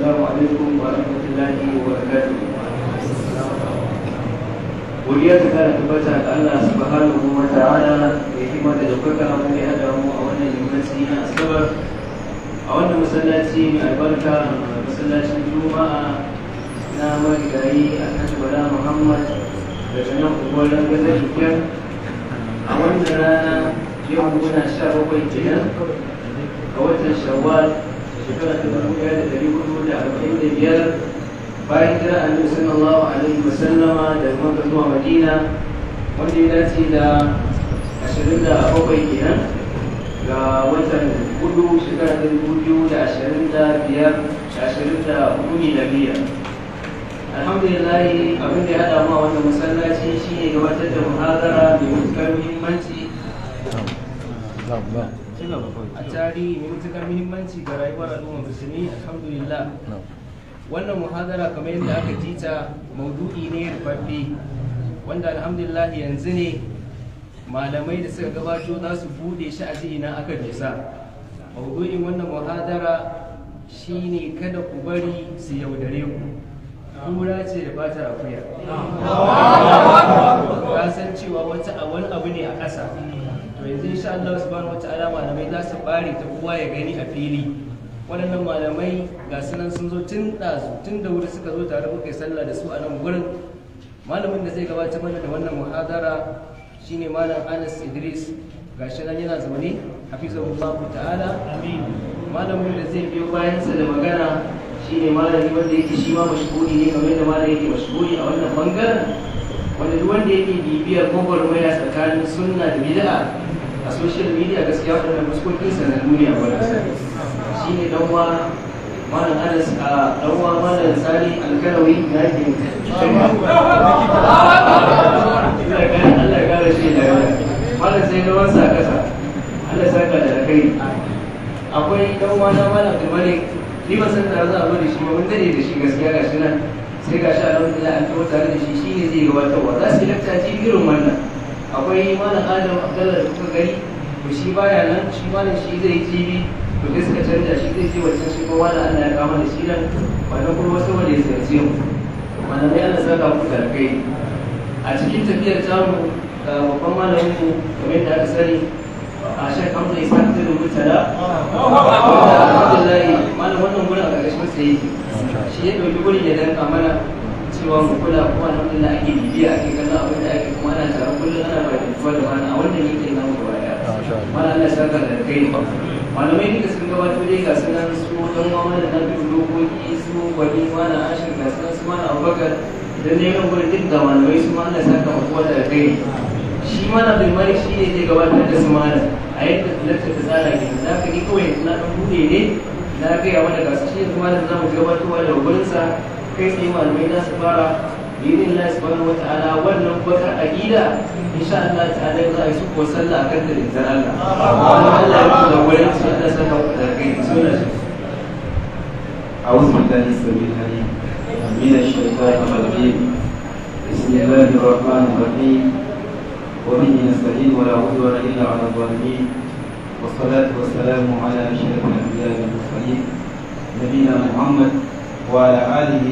السلام عليكم ورحمة الله وبركاته godiya ta kara Allah subhanahu wa ta'ala da hikima da dokaka ya da yada mu a wannan yammaci na asabar a wannan masallaci mai albarka masallacin juma'a na marigayi bala muhammad daga nan unguwar rangar da a wannan rana yau muna sha bakwai kenan ga watan shawwal shekara ta dubu bayan kira annabi sallallahu alaihi wasallama da maka zuwa madina wanda ya dace da ashirin ga watan hudu shekara ta dubu biyu da ashirin biyar da ashirin ya a masallaci shine wata da muhadara mai matuƙar muhimmanci a tarihi mai matuƙar muhimmanci ga rayuwar al'ummar musulmi alhamdulillah wannan muhadara kamar yadda aka ji ta maudu'i ne rufaffe wanda alhamdulillah yanzu ne malamai da suka gabato za su bude shi a jihina aka bisa maudu'in wannan muhadara shine kada ku bari su yaudare ku kura ce da bata akuya ka san cewa wata wani abu ne a ƙasa to yanzu sha Allah subhanahu ala malamai za su bare ta kowa ya gani a fili waɗannan malamai ga su nan sun zo tun ɗazu tun da wuri suka zo tare muka yi sallah da su a nan gurin malamin da zai gabatar mana da wannan muhadara shine malam Anas Idris gashi nan yana zaune hafizahullahu ta'ala amin malamin da zai biyo bayansa da magana shine malami wanda yake shi ma mashhuri ne kamar da malami yake mashhuri a wannan bangaren wanda duk wanda yake bibiyar gwagwarmaya tsakanin sunna da bid'a a social media gaskiya waɗannan fuskokin sa na duniya ba shi ne dan wa malam anas a dan wa malam sani alkalawi na ke Allah ya kara shi da malam sai na wasa kasa Allah ya saka da kai akwai dan wa na malam kamalik ni ba san da za a zo da shi ba mun dade da shi gaskiya ga shi nan sai ga gashi a nan da an tabbata da shi shi ne zai gabatarwa za su yi lakta irin wannan akwai imanin adam abdallah da kuka gani to shi baya nan shi ne shi zai jibi to sai suka canja shi zai je wancan shi ko wani allah ya kama da shi nan na kuma wasu wani ya ziyarce mu wannan dai allah saka ku kai a cikin tafiyar tamu babban malamin mu kamar da aka sani a shek hamza isa ta da alhamdulillah malam wannan gurin a ƙarƙashin sa yake shi ya ɗauki gurin ya danka mana cewa mu kula kuma na abin ake bibiya ake kallon abin da ake kuma ana taron kullum ana ba da da mana a wannan na mu gaba daya mana Allah ya saka da kai malamai duka sun gabato dai ga sunan su don gwamnati na biyu dokoki su gwani mana ashirin ga sunan su mana abubakar ne neman gurin duk ga malamai su ma ana ya saka kuma da kai shi mana mari shi ne zai gabatar da su malam a yadda lantar da tsara ke za ka yi kawai na ɗan buɗe ne na kai wani gasu shi ne kuma da za mu gabatarwa da wurinsa kai tsaye malamai za su fara yin Allah subhanahu wa ta'ala wannan bakar aqida insha Allah ta'ala za a yi suko sallah akan da rinzar Allah kuma Allah ya kula wurin su Allah saka da kai sunan shi أعوذ بالله السميع العليم من الشيطان الرجيم بسم الله الرحمن الرحيم وبه نستعين ولا عدوان إلا على الظالمين والصلاة والسلام على أشرف الأنبياء والمرسلين نبينا محمد وعلى آله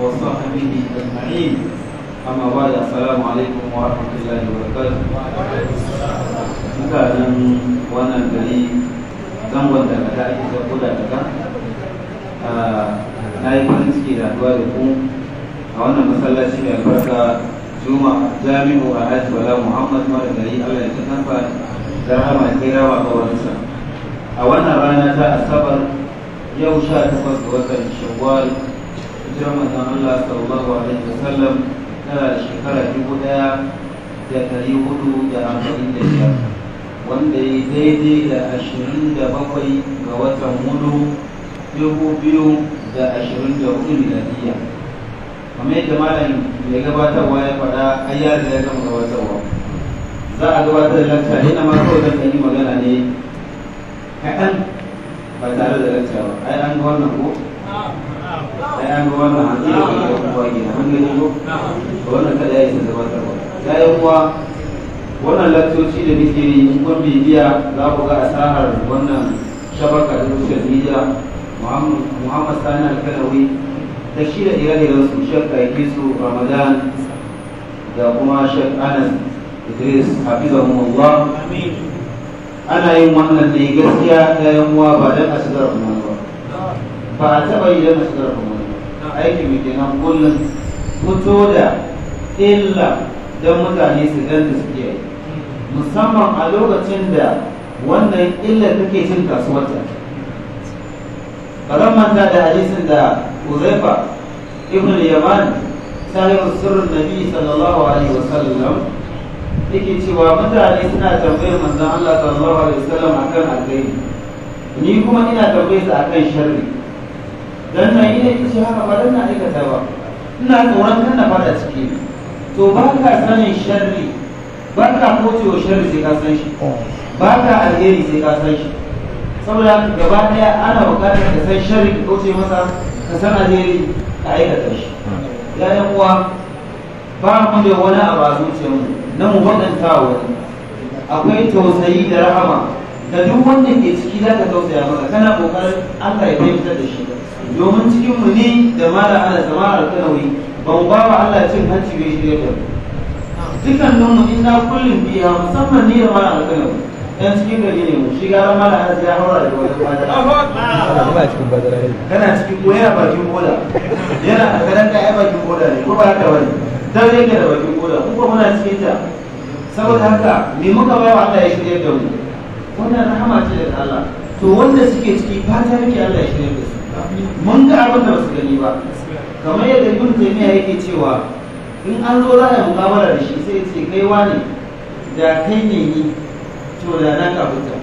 وصحبه أجمعين أما بعد السلام عليكم ورحمة الله وبركاته mutanen wannan gari zangon da ka ake na yi farin ciki da haɗuwa da ku a wannan masallaci mai albarka juma jami'u a haji wala muhammad mara gari allah ya da hama kira wa a wannan rana ta asabar yau sha takwas ga watan shawwal hijirar manzon Allah sallallahu alaihi wasallam tana da shekara dubu ɗaya da ɗari hudu da arba'in da biyar wanda ya daidai da ashirin da bakwai ga watan hudu dubu biyu da ashirin da hudu miladiya kamar yadda malam mai gabatarwa ya faɗa ayyar da ya gama gabatarwa za a gabatar da lakta na ma kawai zan yi magana ne kaɗan ba tare da lacca ba ai an ga wannan ko ai an ga wannan da kuma ko ba wannan kada ya isa gabatar ba ya kuwa wannan lakcoci da nake yi in kun bibiya za ku ga asahar wannan shabaka ta social media muhammad sani alkalawi ta shi da ire-iren su shek su ramadan da kuma shek anas idris hafizahumullah amin ana yin wannan ne gaskiya ta yan uwa ba dan asgar kuma ba ba a taba yi dan asgar kuma ba aiki mai kenan kullum fito da illa don mutane su ganta su yi musamman a lokacin da wannan illa take cin kasuwarta karan manta da hadisin da Uzaifa ibn al-Yaman sahibul sirrin Nabi sallallahu alaihi wasallam yake cewa mutane suna tambayar manzon Allah sallallahu alaihi wasallam akan alkhairi ni kuma ina tambayar su akan sharri dan nan ina ce haka ba dan na aikata ba ina tsoron kan na fara ciki to ba ka sanin sharri ba ka kocewa sharri sai ka san shi ba ka alheri sai ka san shi saboda gaba daya ana bukatar ka san sharri ka kauce masa ka san alheri ka aikata shi ya yan uwa ba mu da wani abu a zuciyarmu na mu waɗanta wani akwai tausayi da rahama da duk wanda ke ciki za ka tausaya maka kana kokarin Allah ya fahimtar da shi domin cikinmu mu ne da mala ala da mala alkanawi ba mu ba wa Allah cin hanci bai shirya da dukkanin mu in na kullum biya musamman ni da mara alkanawi dan cikin gari ne mu shiga ran mala ala ya haura da wani fada cikin bazara kana cikin goya bakin bola yana a kadan ka ai bakin bola ne ko ba ka bane dan yake da bakin koda kuma muna cikin ta saboda haka me muka bai wa Allah ya shirye da mu wannan rahama ce daga Allah to wanda suke ciki fata muke Allah ya shirye da su mun ga abin da basu gani ba kamar yadda Ibn Taymiyyah yake cewa in an zo za a mukamala da shi sai ce kai wani da kai ne ni to da na kafuta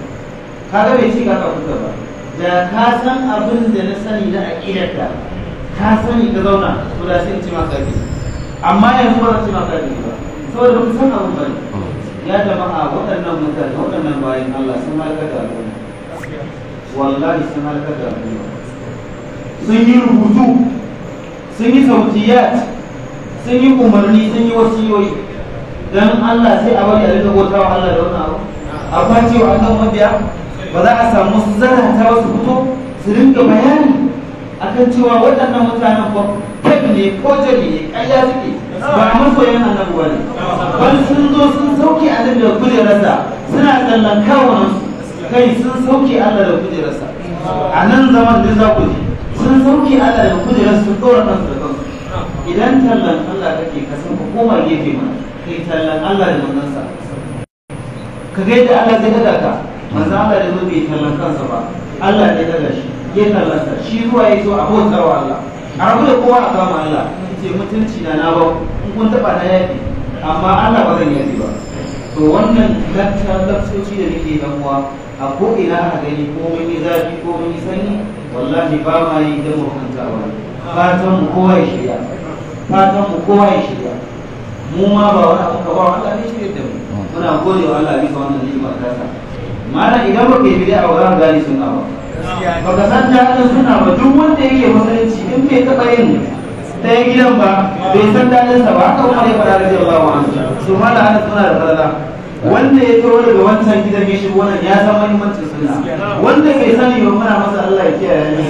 kaga bai ce ka ba da ka san abin da na sani na aƙidar ka ka sani ka zauna to da sai ce ma kafi amma yanzu ba za su masu da ba saboda ba san abin ba hmm. ya jama'a waɗannan mutane waɗannan bayan Allah sun halaka da al'umma wallahi sun halaka da al'umma sun yi rubutu sun yi sautiyat sun yi umarni sun yi wasiyoyi dan Allah sai a bari a rika bauta wa Allah da wani abu a kwace wa akan mabiya ba za a samu zarata wasu fito su rinka bayani akan cewa waɗannan mutanen ba kan ne ko jami ne ƙarya suke ba a masoyan annabi bane wani sun zo sun sauke annabi da kujerarsa suna tsallan kawunan kai sun sauke Allah da kujerarsa a nan zaman da za ku ji sun sauke Allah da kujerarsa sun ɗora kansu da kansu idan tallan Allah kake ka san ka koma gefe ma kai tallan Allah da manzansa ka ga yadda Allah zai daga ka manzo Allah da zo bai tallan kansa ba Allah ya daga shi ya tallanta shi ruwa ya zo a bautar Allah a da kowa a kama Allah ce mutunci na na ba in kun taba na yafi amma Allah ba zan yafi ba to wannan lakta laksoci da nake dan uwa a ko ina aka gani ko mun yi zafi ko mun yi sanyi wallahi ba ma yi da mu ba fatan mu kowa ya shirya fatan mu kowa ya shirya mu ma ba wani abu ka ba Allah ne shirya da mu muna gode wa Allah bisa wannan ta sa mana idan ba ke bi da auren gani sun ba baka san daɗin suna ba duk wanda yake musulunci in bai taɓa yin yi gidan ba bai san daɗinsa ba haka kuma ya fara da Allah wa su ma da hana suna da falala wanda ya tsoro daga wancan gidan ya shigo wannan ya san muhimmancin suna wanda bai sani ba muna masa Allah ya kiyaye ni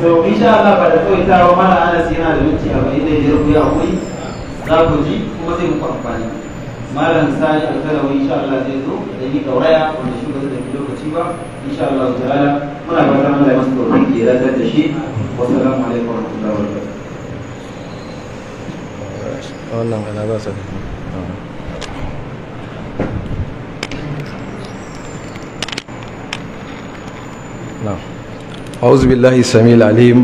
to insha Allah ba da kawai tawo mana Anas yana da a mutiya da idan ya rubuya za ku ji kuma zai muku amfani malam sani alkalawi insha Allah zai zo da yi kauraya wanda shi ba zai الله تعالى من أبغى أنا ما استطعت إلى ذلك والسلام عليكم ورحمة الله وبركاته. نعم أعوذ بالله السميع العليم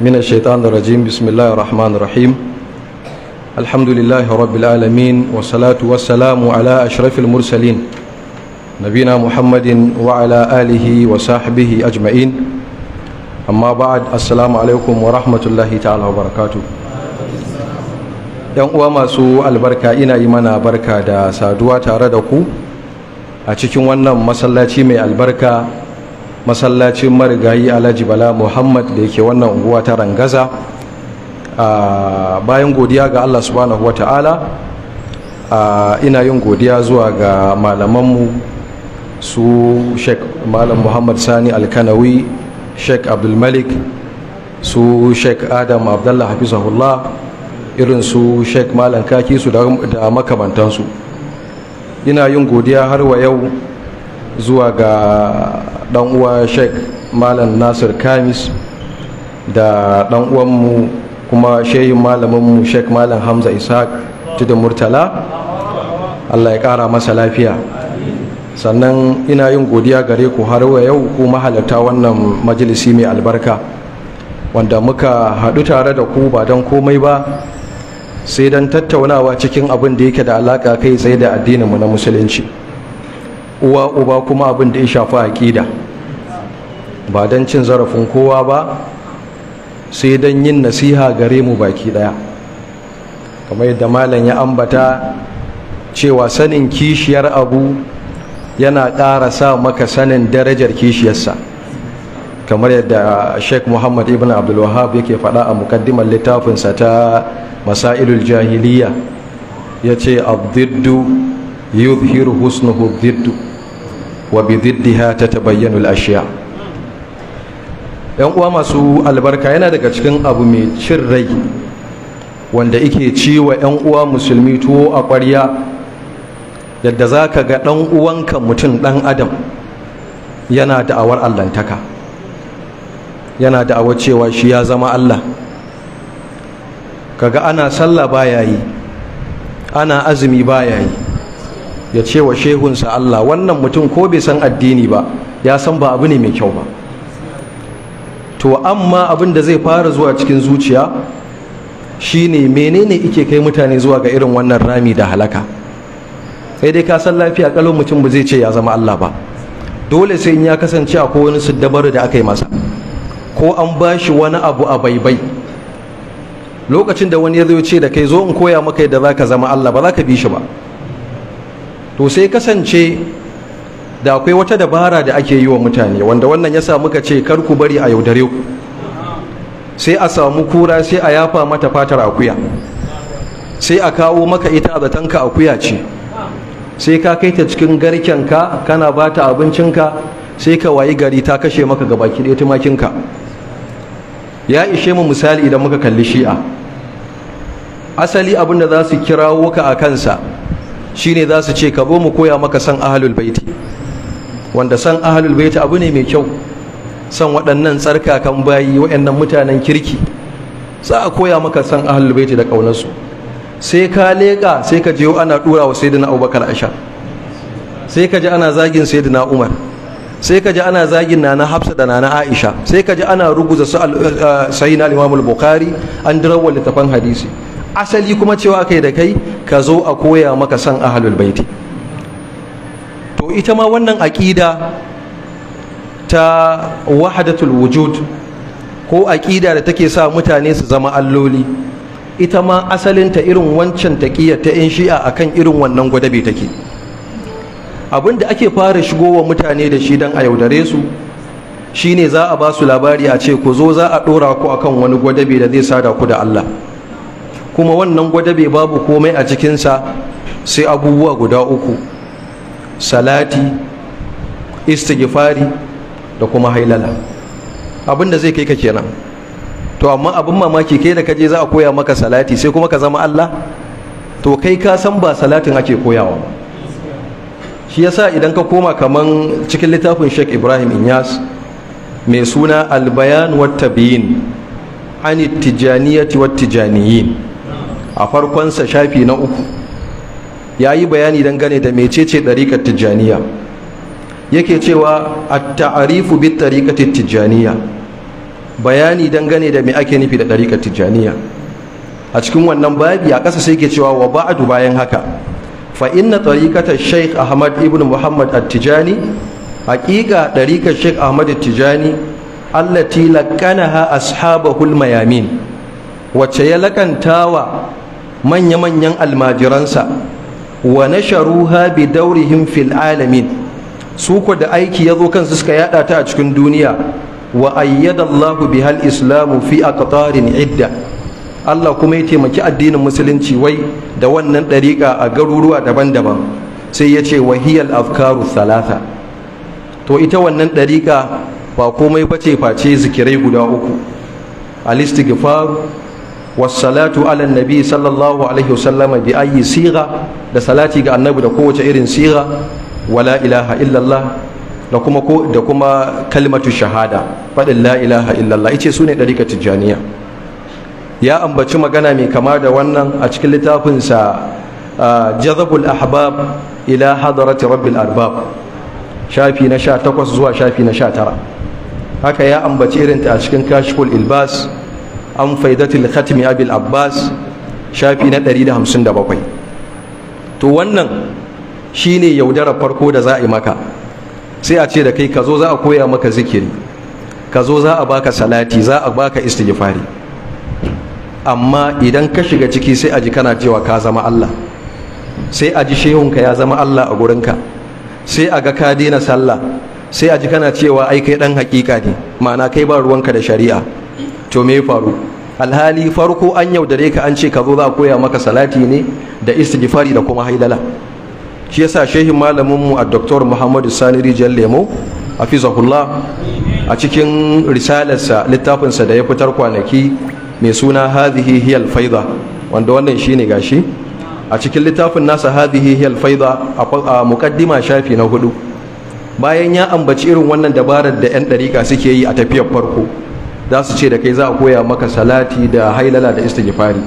من الشيطان الرجيم بسم الله الرحمن الرحيم الحمد لله رب العالمين والصلاة والسلام على أشرف المرسلين نبينا محمد وعلى آله وصحبه أجمعين أما بعد السلام عليكم ورحمة الله تعالى وبركاته yan uwa masu albarka ina yi mana barka da saduwa tare da ku a cikin wannan masallaci mai albarka masallacin marigayi alhaji bala muhammad da yake wannan unguwa ta rangaza bayan godiya ga allah subhanahu wa ta'ala ina yin godiya zuwa ga malamanmu su sheik malam muhammad sani alkanawi sheik abdulmalik su sheik adam abdullah hafizahullah irin su sheik malam kaki su da makamantansu ina yin godiya har wa yau zuwa ga dan uwa sheik malam nasir kamis da dan uwanmu kuma shehin malaminmu sheik malam hamza isaac tudun murtala allah ya kara masa lafiya sannan ina yin godiya gare ku har wa yau ku mahalarta wannan majalisi mai albarka wanda muka haɗu tare da ku ba don komai ba sai don tattaunawa cikin abin da yake da alaƙa kai tsaye da addininmu na musulunci uwa uba kuma abin da ya shafi aƙida ba don cin zarafin kowa ba sai don yin nasiha gare mu baki ɗaya kamar yadda malam ya ambata cewa sanin kishiyar abu yana ƙara sa maka sanin darajar kishiyarsa kamar yadda sheik muhammad ibn abdulwahab yake faɗa a mukaddimar littafinsa ta masailul jahiliya ya ce abdiddu yuzhiru husnuhu diddu wa bi diddiha ta tabayyanul ashiya yan uwa masu albarka yana daga cikin abu mai cin rai wanda ike ciwa yan uwa musulmi tuwo a ƙwarya yadda za ka ga ɗan uwanka mutum ɗan adam yana da'awar allantaka yana da'awar cewa shi ya zama allah kaga ana sallah baya yi ana azumi baya yi ya ce wa shehunsa allah wannan mutum ko bai san addini ba ya san ba abu ne mai kyau ba to amma abin da zai fara zuwa cikin zuciya shine menene ike kai mutane zuwa ga irin wannan rami da halaka sai dai ka san lafiya kalon mutum ba zai ce ya zama Allah ba dole sai in ya kasance a ko wani siddabaru da aka yi masa ko an ba shi wani abu a baibai lokacin da wani ya zo ce da kai zo in koya maka yadda za ka zama Allah ba za ka bi shi ba to sai kasance da akwai wata dabara da ake yi wa mutane wanda wannan ya sa muka ce kar ku bari a yaudare ku sai a samu kura sai a yafa mata fatar akuya sai a kawo maka ita a zatanka akuya ce sai ka kai ta cikin garkenka kana ba ta abincinka sai ka wayi gari ta kashe maka gabaki ɗaya tumakinka ya ishe mu misali idan muka kalli shi'a asali abin da za su kirawo ka a kansa shine za su ce ka bo mu koya maka san ahalul baiti wanda san ahalul baiti abu ne mai kyau san waɗannan tsarkakan bayi waɗannan mutanen kirki za a koya maka san ahalul baiti da ƙaunarsu sai ka leƙa sai ka jiyo ana ɗura wa sai abubakar asha sai ka ji ana zagin sai umar sai ka ji ana zagin na na hafsa da na na aisha sai ka ji ana ruguza su eh, eh, sai na imamul bukhari an dirawar littafan hadisi asali kuma cewa kai da kai ka zo a koya maka san ahalul baiti to ita ma wannan aƙida ta wahadatul wujud ko aƙida da take sa mutane su zama alloli ita ma asalinta irin wancan taƙiya ta 'yan shi'a akan irin wannan gwadabi take abin da ake fara shigowa mutane da shi don a yaudare su shine za a ba su labari a ce ku zo za a ɗora ku akan wani gwadabe da zai sada ku da Allah kuma wannan gwadabe babu komai a cikinsa sai abubuwa guda uku salati istighfari da kuma hailala abin da zai kai ka kenan to amma abin mamaki kai da kaje za a koya maka salati sai kuma ka zama Allah to kai ka san ba salatin ake koyawa shi yasa idan ka koma kaman cikin littafin Sheikh Ibrahim Inyas mai suna wa tabiyin an tijaniyati tijaniyin. a farkonsa shafi na uku ya yi bayani dangane da mecece ɗariƙar tijaniya yake cewa a ta'arifu bi tijaniya bayani dangane da me ake nufi da ɗarikar tijjaniya a cikin wannan babi a ƙasa sai ke cewa wa ba'adu bayan haka fa inna ɗariƙatar sheikh ahmad ibn muhammad at-tijani haƙiƙa ɗarika sheikh ahmad at-tijani allati laƙanaha ashabahul mayamin wacce ya laƙantawa manya-manyan almajiransa wa nasharuha bi daurihin fil alamin su da aiki ya zo kansu suka yada ta a cikin duniya wa ayyadallahu bi hal islamu fi aqtarin idda Allah kuma ya taimaki addinin musulunci wai da wannan ɗariƙa a garuruwa daban-daban sai ya ce wahiyal afkaru salata to ita wannan ɗariƙa ba komai bace face zikirai guda uku al-istighfar wassalatu ala nabi sallallahu alaihi wasallama bi ayi da salati ga annabi da kowace irin siga wala ilaha illallah da kuma kalimatu da kuma kalmatu shahada faɗin la ilaha illallah ice su ne ɗarika tijjaniya ya ambaci magana mai kama da wannan a cikin littafinsa jazabul ahbab ila hadarati rabbil arbab shafi na sha takwas zuwa shafi na sha tara haka ya ambaci irinta a cikin kashful ilbas an faidatul khatmi abil abbas shafi na 157 to wannan shine yaudarar farko da za a yi maka sai a ce da kai ka zo za a koya maka zikiri ka zo za a baka salati za a baka istighfari amma idan ka shiga ciki sai a ji kana cewa ka zama Allah sai a ji shehunka ya zama Allah a gurinka sai a ga ka daina sallah sai a ji kana cewa ai kai dan hakika ne ma'ana kai ba ruwanka da shari'a to me faru alhali farko an yaudare ka an ce ka zo za a koya maka salati ne da istighfari da kuma haidala shi yasa shehin malamin mu a Dr. Muhammadu Sani Rijiyar Lemo hafizahullah a cikin risalarsa littafinsa da ya fitar kwanaki mai suna hadihi hiyal faida wanda wannan shi ne gashi a cikin littafin nasa hadihi hiyal faida a mukaddima shafi na hudu bayan ya ambaci irin wannan dabarar da yan dariƙa suke yi a tafiyar farko za su ce da kai za a koya maka salati da hailala da istighfari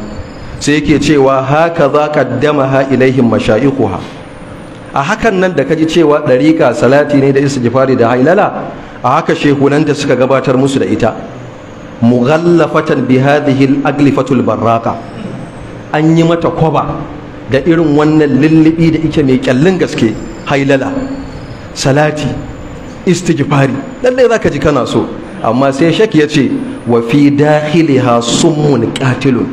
sai yake cewa haka za ka dama ha ilaihin mashayikha a hakan nan da kaji cewa ɗariƙa salati ne da istighfari da hailala a haka shehunanta suka gabatar musu da ita mughallafatan bi hadhihi al-aglifatul barraqa an yi mata kwaba da irin wannan lullubi da ike mai kyallin gaske hailala salati istighfari lalle zaka ji kana so amma sai shak ya ce wa fi dakhiliha summun qatilun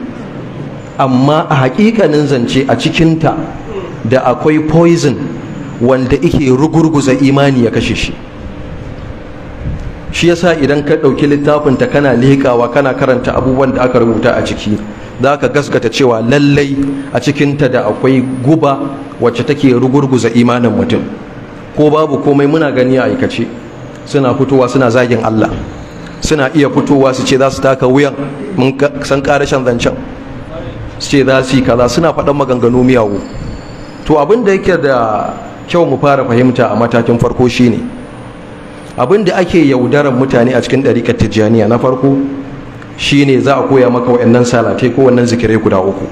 amma a hakikanin zance a cikinta da akwai poison wanda ike rugurguza imani ya kashe shi shi yasa idan ka ɗauki littafin ta kana leƙawa kana karanta abubuwan da aka rubuta a ciki za ka gaskata cewa lallai a cikinta da akwai guba wacce take rugurguza imanin mutum ko babu komai muna gani a aikace suna fitowa suna zagin Allah suna iya fitowa su ce za su taka wuyan mun san ƙarashin zancen su ce za su yi kaza suna faɗan maganganu miyawu to abin da yake da kyau mu fara fahimta a matakin farko shine abin da ake yaudaran mutane a cikin dariƙar tijjaniya na farko shine za a koya maka wa'annan salatai ko wannan zikire guda uku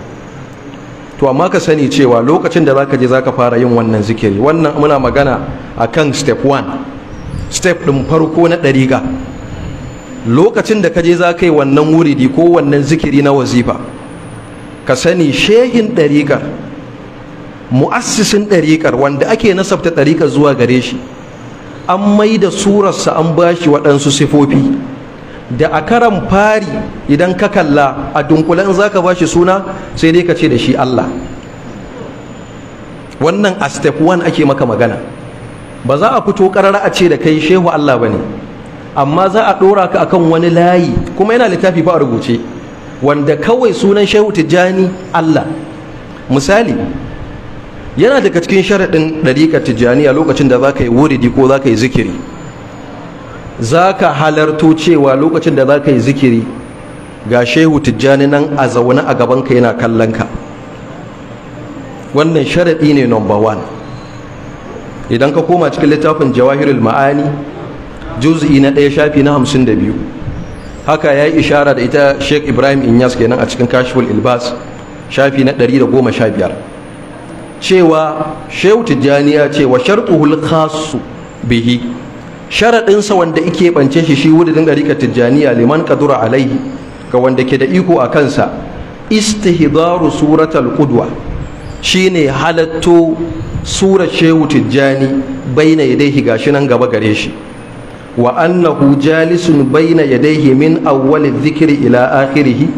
to amma ka sani cewa lokacin da zaka je zaka fara yin wannan zikiri wannan muna magana akan step 1 step ɗin farko na ɗariƙa lokacin da ka je za ka yi wannan wuridi ko wannan zikiri na wazifa ka sani shehin ɗariƙar mu'assisin ɗariƙar wanda ake nasabta ɗariƙar zuwa gare shi an mai da surarsa an ba shi waɗansu sifofi da a karan fari idan ka kalla a dunkule in ba shi suna sai dai ka ce da shi Allah wannan a step one ake maka magana ba za a fito ƙarara a ce da kai shehu Allah ba ne amma za a ɗora ka akan wani layi kuma yana littafi ba a rubuce wanda kawai sunan shehu tijjani Allah misali yana daga cikin sharaɗin ɗariƙar a lokacin da za ka yi wuridi ko za ka yi zikiri za ka halarto cewa lokacin da za ka yi zikiri ga shehu tijjani nan a zaune a gabanka yana kallon ka wannan sharaɗi ne number one idan ka koma cikin littafin jawahirul ma'ani juz'i na ɗaya shafi na hamsin da biyu haka ya yi ishara da ita sheikh ibrahim inyas kenan a cikin kashful ilbas shafi na ɗari da goma sha biyar cewa shehu tijjani ya ce wa shartuhul bihi sharaɗinsa wanda ike ɓance shi shi da ɗarika tijjaniya liman kadura alaihi ga wanda ke da iko a kansa istihdaru suratul qudwa shine halatto surar shehu tijjani baina yadayhi gashi nan gaba gare shi wa annahu jalisun baina yadayhi min awwal zikiri ila akhirih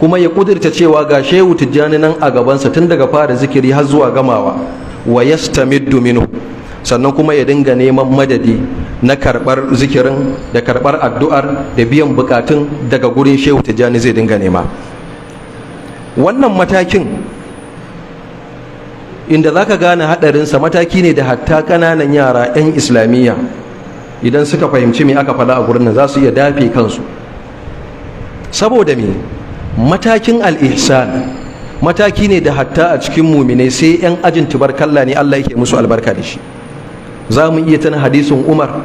kuma ya kudirta cewa ga shehu tijjani nan a gabansa tun daga fara zikiri har zuwa gamawa wa yastamiddu minu sannan kuma ya dinga neman madadi na karbar zikirin da karbar addu'ar da biyan bukatun daga gurin shehu tijjani zai dinga nema wannan matakin inda za ka gane hadarinsa mataki ne da hatta kananan yara 'yan islamiyya idan suka fahimci me aka faɗa a gurin nan za su iya dafe kansu saboda me matakin al mataki ne da hatta a cikin muminai sai yan ajin tubarkalla ne Allah yake musu albarka da shi za mu iya tana hadisin Umar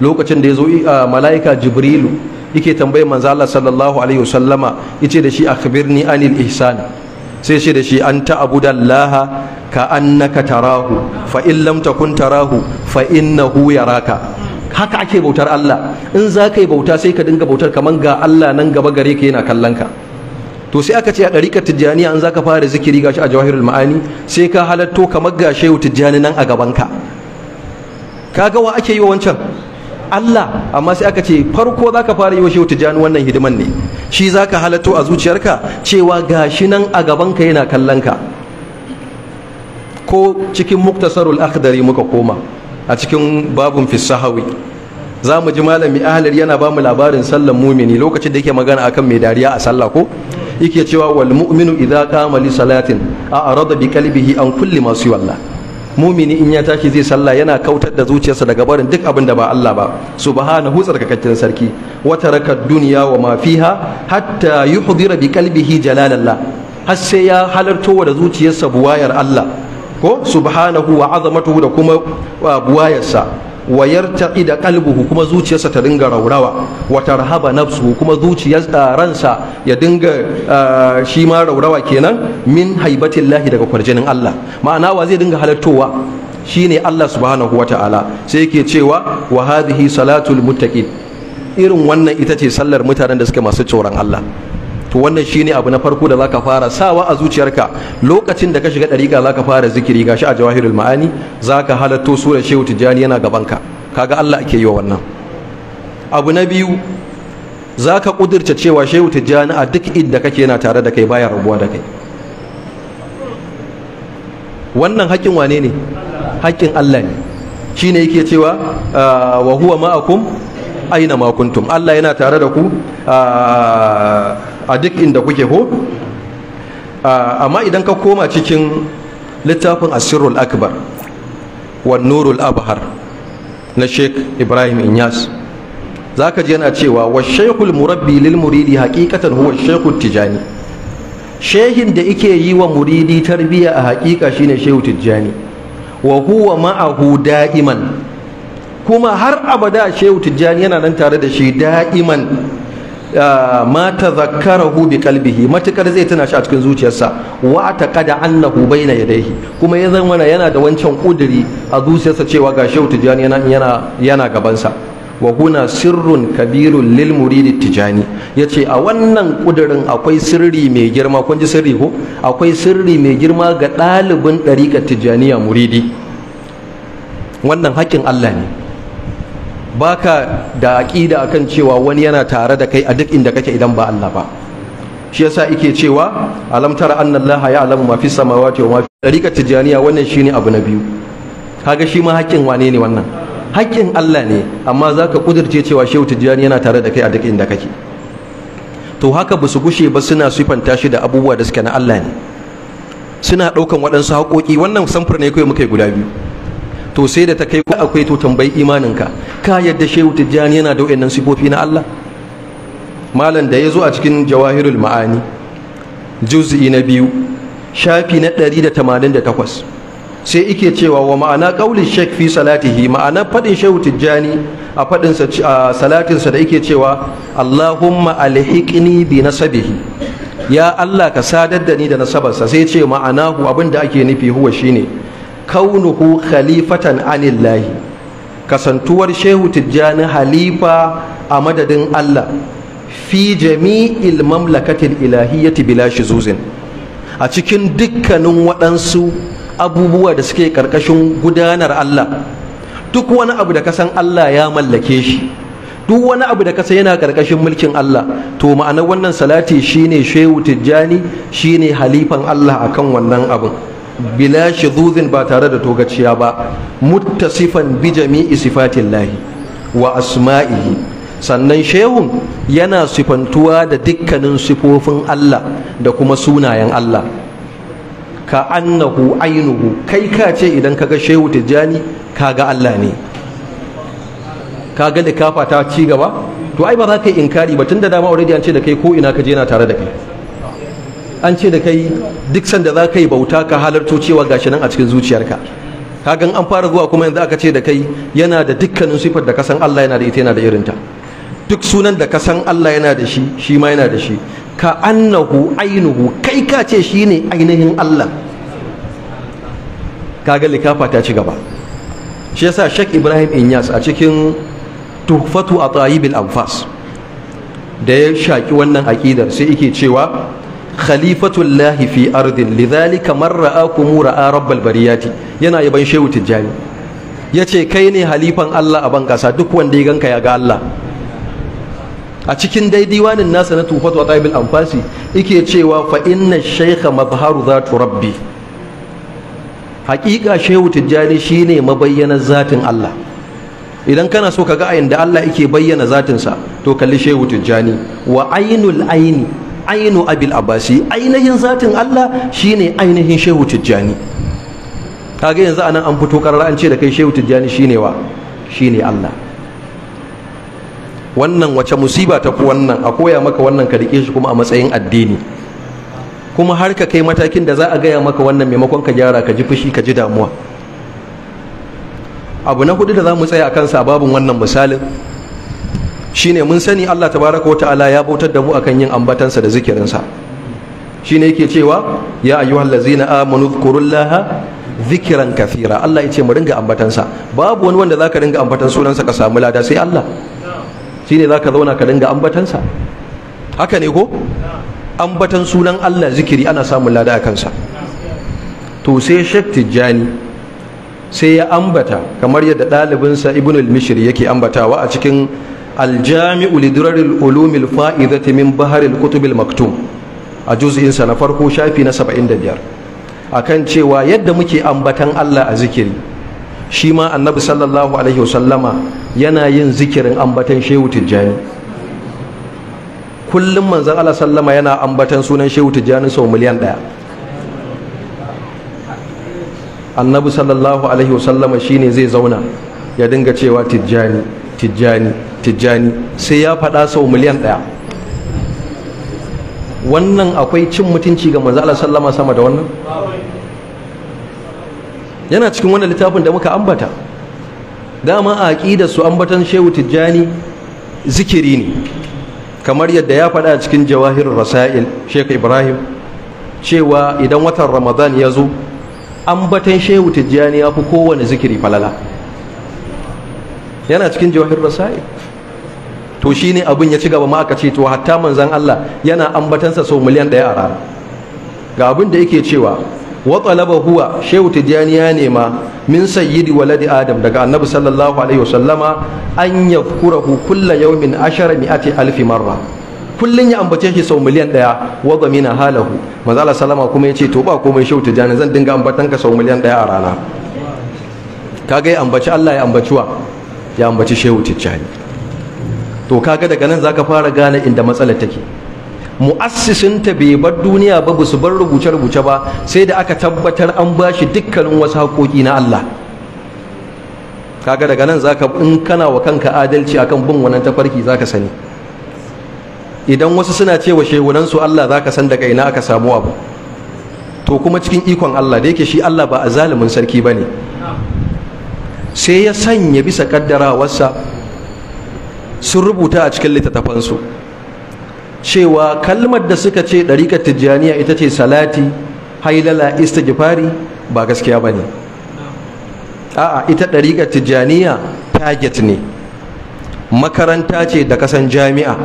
lokacin da ya zo mala'ika Jibrilu yake tambayi manzo Allah sallallahu alaihi wasallama yace da shi akhbirni anil ihsan sai ce da shi an ta'budallaha ka annaka tarahu fa in lam takun tarahu fa innahu yaraka haka ake bautar Allah in za ka yi bauta sai ka dinga bautar kamar ga Allah nan gaba gare ka yana kallon ka to sai aka ce a ɗarikar tijjaniya in za ka fara zikiri gashi a jawahirul ma'ani sai ka halatto kamar ga shehu tijjani nan a gaban ka kaga wa ake yi wa wancan Allah amma sai aka ce farko za ka fara yi wa shehu tijjani wannan hidiman ne shi za ka halatto a zuciyarka cewa gashi nan a gaban ka yana kallon ka ko cikin muktasarul akhdari muka koma a cikin babun fisahawi za mu ji malami ahalar yana ba mu labarin sallan mumini lokacin da yake magana akan mai dariya a sallah ko yake cewa wal mu'minu idza qama li salatin a arada bi qalbihi an kulli ma walla mumini in ya tashi zai sallah yana kautar da zuciyarsa daga barin duk abin da ba Allah ba subhanahu tsarkakakken sarki wa taraka dunya wa ma fiha hatta yuhdira bi qalbihi jalalallah har sai ya halarto da zuciyarsa buwayar Allah ko subhanahu wa azamatuhu da kuma buwayarsa wa yartaqi da qalbuhu kuma zuciyarsa ta dinga raurawa wa tarhaba nafsuhu kuma zuciyar ransa ya dinga shi ma raurawa kenan min haibatillahi daga kwarjinin Allah ma'ana wa zai dinga halattowa shine Allah subhanahu ta'ala sai yake cewa wa hadhihi salatul muttaqin irin wannan ita ce sallar mutanen da suke masu tsoron Allah to wannan shine abu na farko da zaka fara sawa a zuciyarka lokacin da ka shiga dariƙa zaka fara zikiri gashi a jawahirul ma'ani zaka halatto surar shehu tijjani yana gabanka kaga Allah ake yi wa wannan abu na biyu zaka kudirce cewa shehu tijjani a duk inda kake yana tare da kai baya rabuwa da kai wannan haƙƙin wane ne haƙƙin Allah ne shine yake cewa ah, wa huwa ma'akum aina ma kuntum Allah yana tare da ku ah, a duk inda kuke ho, amma idan ka koma cikin littafin asirul akbar wa nurul abhar na sheik ibrahim inyas za ka ji yana cewa wa shekul murabbi lil muridi hakikatan huwa shekul tijani shehin da ike yi wa muridi tarbiyya a hakika shine shehu tijjani wa huwa ma'ahu da'iman kuma har abada shehu tijjani yana nan tare da shi da'iman ma hu bi kalbihi matukar zai tuna shi a cikin zuciyarsa wa ta taqada annahu bayna yadayhi kuma ya zama yana da wancan kuduri a zuciyarsa cewa ga shehu tijani yana yana yana gaban sa wa huna sirrun kabirun lil muridi tijani yace a wannan kudurin akwai sirri mai girma kun ji sirri ko akwai sirri mai girma ga ɗalibin Ɗarikar tijaniya muridi wannan haƙƙin Allah ne baka da aqida akan cewa wani yana tare da kai a duk inda kake idan ba Allah ba shi yasa ike cewa alam tara anna Allah ya'lamu ma fi samawati wa ma fi dariqa tijaniya wannan shine abu na biyu kaga shi ma haƙƙin wane ne wannan haƙƙin Allah ne amma zaka kudirce cewa shehu tijani yana tare da kai a duk inda kake to haka ba su gushe ba suna sifanta shi da abubuwa da suke na Allah ne suna ɗaukan waɗansu haƙoƙi wannan samfur ne kawai muka yi guda biyu to sai da ta kai ko akwai to tambayi imaninka ka yadda shehu tijjani yana da wayannan sifofi na Allah malam da ya zo a cikin jawahirul ma'ani juz'i na biyu shafi na 188 sai ike cewa wa ma'ana qauli shaykh fi salatihi ma'ana fadin shehu tijjani a fadin sa salatin sa da yake cewa Allahumma alhiqni bi nasabihi ya Allah ka sadar da ni da nasabarsa sai ce ma'anahu abinda ake nufi huwa shine kaunuhu khalifatan anillahi kasantuwar shehu tijjani halifa a madadin Allah fi jami'il mamlakatil ilahiyyati bila shizuzin a cikin dukkanin waɗansu abubuwa da suke ƙarƙashin gudanar Allah duk wani abu da kasan Allah ya mallake shi duk wani abu da kasa yana ƙarƙashin mulkin Allah to ma'anar wannan salati shine shehu tijjani shine halifan Allah akan wannan abin bila shuduzin ba tare da togaciya ba muttasifan bi jami'i sifatillahi wa asma'ihi sannan shehun yana sifantuwa da dukkanin sifofin Allah da kuma sunayen Allah ka annahu ainuhu kai ka ce idan kaga shehu tijjani kaga Allah ne kaga likafa ta ci gaba to ai ba za ka yi inkari ba tunda dama already an ce da kai ko ina ka je yana tare da kai an ce da kai duk sanda za ka yi bauta ka halarto cewa gashi nan a cikin zuciyarka kagan an fara zuwa kuma yanzu aka ce da kai yana da dukkanin sifar da kasan Allah yana da ita yana da irinta duk sunan da kasan Allah yana da shi shi ma yana da shi ka annahu ainuhu kai ka ce shi ne ainihin Allah kaga likafa ta ci gaba shi yasa Sheikh Ibrahim Inyas a cikin tuhfatu a tsayibil anfas da ya shaki wannan aƙidar sai yake cewa khalifatullahi fi ardin lidhalika man ra'akum ra'a rabbal bariyati yana yaban shehu tijjani yace kai ne halifan Allah a ban duk wanda ya ganka ya ga Allah a cikin dai diwanin nasa na wa atabil anfasi yake cewa fa inna shaykha mabharu zatu rabbi hakika shehu tijjani shine mabayyana zatin Allah idan kana so ka ga ayin da Allah yake bayyana zatinsa to kalli shehu tijjani wa ainul aini ainu abil abasi ainihin zatin Allah shine ainihin shehu tijjani ga yanzu anan an fito karara an ce da kai shehu tijjani shine wa shine Allah wannan wace musiba ta wannan a koya maka wannan ka rike shi kuma a matsayin addini kuma har ka kai matakin da za a gaya maka wannan maimakon ka gyara ka ji fushi ka ji damuwa abu na hudu da za mu tsaya a kansa babin wannan misalin shine mun sani Allah tabaraka wa ta'ala ya bautar da mu akan yin ambatansa da zikirinsa shine yake cewa ya ayyuhallazina amanu dhkurullaha zikiran kathira Allah ya ce mu ringa ambatansa babu wani wanda zaka ringa ambatan sunansa ka samu lada sai Allah shine zaka zauna ka ringa ambatansa haka ne ko ambatan sunan Allah zikiri ana samun lada a kansa to sai Sheikh Tijjani sai ya ambata kamar yadda ɗalibinsa Ibn al-Mishri yake ambatawa a cikin aljami'u lidraril ulumil fa'idati min baharil kutubil maktum a juz'insa na farko shafi na 75 akan cewa yadda muke ambatan Allah a zikiri shi annabi sallallahu alaihi wasallama yana yin zikirin ambatan shehu tijjani kullum manzon Allah sallama yana ambatan sunan shehu tijjani sau miliyan ɗaya annabi sallallahu alaihi wasallama shine zai zauna ya dinga cewa tijjani tijjani sai ya faɗa sau miliyan ɗaya wannan akwai cin mutunci ga manzo Allah sallama sama da wannan yana cikin wannan littafin da muka ambata dama a aqidar su ambatan shehu tijjani zikiri ne kamar yadda ya faɗa a cikin jawahirin rasail Sheikh Ibrahim cewa idan watan Ramadan ya zo ambatan shehu tijjani ya fi kowane zikiri falala yana cikin jawahirin rasail to shi ne abin ya ci gaba ma aka ce to hatta manzan Allah yana ambatansa sau miliyan ɗaya a rana ga abin da yake cewa wa huwa shehu tijjani ya nema min sayyidi waladi adam daga annabi sallallahu alaihi wasallama an yafkurahu kulla min ashara mi'ati alfi marra kullum ya ambace shi sau miliyan daya wadda mina halahu manzo salama kuma ya ce to ba komai shehu tijjani zan dinga ambatan ka sau miliyan daya a rana kaga ya ambaci Allah ya ambaci wa ya ambaci shehu tijjani to kaga daga nan zaka fara gane inda matsalar take ta bai bar duniya ba su bar rubuce-rubuce ba sai da aka tabbatar an ba shi dukkanin wasu haƙoƙi na Allah kaga daga nan zaka in kana wa kanka adalci akan bin wannan tafarki zaka sani idan wasu suna cewa su Allah zaka san daga ina aka samu abu to kuma cikin ikon Allah da yake shi Allah ba a zalimin sarki bane sai ya sanya bisa kaddarawarsa sun rubuta a cikin littattafansu cewa kalmar da suka ce ɗariƙar tijjaniya ita ce salati hailala istighfari ba gaskiya ba ne a'a ita ɗariƙar tijjaniya target ne makaranta ce da kasan jami'a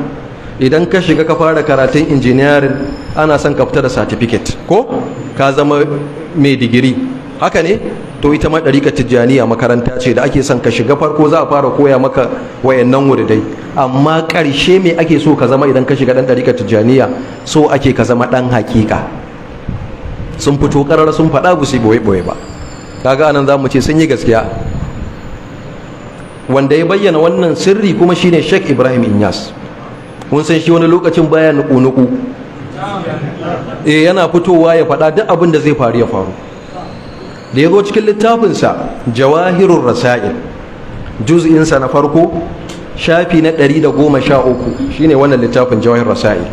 idan ka shiga ka fara karatun injiniyarin ana son ka fita da certificate ko ka zama mai digiri haka ne to ita ma ɗarika tijjaniya makaranta ce da ake son ka shiga farko za a fara koya maka wayannan wuridai amma ƙarshe me ake so ka zama idan ka shiga ɗan ɗarika tijjaniya so ake ka zama ɗan hakika sun fito ƙarar sun faɗa gusi boye-boye ba kaga anan za mu ce sun yi gaskiya wanda ya bayyana wannan sirri kuma shine Sheikh Ibrahim Inyas kun san shi wani lokacin baya nuku-nuku eh yana fitowa ya faɗa duk abin da zai faru ya faru da ya zo cikin littafinsa jawahirun rasa'il juz'insa na farko shafi na 113 shine wannan littafin jawahir rasa'il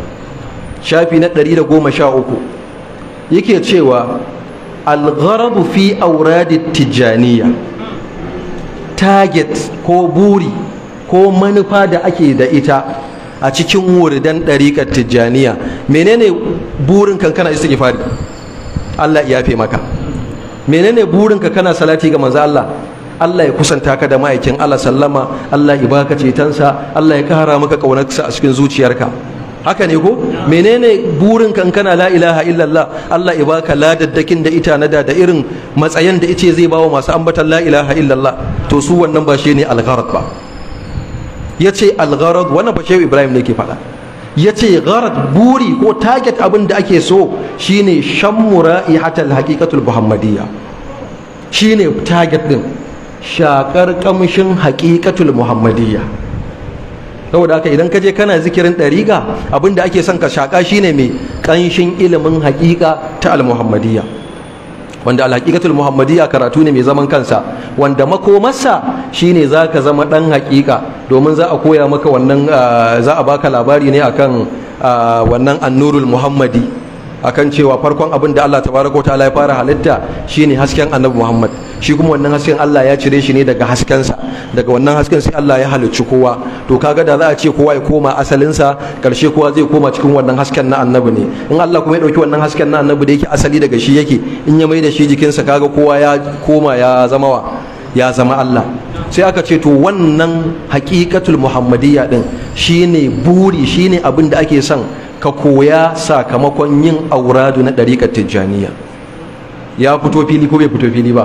shafi na 113 yake cewa algharabu fi auradi tijaniya target ko buri ko manufa da ake da ita a cikin wuridan ɗariƙar tijjaniya menene burin kankana istighfari Allah ya fi maka menene burinka kana salati ga manzo Allah Allah ya kusanta ka da ma'aikin Allah sallama Allah ya baka cetonsa Allah ya kara maka kaunarsa a cikin zuciyarka haka ne ko menene burin kan kana la ilaha illallah Allah ya baka ladaddakin da ita na da da irin matsayin da ice zai bawa masu ambatan la ilaha illallah to su wannan ba ne algharad ba yace algharad wannan ba Ibrahim ne ke faɗa ya ce gharad buri ko target abin da ake so shine shammura hata hakikatul muhammadiyya shine target ɗin shakar kamshin haƙiƙatul muhammadiyya saboda haka idan ka je kana zikirin ɗariga abin da ake son ka shaka shine mai kanshin ilimin haƙiƙa ta al-muhammadiyya wanda alhaqiqatul muhammadiyya karatu ne mai zaman kansa wanda makomarsa shine zaka zama ɗan hakika, domin za a koya maka wannan ah, za a baka labari ne akan ah, wannan annurul muhammadi akan cewa farkon abin da Allah tabaraka ta'ala ya fara halitta shine hasken annabi muhammad shi kuma wannan hasken Allah ya cire shi ne daga haskensa daga wannan hasken sai Allah ya halicci kowa to kaga da za a ce kowa ya koma asalinsa karshe kowa zai koma cikin wannan hasken na annabi ne in Allah kuma ya dauki wannan hasken na annabi da yake asali daga shi yake in ya mai da shi jikinsa kaga kowa ya koma ya zama wa ya zama Allah sai aka ce to wannan haqiqatul muhammadiyya din shine buri shine abin da ake son ka koya sakamakon yin auradu na ɗariƙar tijjaniya ya fito fili ko bai fito fili ba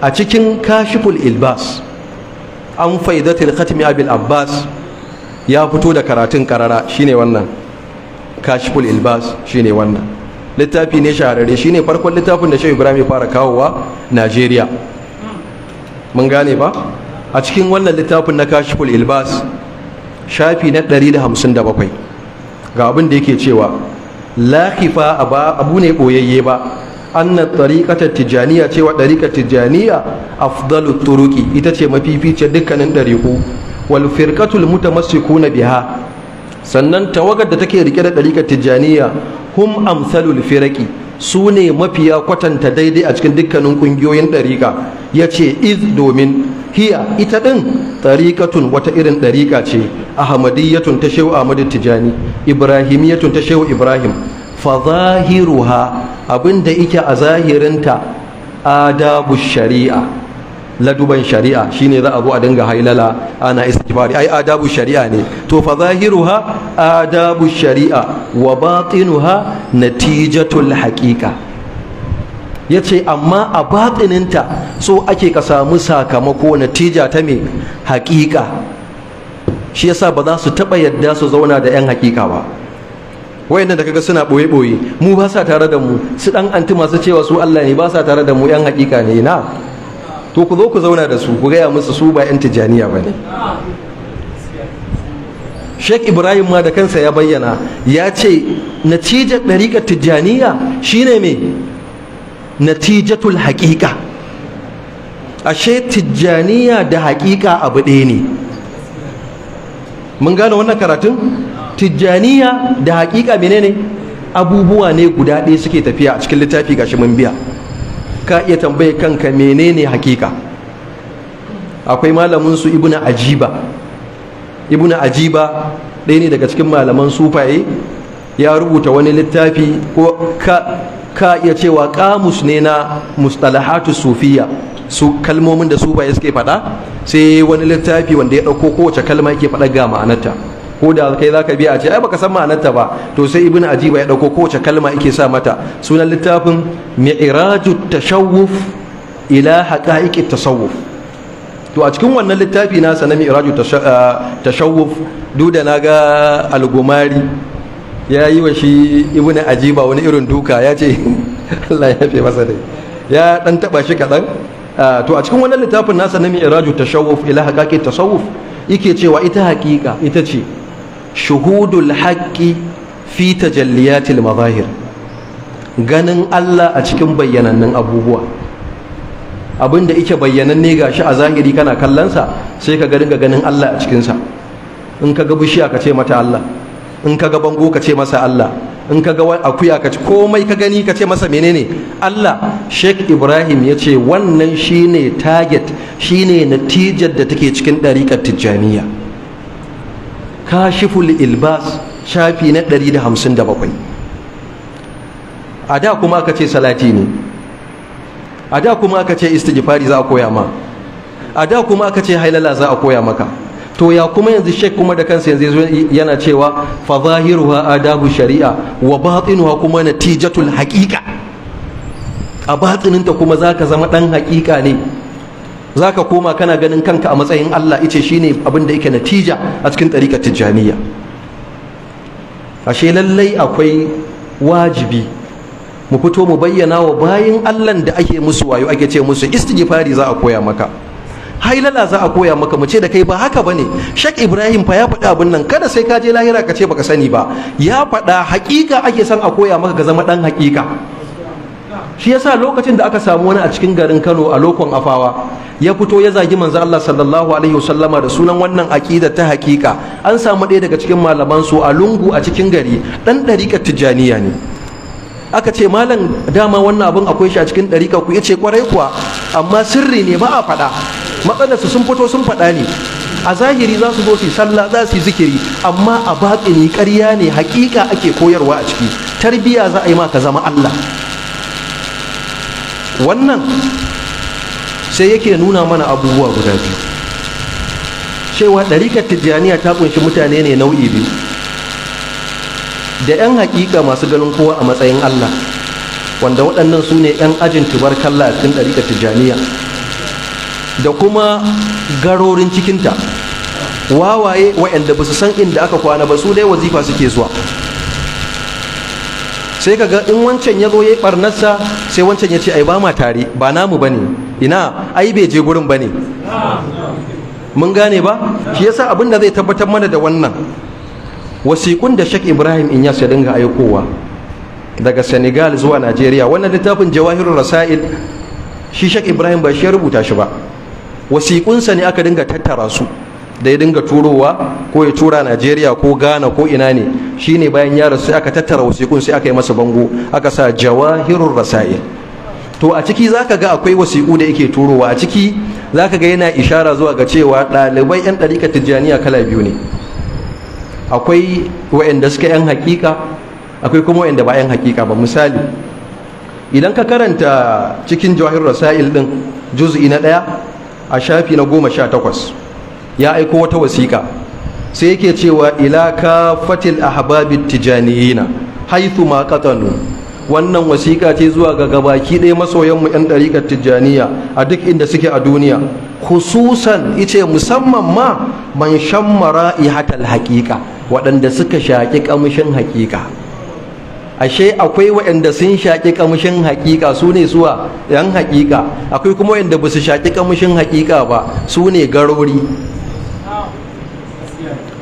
a cikin kashiful ilbas an faidatul khatmi abil abbas ya fito da karatun karara shine wannan kashiful ilbas shine wannan littafi ne shahararre shine farkon littafin da shehu ibrahim ya fara kawowa najeriya mun gane ba a cikin wannan littafin na kashiful ilbas shafi na 157 ga abin da yake cewa lakifa abu ne boyayye ba anna tariqata tijaniya cewa tariqat tijaniya afdalu turuki ita ce mafificiyar dukkanin dariqu wal firqatul mutamassikuna biha sannan tawagar da take rike da dariqat tijaniya hum amsalul firqi su ne mafiya kwatanta daidai a cikin dukkanin kungiyoyin dariqa yace iz domin hiya ita din tariqatun wata irin dariqa ce ahmadiyyatun ta shehu ahmadu tijani ibrahimiyatun ta shehu ibrahim fa abinda ike a zahirinta adabu shari'a laduban shari'a shine za a zo a dinga hailala ana istighfari ai adabu shari'a ne to fa zahiruha adabu shari'a wa batinuha natijatul haqiqa ya ce amma a batsininta so ake ka samu sakamako natija ta mai haƙiƙa shi yasa ba za su taɓa yadda su zauna da 'yan haƙiƙa ba wayan da kaga suna boye boye mu ba sa tare da mu su dan anti masu cewa su Allah ne ba sa tare da mu yan hakika ne na to ku zo ku zauna da su ku gaya musu su ba yan tijaniya bane Sheikh Ibrahim ma da kansa ya bayyana ya ce natijar ɗariƙar tijaniya shine me natijatul haƙiƙa ashe tijjaniya da haƙiƙa abu ɗaya ne mun gane wannan karatun tijjaniya da haƙiƙa menene abubuwa ne guda ɗaya suke tafiya a cikin littafi gashi mun biya ka iya tambaye kanka menene haƙiƙa akwai malamin su ibnu ajiba ibnu ajiba ɗaya ne daga cikin malaman sufaye ya rubuta wani littafi ko ka iya cewa kamus ne na mustalahatu sufiya su kalmomin da sufaye suke faɗa sai wani littafi wanda ya ɗauko kowace kalma yake faɗa ga ma'anarta ko da kai zaka biya a ce ai baka san ma'anarta ba to sai ibnu ajiba ya dauko kowace kalma yake sa mata sunan littafin mi'rajut tashawuf ila haqa'iqit tasawuf to a cikin wannan littafi na sanan mi'rajut tashawuf duk da al algumari ya yi wa shi ibnu ajiba wani irin duka ya ce Allah ya fi masa dai ya dan taba shi kadan to a cikin wannan littafin na sanan mi'rajut tashawuf ila haqa'iqit tasawuf yake cewa ita haƙiƙa ita ce shuhudul haƙƙi fi tajalliyatil mazahir ganin Allah a cikin bayyanannun abubuwa abinda ike bayyananne gashi a zahiri kana kallonsa sai ka dinga ganin Allah a cikinsa in ka ga bishiya ka ce mata Allah in ka ga bango ka ce masa Allah in ka ga akuya ka ce komai ka gani ka ce masa menene Allah Sheikh Ibrahim ya ce wannan shine target shine natijar da take cikin ɗariƙar Tijjaniya kashiful ilbas shafi na 157 a da kuma aka ce salati ne a da kuma aka ce istighfari za a koya ma a da kuma aka ce hailala za a koya maka to ya kuma yanzu shek kuma da kansa yanzu yana cewa fa zahiruha adabu shari'a wa batinuha kuma natijatul haqiqa a batininta kuma zaka zama dan haqiqa ne za ka koma kana ganin kanka a matsayin Allah ice shine abin da yake natija a cikin ɗariƙar tijjaniya ashe lallai akwai wajibi mu fito mu bayyana wa bayin Allah da ake musu wayo ake ce musu istighfari za a koya maka hailala za a koya maka mu ce da kai ba haka bane shek Ibrahim fa ya faɗi abin nan kada sai ka je lahira ka ce baka sani ba ya faɗa hakika ake son a koya maka ka zama ɗan haƙiƙa shi yasa lokacin da aka samu wani a cikin garin Kano a lokon afawa ya fito ya zagi manzo Allah sallallahu alaihi wasallama da sunan wannan aqida ta hakika an samu ɗaya daga cikin malaman su a lungu a cikin gari dan dariƙar tijaniya ne aka ce malam dama wannan abin akwai shi a cikin dariƙa ku yace kwarai kuwa amma sirri ne ba a faɗa matsalar su sun fito sun faɗa ne a zahiri za su zo su sallah za su yi zikiri amma a baƙini ƙarya ne hakika ake koyarwa a ciki tarbiya za a yi ma ka zama Allah wannan sai yake nuna mana abubuwa guda biyu cewa ɗarikar tijjaniya ta kunshi mutane ne nau'i biyu da 'yan haƙiƙa masu ganin kowa a matsayin allah wanda waɗannan su ne 'yan ajin tubarkalla a cikin ɗarikar tijjaniya da kuma garorin cikinta wawaye waɗanda ba su san inda aka kwana ba su dai wazifa suke zuwa sai ka ga in wancan ya zo ya yi barnarsa sai wancan ya ce ai ba ma tare ba namu ba ne ina ai bai je gurin ba ne mun gane ba shi yasa abin da zai tabbatar mana da wannan wasiƙun da shek Ibrahim in yasa dinga aikowa daga Senegal zuwa Najeriya wannan littafin jawahiru Rasail shi shek Ibrahim ba shi ya rubuta shi ba wasiƙunsa ne aka dinga tattara su da ya dinga turowa ko ya tura najeriya ko ghana ko ina ne shine bayan ya rasu aka tattara wasiƙun sai aka yi masa bango aka sa jawahirun rasail to a ciki zaka ga akwai wasiƙu da yake turowa a ciki zaka ga yana ishara zuwa ga cewa ɗalibai 'yan ɗarikar tijjaniya kala biyu ne akwai wa'anda suka 'yan hakika akwai kuma wa'anda ba 'yan hakika ba misali idan ka karanta cikin jawahirun rasail ɗin juz'i na ɗaya a shafi na goma sha takwas ya aiko wata wasiƙa sai yake cewa ila fatil ahbabit tijaniyina haithu ma qatanu wannan wasiƙa ce zuwa ga gabaki ɗaya masoyanmu 'yan ɗariƙar tijjaniya a duk inda suke a duniya khususan ice musamman ma man shammara ihatal haƙiƙa waɗanda suka shaƙi ƙamshin haƙiƙa ashe akwai waɗanda sun shaƙi ƙamshin haƙiƙa su ne suwa 'yan haƙiƙa akwai kuma waɗanda ba su shaƙi ƙamshin haƙiƙa ba su ne garori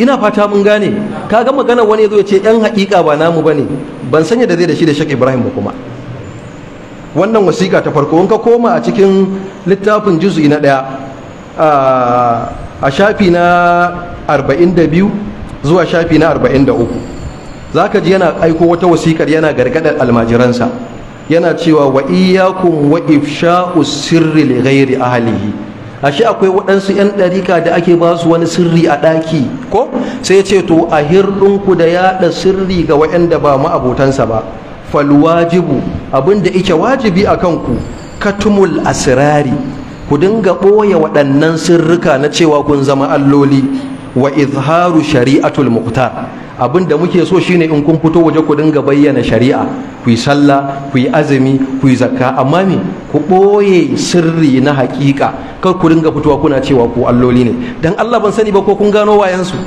ina fata mun gane ka ga magana wani zo ya ce yan haƙiƙa ba namu ne. ban sanya da zai da shi da Sheikh Ibrahim kuma wannan wasiƙa ta farko in ka koma a cikin littafin juz'i na ɗaya a shafi na 42 zuwa shafi na 43 zaka ji yana aiko wata wasiƙar yana gargadar almajiransa yana cewa wa iyyakum wa ifsha'u sirri li ghairi ahlihi ashe akwai waɗansu 'yan ɗarika da ake ba su wani sirri a ɗaki ko sai ce to a hirɗinku da yaɗa sirri ga waɗanda ba abotansa ba falwajibu abin da ike wajibi a kanku katumul asirari ku dinga ɓoye waɗannan sirrika na cewa kun zama alloli wa izharu shari'atul muqtar abin da muke so shine in kun fito waje ku dinga bayyana shari'a ku yi sallah ku yi azumi ku yi zakka amma me ku ɓoye sirri na haƙiƙa kar ku dinga fitowa kuna cewa ku alloli ne dan Allah ban sani ba ko kun gano wayansu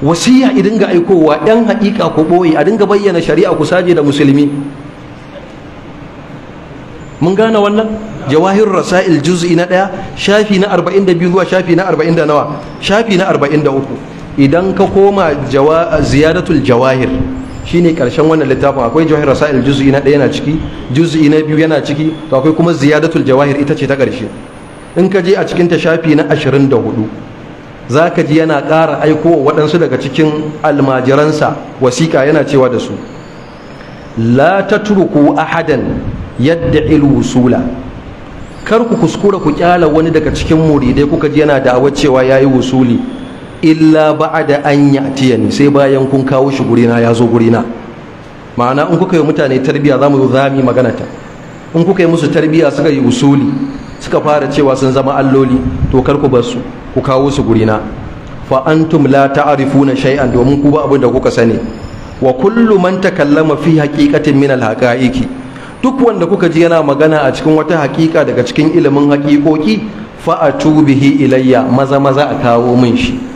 wasiya i dinga aikowa ɗan haƙiƙa ku ɓoye a dinga bayyana shari'a ku saje da musulmi mun gane wannan jawahir rasail juz'i na ɗaya shafi na 42 zuwa shafi na 40 da nawa shafi na 43 idan ka koma ziyadatul jawahir ne karshen wannan littafin akwai jawahir rasail juzu'i na ɗaya yana ciki juzu'i na biyu yana ciki to akwai kuma ziyadatul jawahir ita ce ta ƙarshe. in ka je a cikin ta shafi na ashirin 24 za ka ji yana ƙara aiko waɗansu daga cikin almajiransa wasiƙa yana cewa da su la turku ahadan yadda wusula kar ku kuskura ku kyala wani daga cikin muridai kuka ji yana da'awar cewa ya yi wusuli illa ba'da an ya'tiyani sai bayan kun kawo shi gurina ya zo gurina ma'ana in kuka yi mutane tarbiya za mu zo zami magana ta in kuka yi musu tarbiya suka yi usuli suka fara cewa sun zama alloli to kar ku bar su ku kawo su gurina fa antum la ta'rifuna shay'an domin ku ba abin da kuka sani wa kullu man takallama fi haqiqatin min al-haqa'iqi duk wanda kuka ji yana magana a cikin wata haqiqa daga cikin ilimin haqiqoki fa atubihi ilayya maza maza a kawo min shi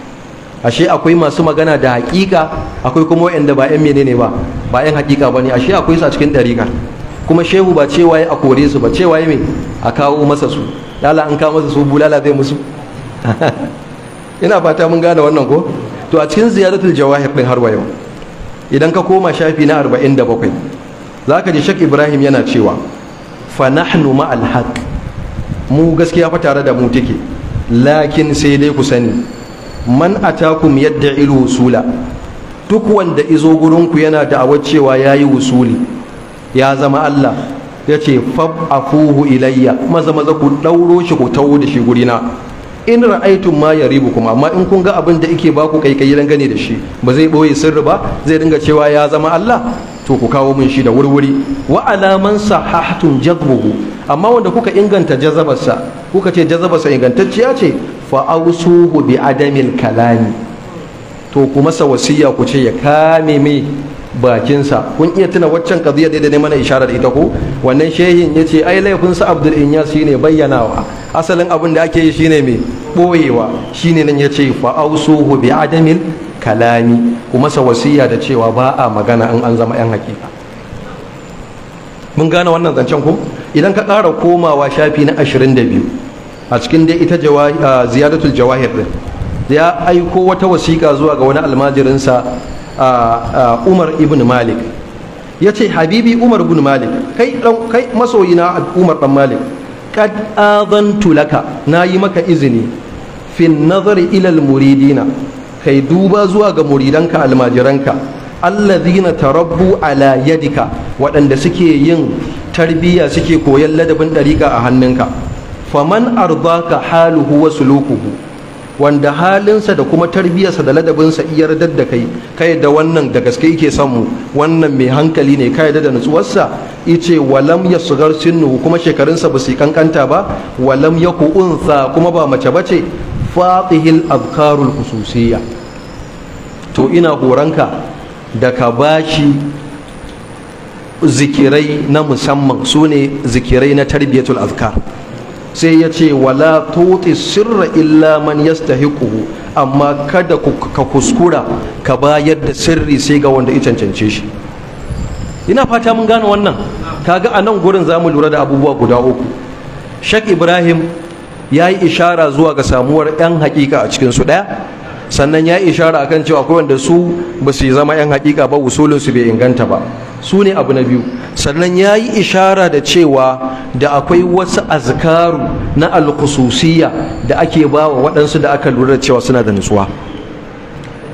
ashe akwai masu magana da hakika akwai kuma wa'anda ba yan menene ba ba yan hakika ba ne ashe akwai su a cikin dariƙa kuma shehu ba cewa ya a kore su ba cewa ya me a kawo masa su lala an kawo masa su bulala zai musu ina fata mun gane wannan ko to a cikin ziyaratul jawahir din har wayo idan ka koma shafi na 47 zaka ji Sheikh Ibrahim yana cewa fa nahnu ma'al haqq mu gaskiya fa tare da mu take lakin sai dai ku sani man atakum yadda ilu wusula duk wanda izo gurinku yana da'awar cewa ya yi wusuli ya zama Allah ya ce afuhu ilayya maza maza ku ɗauro shi ku tawo da shi gurina in ra'aitun ma ya ribu kuma amma in kun ga abin da ike ba ku kaikayi dangane da shi ba zai ɓoye sirri ba zai dinga cewa ya zama Allah to ku kawo min shi da wurwuri wa alaman hatun jazbuhu amma wanda kuka inganta jazabarsa kuka ce jazabarsa ingantacciya ce fa ausuhu bi adamil kalami to kuma sa wasiya ku ce ya kame mai bakinsa kun iya tuna waccan kadiyar da ne mana isharar ita ko wannan shehin ya ce ai laifinsa abdul inyas shine bayyanawa asalin abin da ake yi shine mai boyewa shine nan ya ce fa ausuhu bi adamil kalami ku masa wasiya da cewa ba a magana in an zama yan hakika mun gane wannan zancen ko idan ka ƙara komawa shafi na da biyu. a cikin dai ita ziyadatul jawahir din ya aiko wata wasiƙa zuwa ga wani almajirinsa umar ibn malik ya ce habibi umar ibn malik kai masoyina umar ɗan malik kad azantu laka na yi maka izini fin nazari ilal muridina kai duba zuwa ga muridanka almajiranka allazina tarabbu ala yadika waɗanda suke yin tarbiyya suke koyan ladabin ɗariƙa a hannunka faman ka haluhu wa sulukuhu wanda halinsa da kuma tarbiyarsa da ladabinsa iyar da kai kai da wannan da gaske yake son mu wannan mai hankali ne kai da nutsuwarsa ice walam ya sugar sinnu kuma shekarunsa ba su kankanta ba walam ya unsa kuma ba mace bace fatihil azkarul khususiyya to ina horonka da ka bashi zikirai na musamman sune zikirai na tarbiyatul azkar sai ya ce wala tuti sirra illa man yastahiquhu amma kada ka kuskura ka bayar da sirri sai ga wanda ya cancance shi ina fata mun gane wannan kaga a nan gurin za mu lura da abubuwa guda uku shak ibrahim ya yi ishara zuwa ga samuwar 'yan hakika a cikinsu ɗaya sannan ya ishara akan cewa akwai wanda su ba su zama yan hakika ba usulin su bai inganta ba su ne abu na biyu sannan ya yi ishara da cewa da akwai wasu azkaru na alkususiya da ake ba wa waɗansu da aka lura da cewa suna da nutsuwa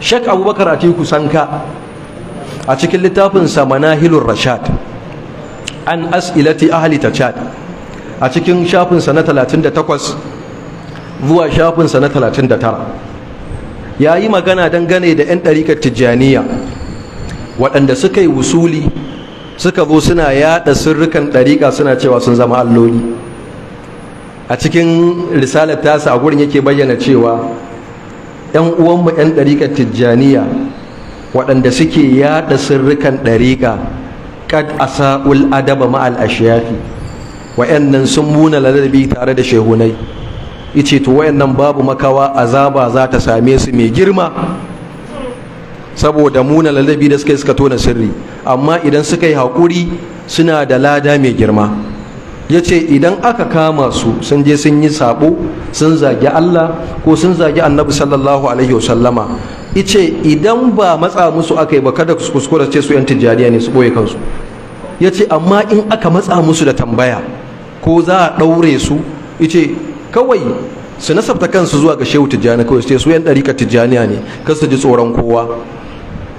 shek abubakar a teku sanka a cikin littafinsa manahilun rashad an as'ilati ahli chad a cikin shafinsa na 38 zuwa shafinsa na 39 ya yi magana dangane da 'yan ɗarikar tijjaniya waɗanda suka yi wusuli suka zo suna yaɗa sirrukan ɗarika suna cewa sun zama alloli a cikin risalar tasa a gurin yake bayyana cewa 'yan uwanmu 'yan ɗarikar tijjaniya waɗanda suke yaɗa sirrukan ɗariƙa kad asa'ul adaba ma'al ashiyafi nan sun muna ladabi tare da shehunai yace to wayannan babu makawa azaba za ta same su mai girma saboda muna ladabi da suka yi suka tona sirri amma idan suka yi haƙuri suna da lada mai girma ya ce idan aka kama su sun je sun yi sabo sun zagi Allah ko sun zagi annabi sallallahu alaihi wasallama ice idan ba matsa musu aka yi ba kada su kuskura ce su yan tijjaniya ne su ɓoye kansu ya ce amma in aka matsa musu da tambaya ko za a ɗaure su ice kawai su nasabta kansu zuwa ga shehu tijjani kawai ce su yan ɗarika tijjaniya ne kasu su ji tsoron kowa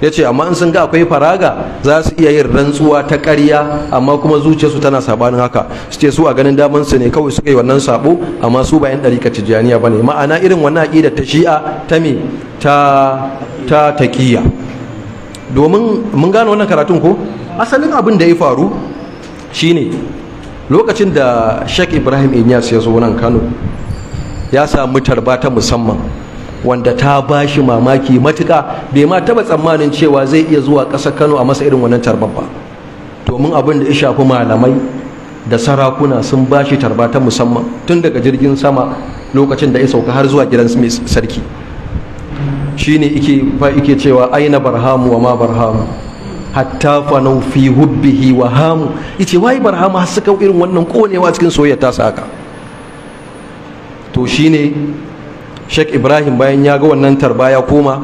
ya ce amma in sun ga akwai faraga za su iya yin rantsuwa ta ƙarya amma kuma zuciyarsu tana sabanin haka su ce su a ganin daman su ne kawai suka yi wannan sabo amma su ba yan ɗarika tijjaniya ba ne ma'ana irin wannan aƙida ta shi'a ta me ta ta domin mun gane wannan karatun ko asalin abin da ya faru shine lokacin da Sheikh Ibrahim Inyas ya zo nan Kano ya samu tarba ta musamman wanda ta ba shi mamaki matuka, bai ma taba tsammanin cewa zai iya zuwa ƙasar Kano a masa irin wannan tarbar ba domin abin da ya shafi malamai da sarakuna sun ba shi tarba ta musamman tun daga jirgin sama lokacin da ya sauka har zuwa gidan sarki shine ike cewa aina barhamu wa ma barhamu hatta fanau fi hubbihi wa hamu yace wai barhama har suka irin wannan konewa cikin soyayya ta saka to shine Sheikh Ibrahim bayan ya ga wannan tarba ya koma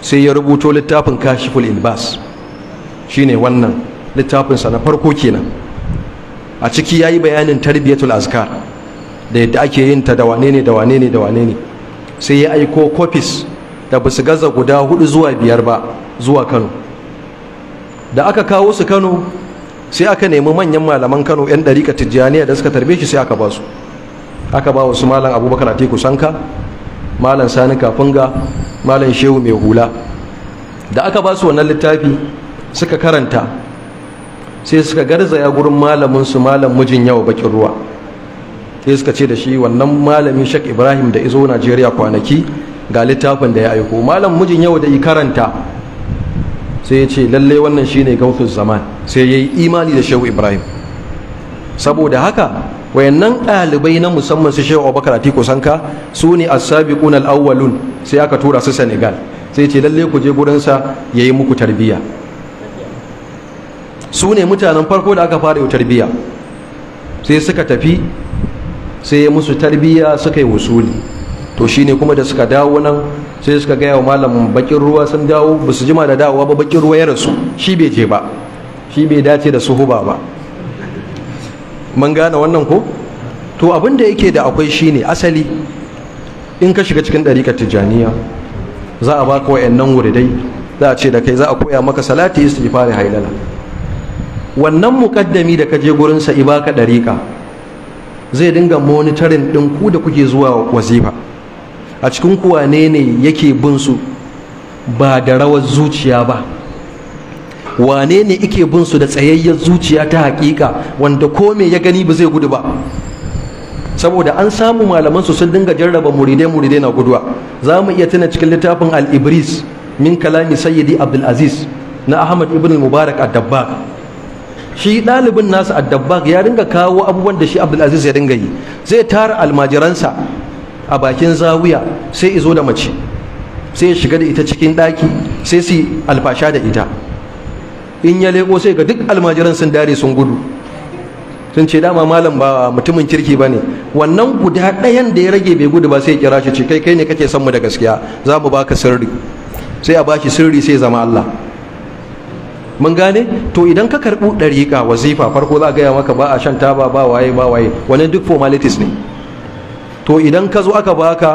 sai ya rubuto littafin Kashiful Ilbas shine wannan littafin sa na farko kenan a ciki yayi bayanin tarbiyatul azkar da yadda ake yin ta da wane ne da wane ne da wane ne sai ya aiko copies da basu gaza guda hudu zuwa biyar ba zuwa Kano da aka kawo su kano sai aka nemi manyan malaman kano 'yan ɗarika tijjaniya da suka tarbe shi sai aka ba su aka ba wasu malam abubakar atiku sanka malam sani ga malam shehu mai hula da aka ba su wannan littafi suka karanta sai suka garzaya gurin malaminsu malam mijin yawa bakin ruwa sai suka ce da shi wannan malami shek ibrahim da izo najeriya kwanaki ga littafin da ya aiko malam mijin yawa da yi karanta sai ya ce lalle wannan shine gautar zaman sai ya yi imani da shehu ibrahim saboda haka wayannan ɗalibai na musamman su shehu abubakar atiku sanka su ne as al-awwalun sai aka tura su senegal sai ce lallai ku je gurin sa yayi muku tarbiyya su ne mutanen farko da aka fara yi tarbiyya sai suka tafi sai musu tarbiyya suka yi wusuli to shi ne kuma da suka dawo nan sai suka gaya wa malamin bakin ruwa sun dawo ba su jima da dawowa ba bakin ruwa ya rasu shi bai je ba shi bai dace da suhuba ba mun gane wannan ko to abin da yake da akwai shi ne asali in ka shiga cikin ɗarikar tijjaniya za a ba baka wayannan wuridai za a ce da kai za a koya maka salati fara hailala wannan mukaddami da ka je gurin sa ibaka ɗarika zai dinga monitorin ɗin ku da kuke zuwa wazifa a cikin kuwa ne yake bin su ba da rawar zuciya ba wane ne ike bin su da tsayayyar zuciya ta hakika wanda ko me ya gani ba zai gudu ba saboda an samu malaman su sun dinga jarraba muridai muridai na guduwa za mu iya tuna cikin littafin al-ibris min kalami sayyidi abdul aziz na ahmad ibn mubarak ad-dabbaq shi dalibin nasu ad-dabbaq ya dinga kawo abubuwan da shi abdul aziz ya dinga yi zai tara almajiransa a bakin zawiya sai izo da mace sai ya shiga da ita cikin daki sai su alfasha da ita in ya leko sai ga duk almajiran sun dare sun gudu sun ce dama malam ba mutumin kirki ba ne wannan guda ɗayan da ya rage bai gudu ba sai ya kira shi ce kai kai ne kake son mu da gaskiya za mu baka sirri sai a ba shi sirri sai zama Allah mun gane to idan ka karɓi ɗariƙa wazifa farko za a gaya maka ba a shan taba ba waye ba waye wannan duk formalities ne to idan ka zo aka baka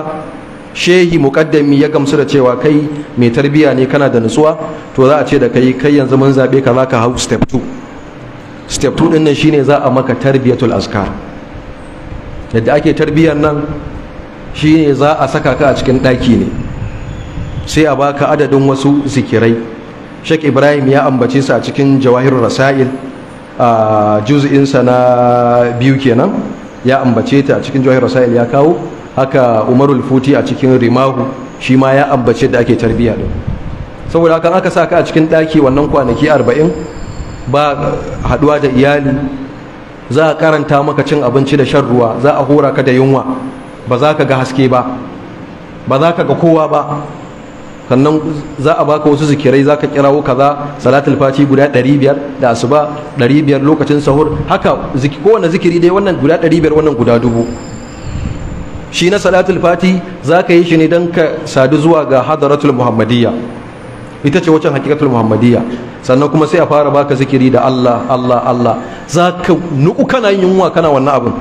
shehi mukaddami ya gamsu da cewa kai mai tarbiya ne kana da nutsuwa to za a ce da kai kai yanzu mun zabe ka za ka hau step 2 step 2 din nan shine za a maka tarbiyatul azkar yadda ake tarbiyar nan shine za a saka ka a cikin daki ne sai a baka adadin wasu zikirai shek Ibrahim ya ambace su a cikin Jawahirur Rasail a juz'insa na biyu kenan ya ambace ta a cikin jawahir rasail ya kawo haka umarul futi a cikin rimahu shi ma ya ambace da ake tarbiyya din saboda hakan aka sa ka a cikin ɗaki wannan kwanaki arba'in ba haɗuwa da iyali za a karanta maka cin abinci da shan ruwa za a hura ka da yunwa ba za ka ga haske ba ba za ka ga kowa ba sannan za a baka wasu zikirai za ka kirawo kaza salatul fati guda 500 da asuba 500 lokacin sahur haka kowane zikiri dai wannan guda 500 wannan guda dubu shi na salatul fati za ka yi shi ne don ka sadu zuwa ga hadaratul muhammadiyya ita ce wacce hakikatul muhammadiyya sannan kuma sai a fara baka zikiri da Allah Allah Allah za ka nuku kana yin yunwa kana wannan abin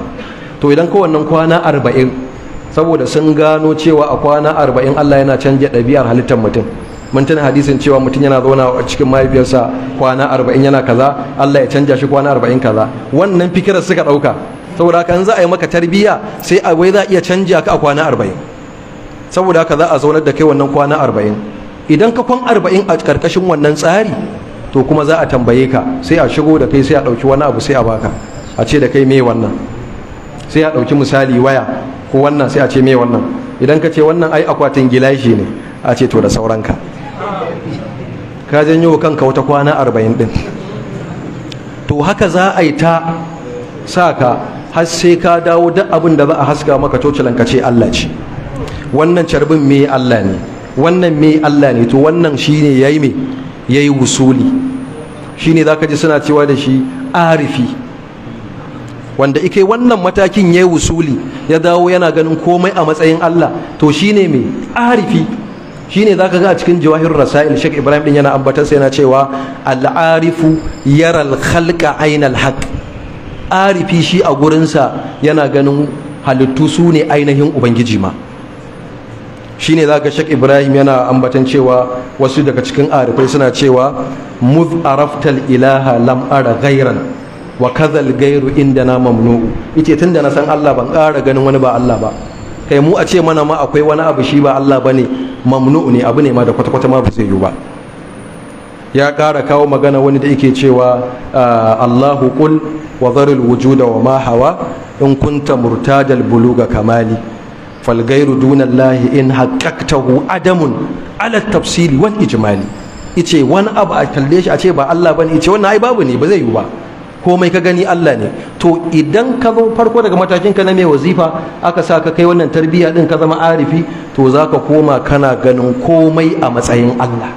to idan kowannan kwana arba'in saboda sun gano cewa a kwana arba'in Allah yana canja ɗabi'ar halittar mutum mun tuna hadisin cewa mutum yana zauna a cikin mahaifiyarsa kwana arba'in yana kaza Allah ya canja shi kwana arba'in kaza wannan fikirar suka ɗauka saboda haka in za a yi maka tarbiyya sai a wai za a iya canja ka a kwana arba'in saboda haka za a zaunar da kai wannan kwana arba'in idan ka kwan arba'in a ƙarƙashin wannan tsari to kuma za a tambaye ka sai a shigo da kai sai a ɗauki wani abu sai a baka a ce da kai me wannan sai a ɗauki misali waya ko wannan sai a ce me wannan idan ka ce wannan ai akwatin gilashi ne a ce to da sauranka ka janyo kanka wata kwana arba'in din to haka za a yi ta sa ka har sai ka dawo duk abin da ba a haska maka tocilan ka ce Allah ce wannan carbin me Allah ne wannan me Allah ne to wannan shine yayi me yayi wusuli shine ka ji suna cewa da shi arifi wanda ike wannan matakin ya yi wusuli ya dawo yana ganin komai a matsayin Allah to shine mai arifi shine ka ga a cikin jawahir rasail shek Ibrahim din yana ambatar sai yana cewa al'arifu yaral yara al arifi shi a gurinsa yana ganin halittu su ne ainihin ubangiji ma shine ka shek Ibrahim yana ambatan cewa wasu daga cikin arifai suna cewa muz araftal ilaha lam ara wa kazal gairu inda na mamnu yace tunda na san Allah ban ƙara ganin wani ba Allah ba kai mu a ce mana ma akwai wani abu shi ba Allah bane mamnu ne abu ne ma da kwata kwata ma ba zai yi ba ya ƙara kawo magana wani da yake cewa ah, Allahu qul wa dharil wujuda wa ma hawa in kunta murtadal buluga kamali fal gairu duna Allah in haqqaqtahu adamun ala tafsili wal ijmali yace wani abu a kalle shi a ce ba Allah bane yace wannan ai babu ne ba zai yi ba komai ka gani Allah ne to idan ka zo farko daga matakin ka na mai wazifa aka sa ka kai wannan tarbiyya din ka zama arifi to za ka koma kana ganin komai a matsayin Allah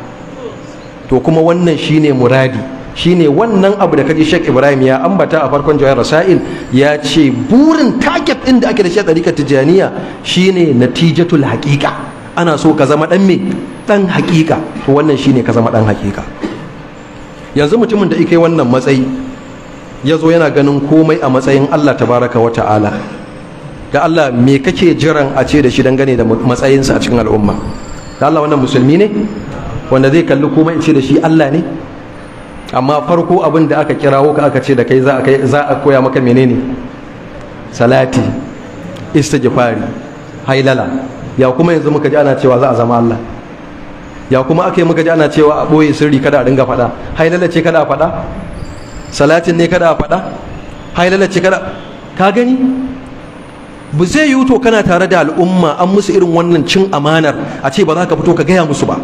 to kuma wannan shine muradi shine wannan abu da kaji shek Ibrahim ya ambata a farkon jawar rasail ya ce burin target din da ake da shi a tsarikar tijaniya shine natijatul haqiqa ana so ka zama dan me dan haqiqa to wannan shine ka zama ɗan haqiqa yanzu mutumin da yake wannan matsayi ya zo yana ganin komai a matsayin Allah tabaraka wa ta'ala ga Allah me kake jiran a ce da shi dangane da matsayinsa a cikin al'umma da Allah wannan musulmi ne wanda zai kalli komai ce da shi Allah ne amma farko abin da aka kirawo ka aka ce da kai za a koya maka menene salati istighfari hailala ya kuma yanzu muka ji ana cewa za a zama Allah ya kuma aka yi muka ji ana cewa a ɓoye sirri kada a dinga faɗa hailala ce kada a faɗa salatin ne kada a faɗa hailalace kada ka gani ba zai yi to kana tare da al'umma an musu irin wannan cin amanar a ce ba za ka fito ka gaya musu ba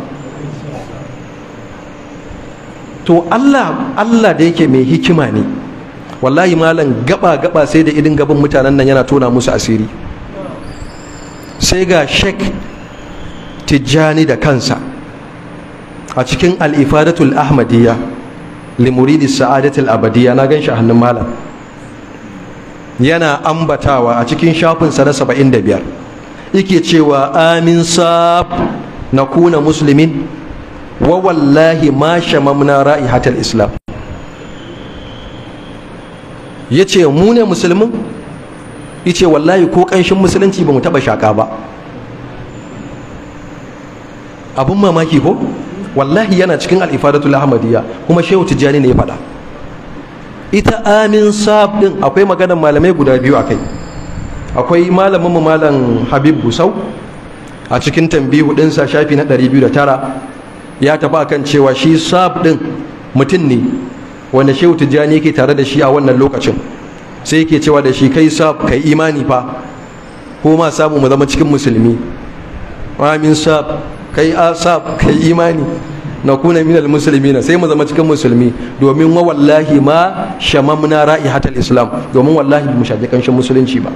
to Allah Allah da yake mai hikima ne wallahi malam gaba gaba sai da idin gaban mutanen nan yana tona musu asiri sai ga shek tijjani da kansa a cikin al'ifadatul ahmadiyya limuridi sa'adatul abadiya na gan shi a hannun malam yana ambatawa a cikin shafinsa na 75 yake cewa amin sab na kuna musulmin wa wallahi ma shamamna ra'ihatul islam ya ce mu ne musulmin yace wallahi ko kanshin musulunci ba mu taɓa shaƙa ba abin mamaki ko wallahi yana cikin al'ifadatul ahmadiyya kuma shehu tijjani ne ya faɗa ita amin sab din akwai maganar malamai guda biyu a kai akwai malamin mu malam habib busau a cikin tambihu ɗinsa shafi na 209 ya tafi akan cewa shi sab din mutum ne wanda shehu tijjani yake tare da shi a wannan lokacin sai yake cewa da shi kai sab kai imani fa ko ma samu mu zama cikin musulmi amin sab kai asab kai imani na kuna minal musulmi sai mu zama cikin musulmi domin wa wallahi ma shamamna ra'ihatal islam domin wallahi mu shaji kanshin musulunci ba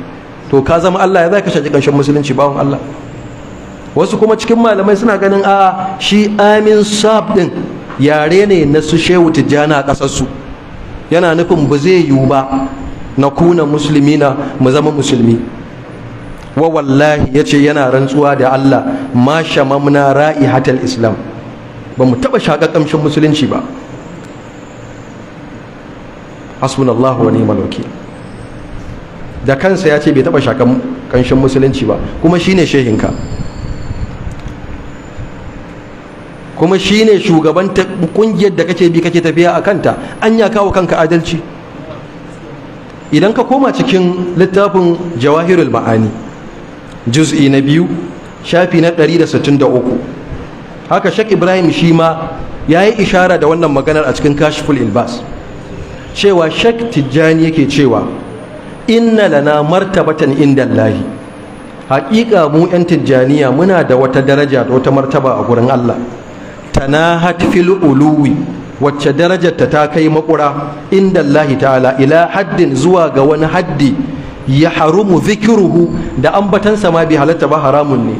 to ka zama Allah ya zaka shaji kanshin musulunci wa Allah wasu kuma cikin malamai suna ganin a shi amin sab din yare ne na su shehu tijjana a yana nufin ba zai yiwu ba na kuna musulmina mu zama musulmi wa wallahi ya ce yana rantsuwa da Allah ma shamamna ra'ihatal islam ba mu taɓa shaƙa ƙamshin musulunci ba hasbunallahu wa ni'mal wakil da kansa ya ce bai taɓa shaƙa ƙamshin musulunci ba kuma shine shehinka kuma shine shugaban kungiyar da kake bi kake tafiya a kanta an ya kawo kanka adalci idan ka koma cikin littafin jawahirul ma'ani juz'i na biyu shafi na ɗari da uku, haka shek ibrahim shi ma ya yi ishara da wannan maganar a cikin kashiful ilbas cewa shek tijjani yake cewa inna lana martabatan inda lahi haƙiƙa mu 'yan tijjaniya muna da wata daraja da wata martaba a gurin allah tana fil uluwi wacce darajarta ta kai makura inda lahi ta'ala ila haddin zuwa ga wani haddi ya haramu zikiruhu da ambatansa ma bi halatta ba haramun ne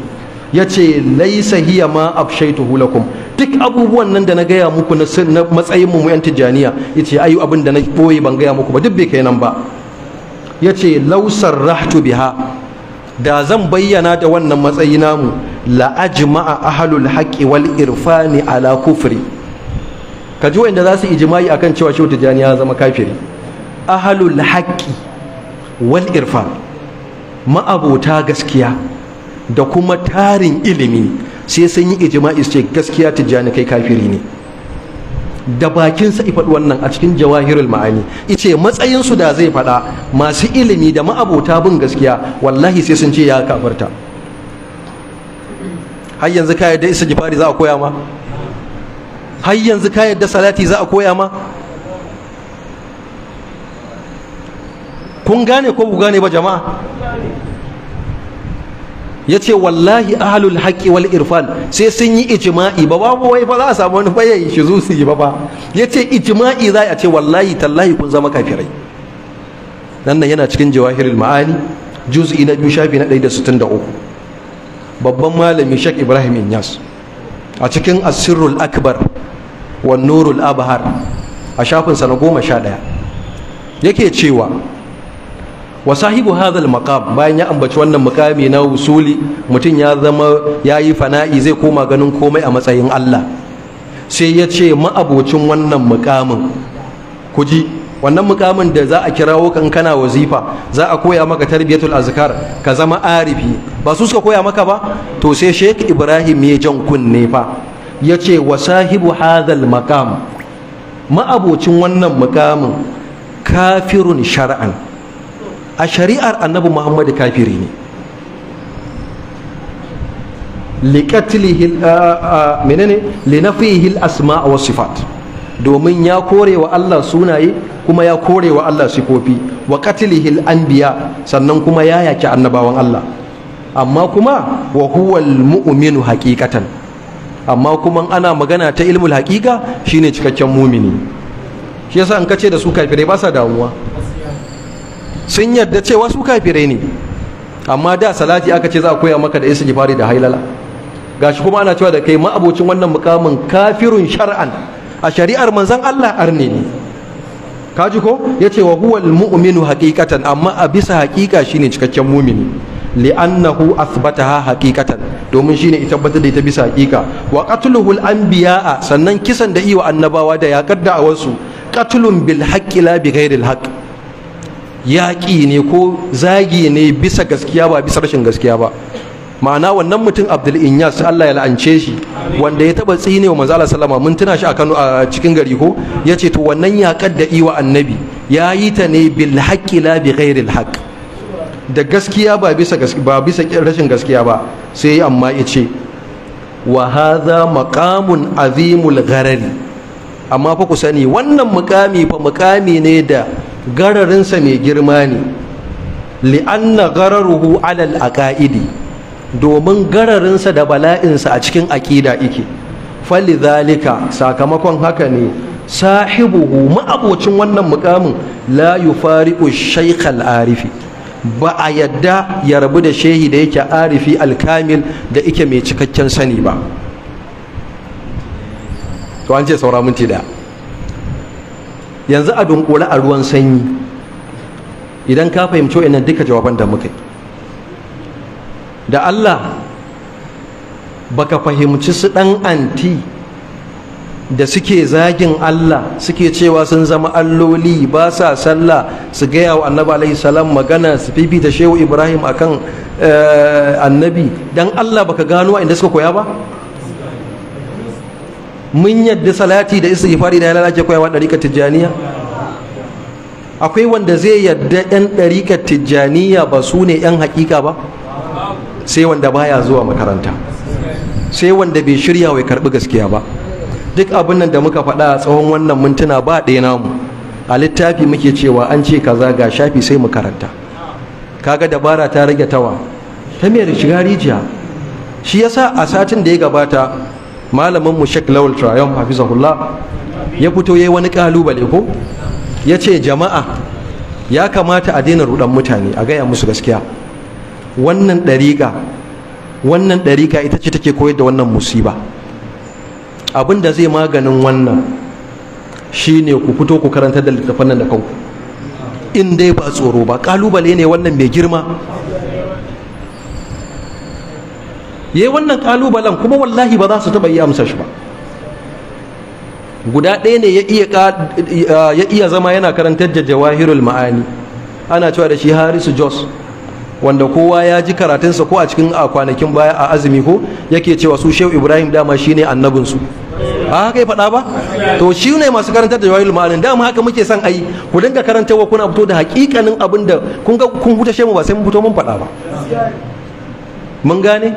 ya ce laisa hiya ma abshaituhu lakum duk abubuwan nan da na gaya muku na matsayin mu yan tijaniya ya ce ayu abin da na boye ban gaya muku ba duk bai kai nan ba ya ce lausar rahtu biha da zan bayyana da wannan matsayi namu la ajma'a ahlul haqqi wal irfani ala kufri ka ji wanda za su ijma'i akan cewa shehu tijani zama kafiri ahlul haqqi wal irfan ma'abota gaskiya da kuma tarin ilimi sai sun yi su ce gaskiya tijjani kai kafiri ne da bakinsa i wannan a cikin jawahirul ma'ani ice matsayinsu da zai faɗa masu ilimi da ma'abota bin gaskiya wallahi sai sun ce ya kafarta har yanzu ka yadda isa jifari za a koya har yanzu ka yadda salati za a koya ma kun gane ko ku gane ba jama'a ya ce wallahi ahalul haƙƙi wal irfan sai sun yi ijima'i ba babu wai ba za a samu wani bayayi shi zuci ba ba ya ce ijima'i za a ce wallahi tallahi kun zama kafirai nan yana cikin jawahirul ma'ani juz'i na biyu shafi na 163 babban malami Sheikh Ibrahim Inyas a cikin asirul akbar wa nurul abhar a shafinsa na goma sha ɗaya yake cewa Wasahibu sahibu hadhal maqam bayan ya ambaci wannan mukami na usuli mutum ya zama yayi fana'i zai koma ganin komai a matsayin Allah sai ya ce ma'abocin wannan mukamin kuji wannan mukamin da za a kirawo kan kana wazifa za a koya maka tarbiyatul azkar ka zama arifi ba su suka koya maka ba to sai Sheikh Ibrahim ya jan kunne fa ya ce wa sahibu hadhal maqam ma'abocin wannan mukamin kafirun shar'an a shari'ar annabi muhammad kafiri ne uh, uh, menene linafihil asma wa sifat domin ya kore wa Allah sunaye kuma ya kore wa Allah sifofi wa an biya sannan kuma ya yaki annabawan Allah amma kuma wa huwal mu'minu haqiqatan amma kuma ana magana ta ilmul haqiqa shine cikakken mumini shi yasa an kace da su kafirai ba sa damuwa sun yarda cewa su kafirai ne amma da salati aka ce za a koya maka da isa istighfari da hailala gashi kuma ana cewa da kai ma'abocin wannan mukamin kafirun shar'an a shari'ar manzan Allah arne ne kaji ko ce wa huwal mu'minu haqiqatan amma a bisa haqiqa shine cikakken mu'mini li'annahu athbataha haqiqatan domin shine ita tabbatar da ita bisa haqiqa wa qatluhul anbiya'a sannan kisan da iwa annabawa da kadda a wasu qatlun bil haqqi la bi ghairil haqq yaƙi ne ko zagi ne bisa gaskiya ba bisa rashin gaskiya ba ma'ana wannan mutum abdul inyas allah ya la'ance shi wanda ya taba tsine wa manzo sallama mun tuna shi a kano a cikin gari ko ya ce to wannan yaƙar da iwa annabi ya yi ta ne bil haqqi la bi ghairil haqq da gaskiya ba bisa ba bisa rashin gaskiya ba sai amma yace ce wa hadha maqamun azimul gharari amma fa ku sani wannan mukami fa mukami ne da gararinsa mai girma ne li'anna gararuhu alal aqaidi domin gararinsa da bala'insa a cikin aƙida ike zalika sakamakon haka ne sahibuhu ma'abocin wannan mukamin la yufariqu shaykh al-arifi ba a yadda ya rabu da shehi da yake arifi alkamil da yake mai cikakken sani ba to an ce saura minti daya yanzu a dunkule a ruwan sanyi idan ka fahimci wa'annan duka jawaban da muka yi da Allah baka fahimci su ɗan anti da suke zagin Allah suke cewa sun zama alloli ba sa sallah su gaya wa annabi alaihi salam magana su ta shehu ibrahim akan eh, annabi dan Allah baka gano inda suka koya ba mun yadda salati da istighfari da yalala ake kwayawa dariƙar tijjaniya akwai wanda zai yadda yan dariƙar tijjaniya ba su ne yan hakika ba sai wanda baya zuwa makaranta sai wanda bai shirya wai karɓi gaskiya ba duk abin nan da muka faɗa a tsawon wannan mintuna ba ɗaya namu a littafi muke cewa an ce kaza ga shafi sai mu karanta kaga dabara ta rage tawa ta mai shiga rijiya shi yasa a satin da ya gabata malamin mu Sheikh Lawal Trayon hafizahullah ya fito yayi wani kalubale ko ya ce jama'a ya kamata a daina rudan mutane a gaya musu gaskiya wannan ɗariƙa wannan ita ce take koyar da wannan musiba abin da zai maganin wannan shine ku fito ku karanta da littafan nan da kanku in dai ba tsoro ba kalubale ne wannan mai girma yayi wannan kalubalen kuma wallahi ba za su taba yi amsa shi ba guda ɗaya ne ya iya zama yana karantar da jawahirul ma'ani ana cewa da shi harisu jos wanda kowa ya ji karatunsa ko a cikin a kwanakin baya a azumi ko yake cewa su shehu ibrahim dama shine annabinsu ba haka ya faɗa ba to shi ne masu karantar da jawahirul ma'anin dama haka muke son ayi ku dinga karantarwa kuna fito da hakikanin abinda kun ga kun huta shemu ba sai mun fito mun faɗa ba mun gane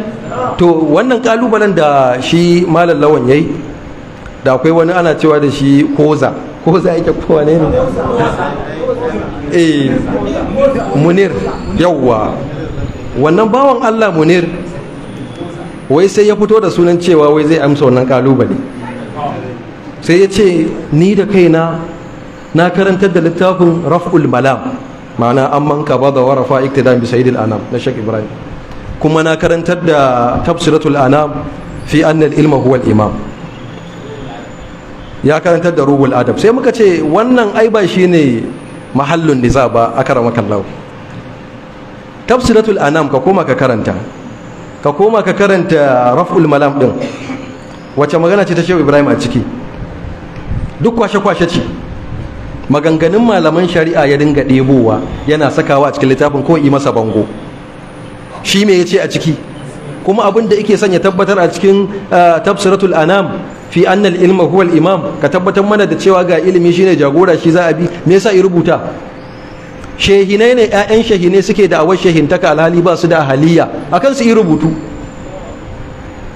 to wannan kalubalen da shi malam lawan yayi da akwai wani ana cewa da shi koza koza yake kowa ne ne eh, munir yawwa wannan bawan Allah munir wai sai ya fito da sunan cewa wai zai amsa wannan kalubale sai ya ce ni da kaina na karantar da littafin raf'ul malam ma'ana amman ka ba da warafa iktidan bi sayyidil anam na shek ibrahim kuma na karantar da tafsiratul anam fi annal ilma huwa imam ya karantar da ruhul adab sai muka ce wannan ai ba shine mahallun niza ba akramakallahu tafsiratul anam ka koma ka karanta ka koma ka karanta raf'ul malam din wace magana ce ta shehu ibrahim a ciki duk kwashe-kwashe ce maganganun malaman shari'a ya dinga ɗebowa yana sakawa a cikin littafin ko yi masa bango shi me ce a ciki kuma abin da yake son ya tabbatar a cikin uh, tafsiratul anam fi annal ilma huwa imam ka tabbatar mana da cewa ga ilimi shine jagora shi za a bi me yasa yi rubuta shehinai ne 'ya'yan shehinai suke da awar shehintaka alhali ba su da haliya akan su yi rubutu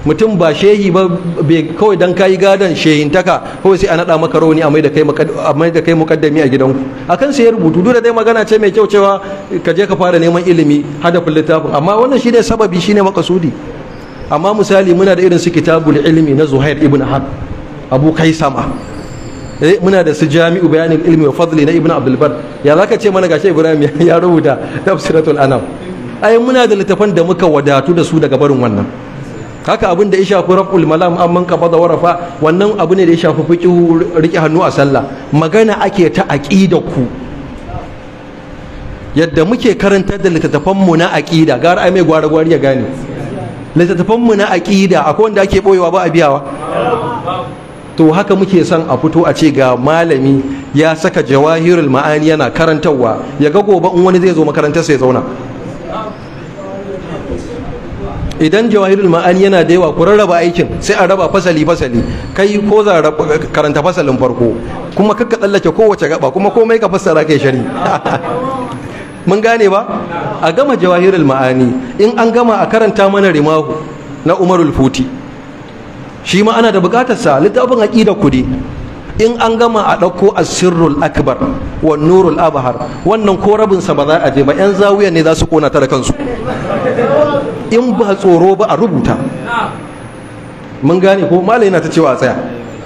mutum ba shehi ba kawai don kayi gadon shehintaka kawai sai a naɗa maka rauni a mai da kai mukaddami a gidanku akan sai ya rubutu duk da dai magana ce mai kyau cewa ka je ka fara neman ilimi hadafin littafin amma wannan shine sababi shine makasudi amma misali muna da irin su kitabul ilmi na Zuhair ibn har Abu Kaisama eh muna da su Jami'u bayanin ilmi wa fadli na Ibn Abdul Bar ya zaka ce mana gashi Ibrahim ya rubuta tafsiratul anam ai muna da littafan da muka wadatu da su daga barin wannan haka abin da ya shafi raf'ul malam amman da warafa wannan abu ne da ya shafi fiqhu rike hannu a sallah magana ake ta aqida ku yadda muke karantar da littattafan mu na aqida gara ai mai gwara ya gane littattafan mu na aqida akwai wanda ake boyewa ba a biyawa to haka muke son a fito a ce ga malami ya saka jawahirul ma'ani yana karantarwa ya ga gobe in wani zai zo makarantar sai ya zauna idan jawahirul ma'ani yana da yawa ku rarraba aikin sai a raba fasali fasali kai ko za karanta fasalin farko kuma kakka tsallake kowace gaba kuma komai ka fassara kai shari mun gane ba a gama jawahirul ma'ani in an gama a karanta mana rimahu na umarul futi shi ma ana da sa littafin aqida kudi in an gama a ɗauko a sirrul akbar wa nurul abhar wannan ko rabinsa ba za a je ba yan zawiya ne za su kona ta da kansu in ba tsoro ba a rubuta mun gane ko mala yana ta cewa a tsaya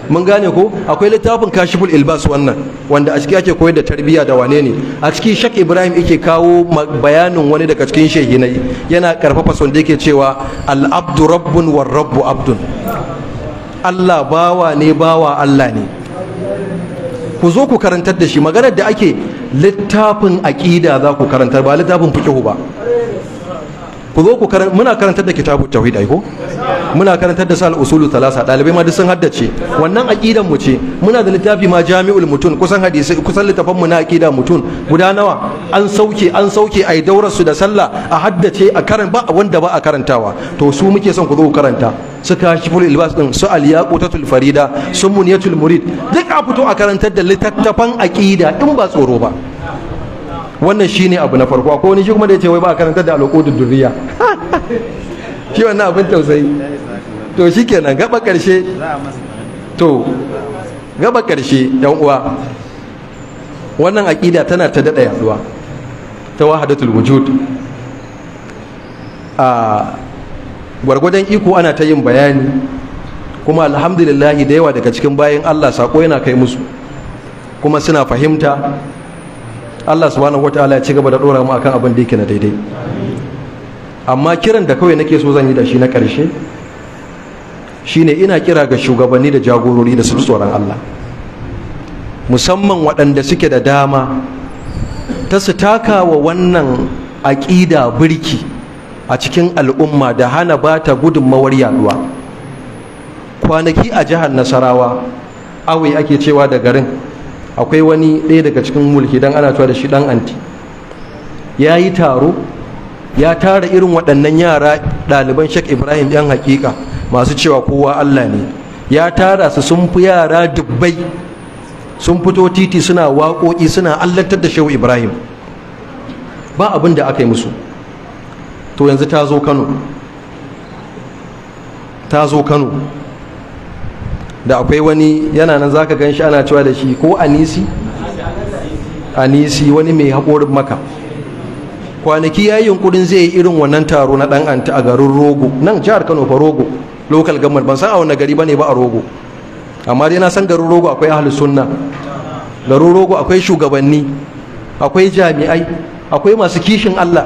mun gane ko akwai littafin kashiful ilbas wannan wanda a ciki ake koyar da tarbiyya da wane ne a ciki shak ibrahim yake kawo bayanin wani daga cikin shehinai yana karfafa son da yake cewa al-abdu rabbun war rabbu abdun allah bawa ne bawa allah ne ku zo ku karantar da shi maganar da ake littafin aƙida za ku karantar ba littafin fiqhu ba ku zo ku karanta muna karantar da kitabu tauhid ai ko muna karantar da sal usulu talasa dalibai ma duk sun haddace wannan aqidan mu ce muna da littafi ma jami'ul mutun kusan hadisi kusan mu na aqida mutun guda nawa an sauke an sauke ai daurar su da sallah a haddace a karan ba wanda ba a karantawa to su muke son ku zo ku karanta su kashiful ilbas din su aliyaqutatul farida su murid duk a fito a karantar da littattafan aqida in ba tsoro ba wannan shine abu na farko ko wani shi kuma da yace wai ba karanta da alqudud durriya shi wannan abin tausayi to shikenan gaba karshe to gaba karshe yan uwa wannan aqida tana ta daɗa yaduwa ta wahadatul wujud a gwargwadon iko ana ta yin bayani kuma alhamdulillahi da yawa daga cikin bayan Allah sako yana kai musu kuma suna fahimta Allah subhanahu wataala ya ci gaba da dora mu akan abin da yake na daidai amma kiran da kawai nake so zan yi da shi na ƙarshe shine ina kira ga shugabanni da jagorori da su tsoron Allah musamman waɗanda suke da dama ta su taka wa wannan aƙida birki a cikin al'umma da hana ba ta gudunmawar yaduwa kwanaki a jihar nasarawa awai ake cewa da garin akwai wani ɗaya daga cikin mulki dan ana tuwa da shi ɗan anti ya yi taro ya tara irin waɗannan yara ɗaliban shek ibrahim yan hakika masu cewa kowa allah ne ya tara su sun fi yara dubbai sun fito titi suna waƙoƙi suna allantar da shehu ibrahim ba abin da aka yi musu to yanzu ta zo kano ta zo kano da akwai wani yana nan zaka gan shi ana cewa da shi ko anisi anisi wani mai haƙorin maka kwanaki ya yi yunkurin zai yi irin wannan taro na ɗan anta a garin rogo nan jihar kano fa rogo local government ban san a wani gari ba ne ba a rogo amma dai na san garin rogo akwai ahli sunna garin rogo akwai shugabanni akwai jami'ai akwai masu kishin allah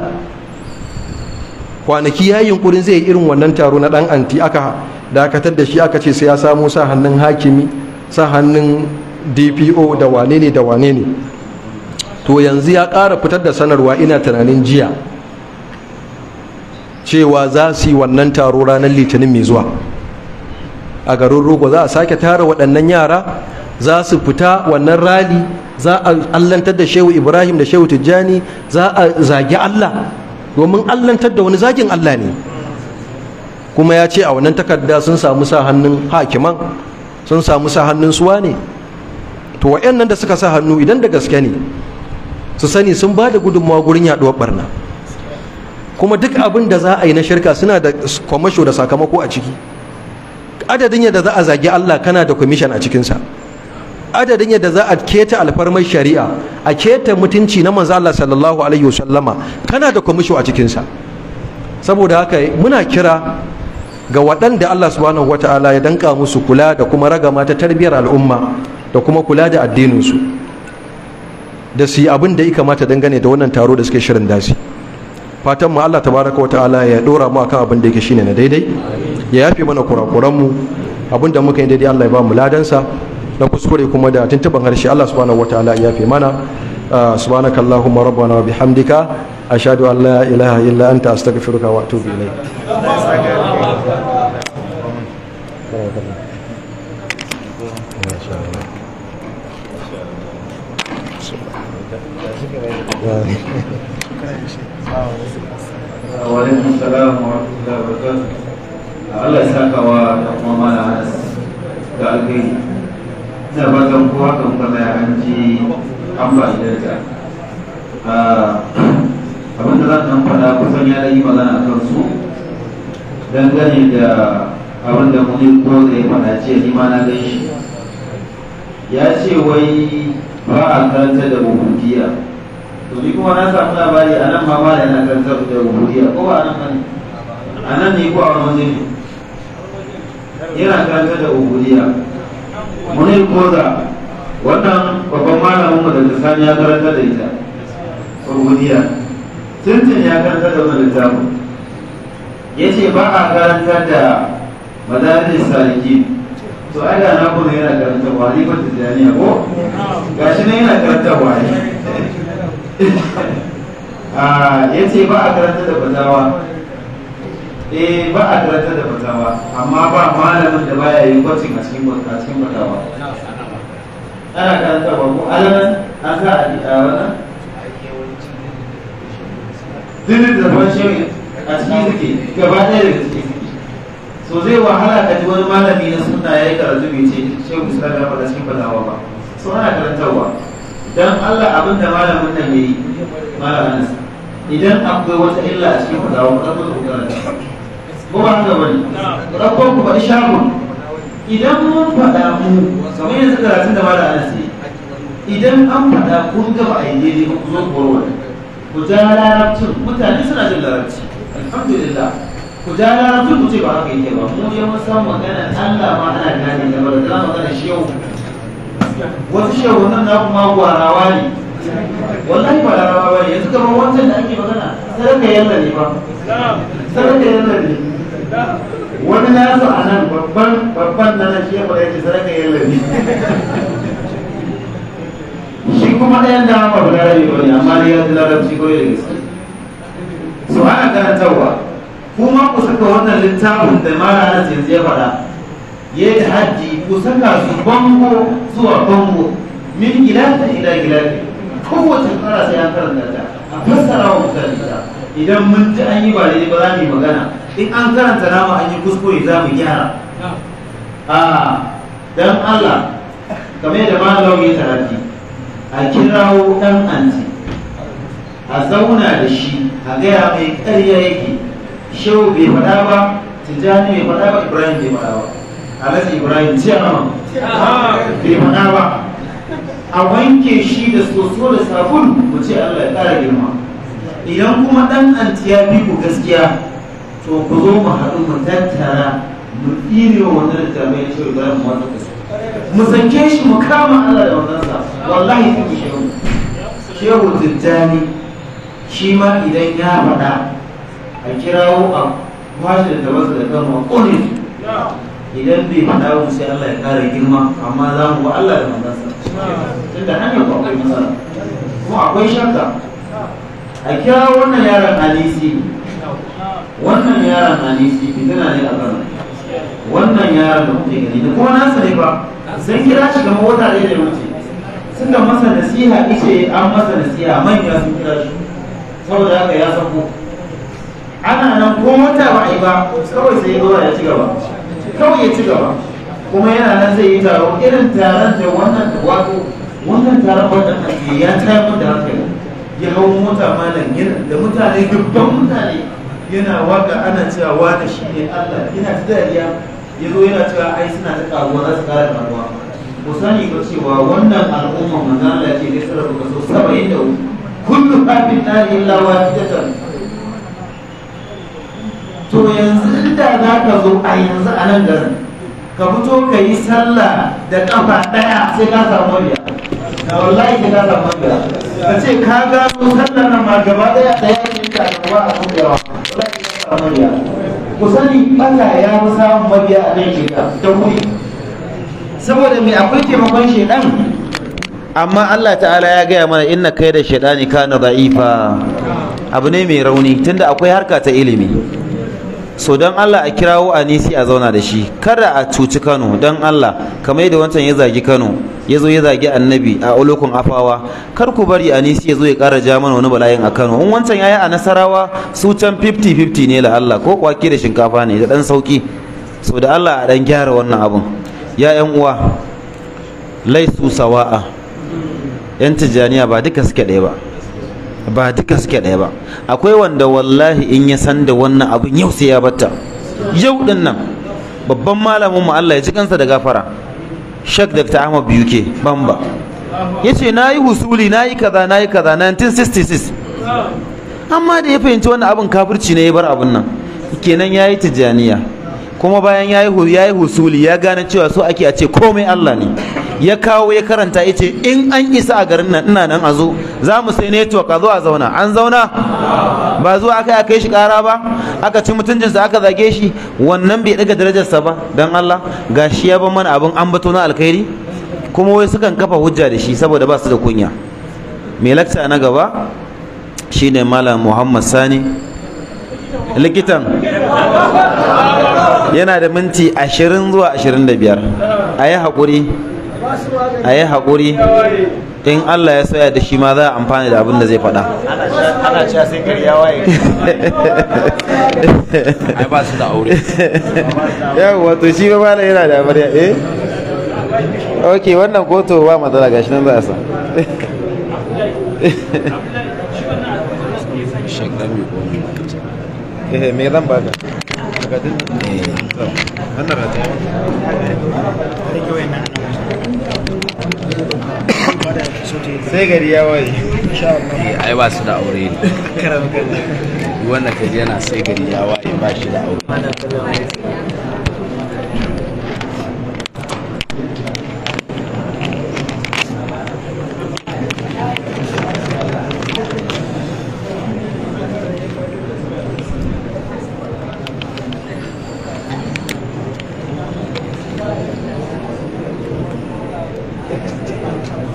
kwanaki ya yi yunkurin zai yi irin wannan taro na ɗan anti aka dakatar da shi aka ce sai ya samu sa hannun hakimi sa hannun dpo da wane ne da wane ne to yanzu ya ƙara fitar da sanarwa ina tunanin jiya cewa za su yi wannan taro ranar litinin mai zuwa a garin rogo za a sake tara waɗannan yara za su fita wannan rali za a allantar da shehu ibrahim da shehu tijjani za a zagi allah domin allantar da wani zagin allah ne kuma ya ce a wannan takarda sun samu sa hannun hakiman sun samu sa hannun suwa ne to wa'annan da suka sa hannu idan da gaske ne su sani sun ba da gudunmawa gurin yaɗuwar barna kuma duk abin da za a yi na shirka suna da kwamasho da sakamako a ciki adadin yadda za a zagi Allah kana da kwamishin a cikinsa adadin yadda za a keta alfarmar shari'a a keta mutunci na manzo Allah sallallahu alaihi wasallama kana da kwamisho a cikinsa saboda haka muna kira ga waɗanda Allah subhanahu wata'ala ya danka musu kula da kuma ragama ta tarbiyyar al'umma da kuma kula da addininsu da su yi abin da ya kamata dangane da wannan taro da suke shirin dasi fatan mu Allah tabaraka wa ta'ala ya dora mu akan abin da yake shine na daidai ya yafe mana kurakuran mu abin da muka yi daidai Allah ya ba mu ladansa na kuskure kuma da tuntuban harshe Allah subhanahu wa ta'ala ya yafe mana ah, subhanaka allahumma rabbana wa bihamdika ashhadu an la ilaha illa anta astaghfiruka wa atubu ilayk Wa'alaikun salam wa rahmatullahi wa Allah ya da kuma mana da kowa kan ah, ya da Abin da za ta faɗa kusan ya yi magana a su. dangane da abin da muni ko zai faɗa ce ni ma na gan shi ya ce wai ba a karanta da buhudiya to ni kuma na samu labari a nan ma ba da yana karanta da buhudiya ko ba a nan ba a nan ne ko a wani waje ne yana karanta da buhudiya muni ko za wannan babban malamin mu daga sani ya karanta da ita buhudiya tuntun ya karanta da wani littafin ya ce ba a karantar da madarin saliki to ai da na kuma yana karanta wani ne kwanta da ne ko gashi ne yana karanta wani ne ah, ya ce ba a karanta da bazawa eh ba a karanta da bazawa amma ba malamin da baya yin kwacin a cikin a cikin bazawa ana karanta ba ko alaman an sa a wannan dinin da ban shi a ciki suke gaba ɗaya daga ciki so zai wahala ka ji wani malami na sunna ya yi karatu bai ce shehu islam ya faɗa cikin fadawa ba so ana karantarwa dan Allah abin da malamin nan yi, malamin nan idan akwai wata illa a cikin fadawa ba ku gara ko ba haka bane rakko ku faɗi shagon idan mun faɗa mu kamar yanzu karatun da malamin sai idan an faɗa kun gaba a yi daidai ku zo ku warware ku ja larabcin mutane suna jin larabci alhamdulillah ku ja larabci ku ce ba haka yake ba mu je mun magana Allah ma ana gani da ba da magana shi yau wasu shehu nan na kuma gwarawa ne wallahi ba larabawa ne yanzu kamar wancan da ake magana sadaka yalla ne ba sadaka yalla ne wani na nasu a nan babban babban na nan shi ya faɗa yake sadaka yalla ne shi kuma ɗayan da ba ba larabi ba ne amma ne ya ji larabci kawai da gaske su ana karantarwa kuma ku saka wannan littafin da mara na yanzu ya faɗa ya yi hajji ku saka su bango zuwa bango min gida ta gida gida ne kowace kara sai an karanta ta a fassara wa mutane ta idan mun ji an yi ba da ba za mu yi magana in an karanta nama an yi kuskure za mu gyara a ah, dan Allah kamar yadda malam ya tarafi a kirawo dan anti a zauna da shi a gaya mai ƙarya yake shehu bai faɗa ba tijjani bai faɗa ba ibrahim bai faɗa ba alhaji ibrahim ce nama bai faɗa ba a wanke shi da soso da sabulu mu ce allah ya ƙara girma idan kuma ɗan antiya bi ku gaskiya to ku zo mu haɗu mu tattara mu ɗire wa wannan littafai na shehu ibrahim wata gaskiya mu sanke shi mu kama allah da wannan sa wallahi fi shehu shehu tijjani shi ma idan ya faɗa a kirawo a kwashe da tabbata da kan ƙulin idan bai faɗa ba sai Allah ya ƙara girma amma za mu ba Allah da manzansa tunda hanyar ku akwai matsala kuma akwai shakka a kira wannan yaron hadisi wannan yaron hadisi fitina ne a kan wannan yaron da kuke gani da kuma nasa ne ba sun kira shi kamar wata ɗaya da wuce sun da masa nasiha ice an masa nasiha manya sun kira shi saboda haka ya sako ana nan ko wata ba a yi ba kawai sai ya gaba ya ci gaba kawai ya ci gaba kuma yana nan zai yi taro irin taron da wannan da wato wannan taron wannan ke ya tayar da haka ya hau mota malam yana da mutane dubban mutane yana waka ana cewa wani shi ne Allah yana ta dariya ya zo yana cewa ai suna ta karuwa za su kara karuwa ku sani ba cewa wannan al'umma manzan Allah ke da sarrafa kaso saba'in da kulluha fi nari illa wahidatan to yanzu inda za ka zo a yanzu a nan garin ka fito ka yi sallah da kafa daya sai ka samu riya da wallahi sai ka samu riya ka ce ka gano sallar nan ma gaba daya ya ne ka gaba a kuma yawa wallahi sai ka samu riya ku sani Allah ya fi samun mabiya a nan shekaru. da kuri saboda mai akwai taimakon shedan amma Allah ta'ala ya gaya mana inna kai da shaidani kana da'ifa abu ne mai rauni tunda akwai harka ta ilimi so don Allah a kirawo anisi a zauna da shi kada a cuci Kano don Allah kamar yadda wancan ya zagi Kano ya zo ya zagi annabi a ulukun afawa kar ku bari anisi ya zo ya ƙara ja mana wani bala'in a Kano in wancan yayi a nasarawa su can 50-50 ne la Allah ko kwaki da shinkafa ne da dan sauki so da Allah a dan gyara wannan abun ya yan uwa laisu sawa'a yan tijjaniya ba duka suke ɗaya ba ba duka suke ɗaya ba akwai wanda wallahi in ya san da wannan abin yau sai ya batta yau din nan babban malamin mu Allah ya ji kansa da gafara Sheikh Dr. Ahmad Biyuke Bamba yace nayi husuli nayi kaza nayi kaza 1966 amma da ya fahimci wannan abin kafirci ne ya bar abin nan kenan yayi tijjaniya kuma bayan ya yi husuli ya gane cewa so ake a ce komai Allah ne ya kawo ya karanta ya ce in an isa a garin nan ina nan a zo za mu sai network a zo a zauna an zauna ba zuwa aka yi kai shi kara ba aka ci mutuncinsa aka zage shi wannan bai daga darajarsa ba don Allah ga shi ya ban mana abin an bato na alkhairi kuma wai sukan kafa hujja da shi saboda ba su da kunya mai lakta na gaba shine malam muhammad sani likitan yana da minti ashirin zuwa ashirin da biyar a yi haƙuri a yi haƙuri in Allah ya soya da shi ma za a amfani da abin da zai faɗa ana cewa sai gari ya waye ai ba su da aure yawa wato shi ba mana yana da amarya eh ok wannan koto ba matsala gashi nan za a sa eh me zan eh sai gari ya waye eh, ai ba su da aure ne wannan kaji yana sai gari ya waye ba shi da aure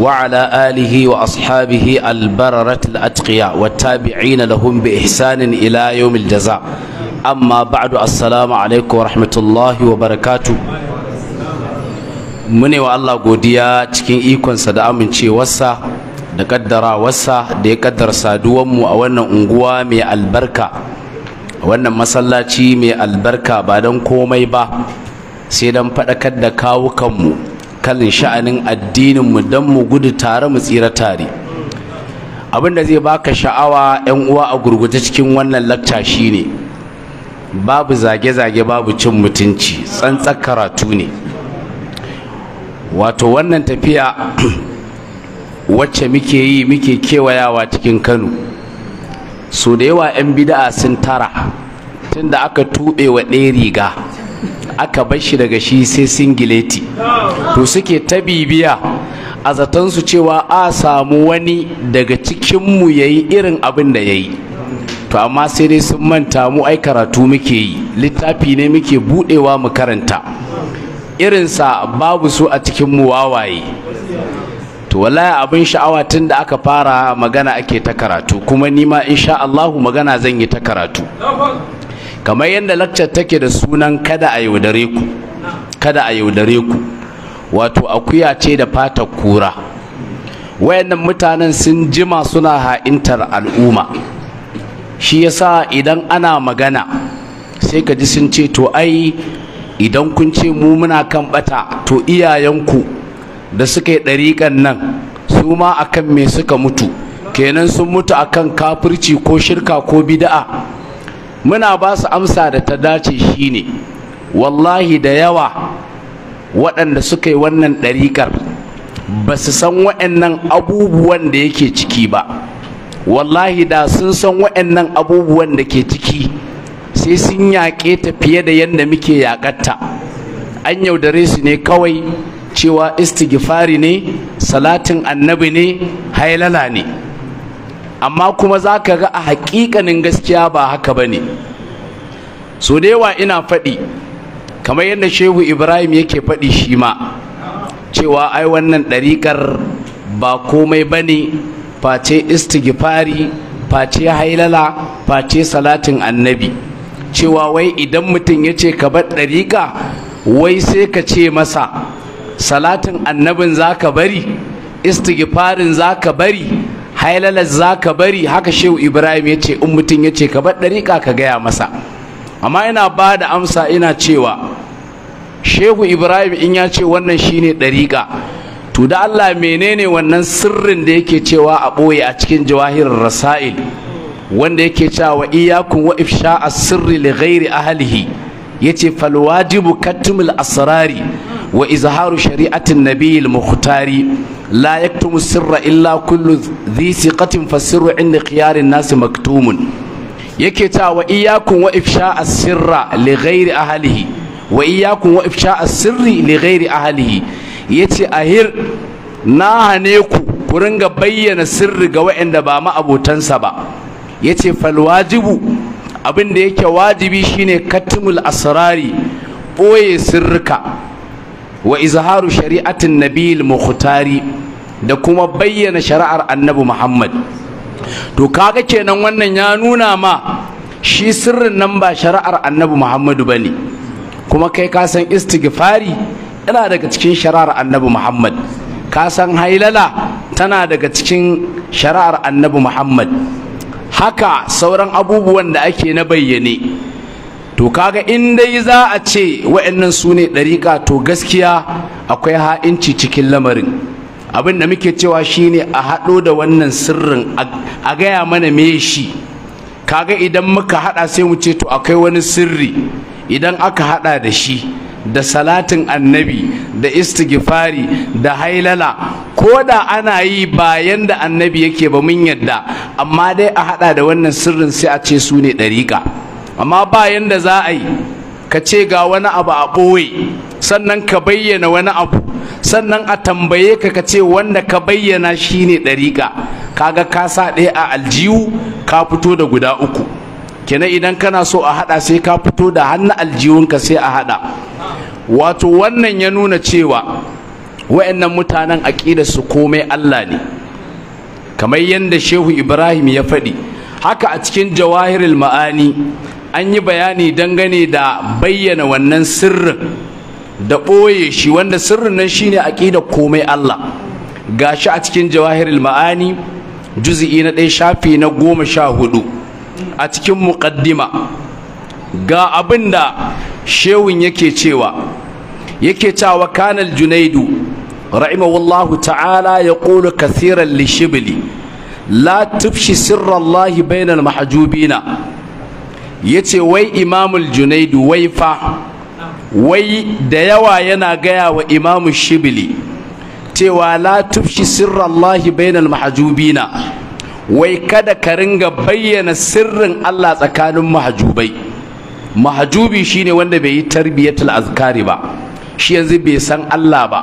وعلى آله وأصحابه البررة الأتقياء والتابعين لهم بإحسان إلى يوم الجزاء أما بعد السلام عليكم ورحمة الله وبركاته mune wa Allah godiya cikin ikonsa da amincewarsa da wasa da ya kaddara saduwanmu a wannan unguwa mai albarka wannan masallaci mai albarka ba don komai ba sai don faɗakar da kawukanmu kan sha'anin addinin mu dan mu gudu tare mu tsira tare abin da zai baka sha'awa yan uwa a gurguje cikin wannan lakta shine babu zage-zage babu cin mutunci tsantsar karatu ne wato wannan tafiya wacce muke yi muke kewayawa cikin kano so da yawa 'yan bida'a sun tara tunda aka tube wa ɗaya riga aka bar shi daga shi sai singileti to suke ta bibiya a zaton su cewa a samu wani daga cikinmu ya yi irin abin da ya yi to amma sai dai sun manta mu ai karatu muke yi littafi ne muke budewa mu karanta irinsa babu su a cikin mu wawaye to wallahi abin sha'awa tun da aka fara magana ake ta karatu kuma nima insha Allahu magana zan yi ta karatu kamar yadda lakcar take da sunan kada a yaudare ku kada a yaudare ku wato akuya ce da fatar kura wayannan mutanen sun jima suna ha'intar al'umma shi yasa idan ana magana sai ka ji sun ce to ai idan kun ce mu muna kan bata to iyayenku da suka yi ɗariƙan nan su ma akan me suka mutu kenan sun mutu akan kafirci ko shirka ko bida'a muna ba su amsa da ta dace shi ne. wallahi da yawa waɗanda suka yi wannan ɗariƙar ba su san waɗannan abubuwan da yake ciki ba wallahi da sun san waɗannan abubuwan da ke ciki sai sun yaƙe ta fiye da yadda muke yaƙatta an yaudare su ne kawai cewa istighfari ne salatin annabi ne hailala ne amma kuma za ka ga a hakikanin gaskiya ba haka ba ne so wa ina faɗi kamar yadda shehu ibrahim yake faɗi shi ma cewa ai wannan ɗariƙar ba komai ba ne face istighfari face hailala face salatin annabi cewa wai idan mutum ya ce ka bar ɗariƙa wai sai ka ce masa salatin annabin za ka bari istighfarin za ka bari hailalar za ka bari haka shehu ibrahim ya ce in mutum ya ce ka bar ɗariƙa ka gaya masa amma ina ba da amsa ina cewa shehu ibrahim in ya ce wannan shine ɗariƙa to da allah menene wannan sirrin da yake cewa a ɓoye a cikin jawahirar rasa'il wanda yake cewa iyakun wa ifsha sirri li ghairi ahlihi yace fal wajibu katmul asrari wa izharu shari'atin nabiyil muhtari la yaktumu sirra illa kullu dhi siqatin fasirru inda khiyarin nasi maktumun yake ta wa iyakun wa ifsha as-sirra li ghairi ahlihi wa iyakun wa ifsha as-sirri li ghairi ahlihi yace ahir na hane ku ku ringa bayyana sirri ga waɗanda ba ma'abotansa ba yace fal wajibu abin da yake wajibi shine katimul asrari boye sirrika wa izharu shari'atin nabiyil mukhtari da kuma bayyana shari'ar annabi muhammad to kaga kenan wannan ya nuna ma shi sirrin nan ba shari'ar annabi muhammadu bane kuma kai ka san istighfari yana daga cikin shari'ar annabi muhammad ka san hailala tana daga cikin shari'ar annabi muhammad haka sauran abubuwan da ake na bayyane to kaga in dai za a ce wa'annan su ne ɗariƙa to gaskiya akwai ha'inci cikin lamarin abin da muke cewa shine a haɗo da wannan sirrin a gaya mana me shi kaga idan muka haɗa sai mu ce to akwai wani sirri idan aka haɗa da shi da salatin annabi da istighfari da hailala ko da ana yi bayan da annabi yake ba mun yadda amma dai a haɗa da wannan sirrin sai a ce su ne ɗariƙa amma ba yanda za a yi ka ce ga wani abu a ɓoye sannan ka bayyana wani abu sannan a tambaye ka ka ce wanda ka bayyana shine ɗariƙa kaga ka sa ɗaya a aljihu ka fito da guda uku kina idan kana so a haɗa sai ka fito da hannu aljihunka sai a haɗa wato wannan ya nuna cewa wa'annan mutanen aƙida su komai Allah ne kamar yadda shehu ibrahim ya faɗi haka a cikin jawahirul ma'ani an yi bayani dangane da bayyana wannan sirrin da ɓoye shi wanda sirrin nan shine aƙida komai Allah Ga shi a cikin jawahirul ma'ani juzi'i na ɗaya shafi na goma sha hudu a cikin muƙaddima ga abin da shewun yake cewa yake cewa kanal junaidu rahimahullahu ta'ala ya ƙulu kathiran lishibili la tufshi sirrallahi bainal mahjubina ya ce wai imamul junaidu wai fa wai da yawa yana gaya wa imamu shibili cewa la tufshi sirrallahi bainal mahajubina wai kada ka ringa bayyana sirrin Allah tsakanin mahajubai mahajubi shine wanda bai yi tarbiyatul azkari ba shi yanzu bai san Allah ba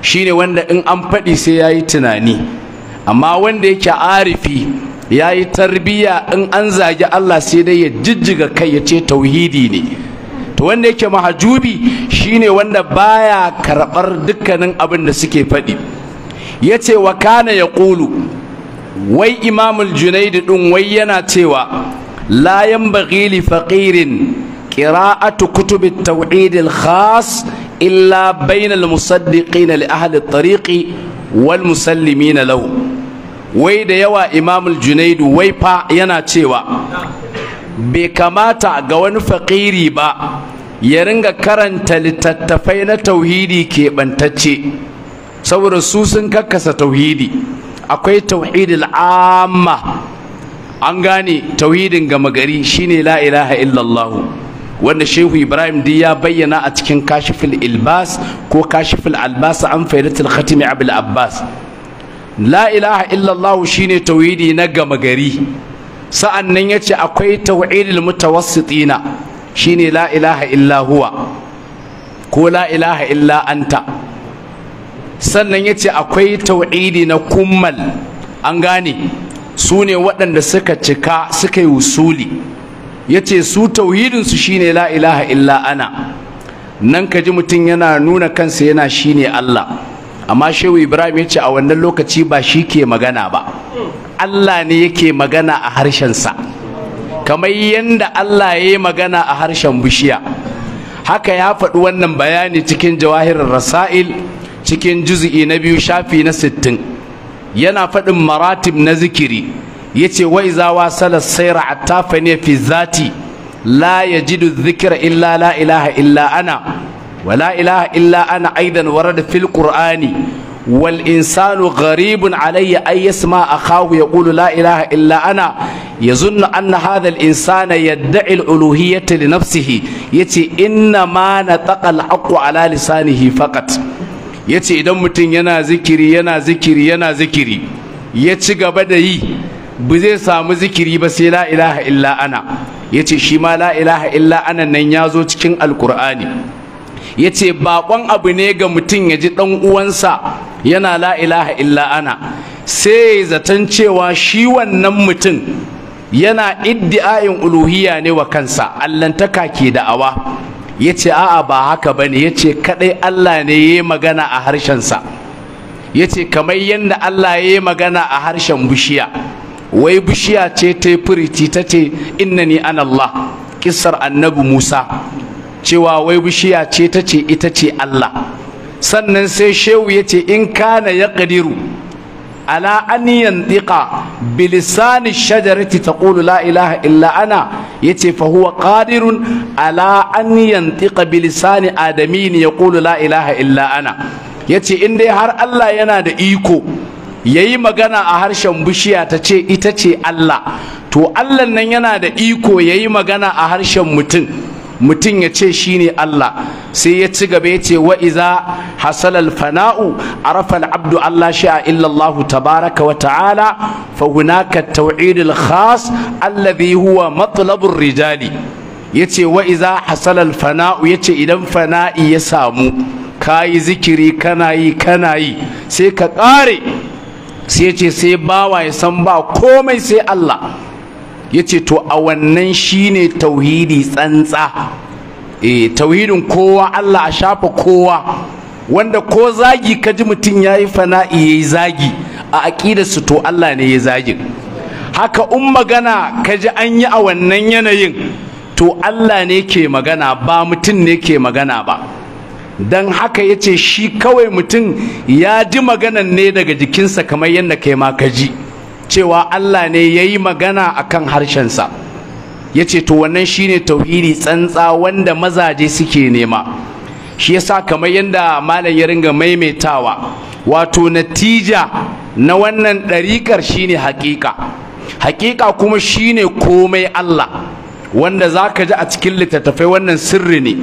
shine wanda in an faɗi sai ya yi tunani amma wanda yake arifi ya yi tarbiya in an zagi Allah sai dai ya jijjiga kai ya ce tauhidi ne to wanda yake mahajubi shine wanda baya karɓar dukkanin abin da suke faɗi ya ce wa kana ya ƙulu wai imamul junaidi ɗin wai yana cewa layan baƙili faƙirin قراءة khas illa bainal إلا li ahli لأهل wal musallimina lau. wai da yawa imamul junaidu wai fa yana cewa bai kamata ga wani faƙiri ba ya ringa karanta littattafai na tauhidi keɓantacce saboda su sun kakkasa tauhidi akwai Tauhidin amma an gane tauhidin gama gari shine la ilaha illallah wanda shehu ibrahim di ya bayyana a cikin kashifin ilbas ko kashifin albas an faidatul khatimi abul abbas la ilaha illallah shine tauhidi na gama gari sa'an nan yace akwai tauhidul mutawassitina shine la ilaha illa huwa ko la ilaha illa anta sannan yace akwai tauhidi na kummal an gane su ne waɗanda suka cika suka yi usuli yace su tauhidinsu shine la ilaha illa ana nan ka ji mutum yana nuna kansa yana shine Allah amma shehu ibrahim ya ce a wannan lokaci ba shi ke magana ba allah ne yake magana a harshensa kamar yadda allah ya yi magana a harshen bishiya haka ya faɗi wannan bayani cikin jawahir rasail cikin juzi'i na biyu shafi na sittin yana faɗin maratib na zikiri ya ce wa iza wasala saira attafa ne fi zati la da zikira illa la ilaha illa ana wala ilaha illa ana aidan warada fil qur'ani wal insanu gharibun alayya ay yasma akhahu yaqulu la ilaha illa ana yazunnu anna hadha al insana yad'i al uluhiyyata li nafsihi yace inna ma nataqa al haqqu ala lisanihi faqat yace idan mutum yana zikiri yana zikiri yana zikiri ya ci gaba da yi ba zai samu zikiri ba sai la illa ana yace shi ma la illa ana nan ya zo cikin alqur'ani ya ce baƙon abu ne ga mutum ya ji ɗan uwansa yana la ilaha illa ana sai zaton cewa shi wannan mutum yana iddi'ayin uluhiya ne wa kansa allantaka ke da'awa ya ce a'a ba haka ba ne ya ce kaɗai allah ne ya yi magana a harshensa ya ce kamar yadda allah ya yi magana a harshen bishiya wai bishiya ce ta yi furici ta ce innani an allah kissar annabi musa cewa wai bishiya ce ta ce ita ce Allah sannan sai shehu ya ce in kana ya ƙadiru ala an yantiqa bilisani shajarati ta la ilaha illa ana yace ce fahuwa ƙadirun ala an yantiqa bilisani ne ya la ilaha illa ana Ya ce in dai har Allah yana da iko ya yi magana a harshen bishiya ta ce ita ce Allah to Allah nan yana da iko ya yi magana a harshen mutum mutum ya ce shine Allah sai ya ci gaba ya ce wa iza hasalal fana'u a rafal abdu Allah sha'a illa tabaraka wa ta'ala fa hunaka al-khas allazi huwa matlab rijali yace wa iza hasalal fana'u yace idan fana'i ya samu kayi zikiri kana yi kana yi sai ka kare sai ce sai bawa ya san ba komai sai Allah ya ce to a wannan shine tauhidi tsantsa e tauhidin kowa Allah a shafa kowa wanda ko zagi ka ji mutum ya yi fana'i ya yi zagi a aƙidarsu to Allah ne ya zagi. haka in magana ka ji an yi a wannan yanayin to Allah ne ke magana ba mutum ne ke magana ba don haka ya ce shi kawai mutum ya ji maganan ne daga jikinsa kamar yadda kai ma ka ji cewa Allah ne ya yi magana a kan harshensa ya ce to wannan shi ne tauhidi tsantsa wanda mazaje suke nema shi yasa kamar yadda malam ya ringa maimaitawa wato natija na wannan ɗariƙar ne haƙiƙa haƙiƙa kuma shi ne komai Allah wanda za ka ji a cikin littattafai wannan sirri ne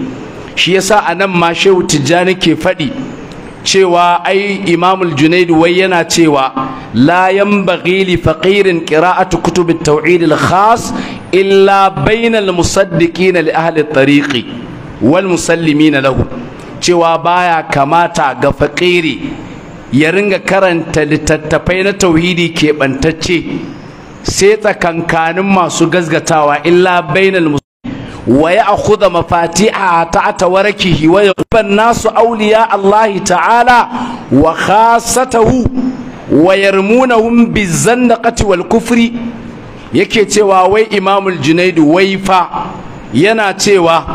shi yasa a nan ma shehu tijjani ke faɗi cewa ai imamul junaid wai yana cewa la yanbaghi li faqirin qira'atu kutub at-tauhid al-khas illa bayna al-musaddiqina li ahli at-tariqi wal musallimina lahu cewa baya kamata ga faqiri ya ringa karanta littattafai na tauhidi keɓantacce sai tsakankanin masu gazgatawa illa bainal wa ya'khudha mafatiha ta'ata warakihi wa yuban nasu awliya Allah ta'ala wa khassatahu wa kufri yake cewa wai Imamul Junaid wai fa yana cewa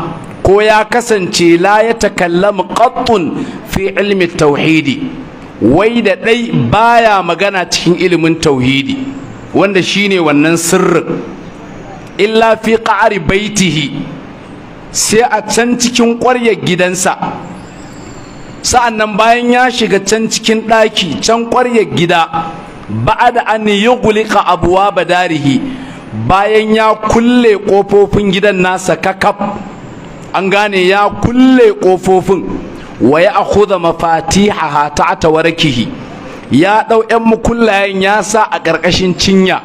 ko ya kasance la ya takallamu qattun fi ilmi tauhidi wai da dai baya magana cikin ilimin tauhidi wanda shine wannan sirrin illa fi qa'ari baitihi sai a can cikin ƙwaryar gidansa sa'an nan bayan ya shiga can cikin ɗaki can ƙwaryar gida a da an yi gulika abuwa darihi, bayan ya kulle ƙofofin gidan nasa kakaf an gane ya kulle ƙofofin wa ya hata mafatihaha ta'ata warakihi ya ɗau 'yan mukullayen ya sa a ƙarƙashin cinya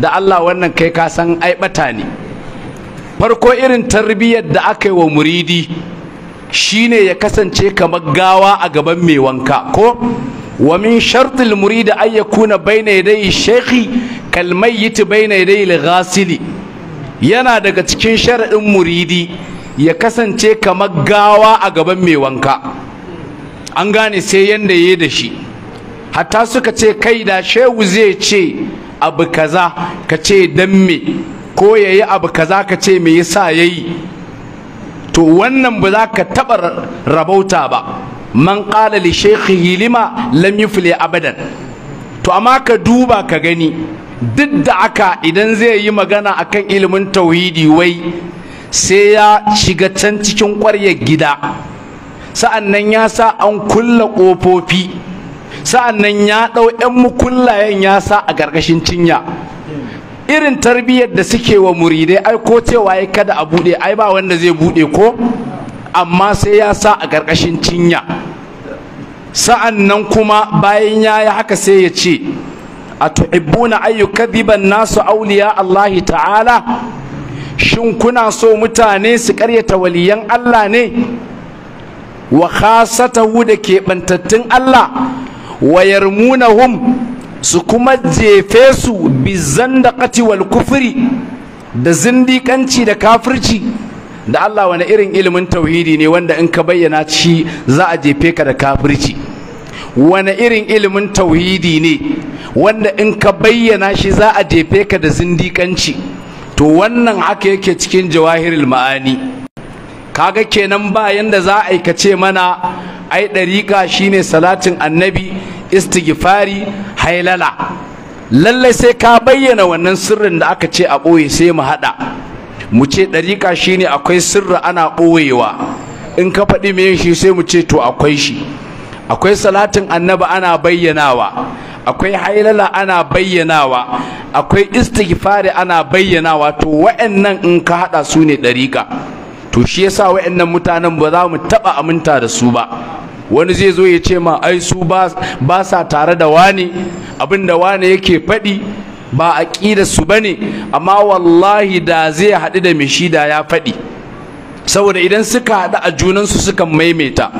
da Allah wannan kai ka san ai bata ne farko irin tarbiyyar da aka yi wa muridi shine ya kasance kamar gawa a gaban mai wanka ko wa min shartil muridi an yakuna bayna yadayi shaykhi kal bayna yadayi yana daga cikin sharadin muridi ya kasance kamar gawa a gaban mai wanka an gane sai yanda yayi da shi hatta suka ce kai da shehu zai ce abu kaza ka ce dan me ko yi abu kaza ka ce me yasa ya yi? to wannan ba za ka taɓa rabauta ba man ƙala li shekhi hilima lam abadan to amma ka duba ka gani duk da aka idan zai yi magana akan ilimin tauhidi wai sai ya shiga can cikin ƙwaryar gida Sa'annan ya sa an kulla ƙofofi sa'an nan ya ɗau 'yan mukullayen ya sa a gargashin cinya irin tarbiyyar da suke wa muridai ai ko cewa ya kada a buɗe ai ba wanda zai buɗe ko amma sai ya sa a gargashin cinya sa'an nan kuma bayan ya yi haka sai ya ce a tuhibbuna ayyukadhiban nasu auliya Allahi ta'ala shin kuna so mutane su karyata waliyan Allah ne wa khasatahu da keɓantattun Allah wayarmunahum su kuma jefe su bizandaqati wal kufuri da zindikanci da kafirci da Allah wani irin ilimin tauhidi ne wanda in ka bayyana ci za a jefe ka da kafirci wani irin ilimin tauhidi ne wanda in ka bayyana shi za a jefe ka da zindikanci to wannan haka yake cikin jawahirul ma'ani kaga kenan bayan da za a aikace mana ai dariƙa shine salatin annabi istighfari hailala lallai sai ka bayyana wannan sirrin da aka ce a ɓoye sai mu haɗa mu ce ɗariƙa shine akwai sirri ana ɓoyewa in ka faɗi me shi sai mu ce to akwai shi akwai salatin annaba ana bayyanawa akwai hailala ana bayyanawa akwai istighfari ana bayyanawa to wa'annan in ka haɗa su ne ɗariƙa to shi yasa wa'annan mutanen ba za mu taɓa aminta da su ba wani zai zo ya ce ma ai su ba sa tare da wani abin da wane yake faɗi ba a da su bane amma wallahi da zai haɗu da mishi da ya faɗi saboda idan suka haɗu a junansu suka maimaita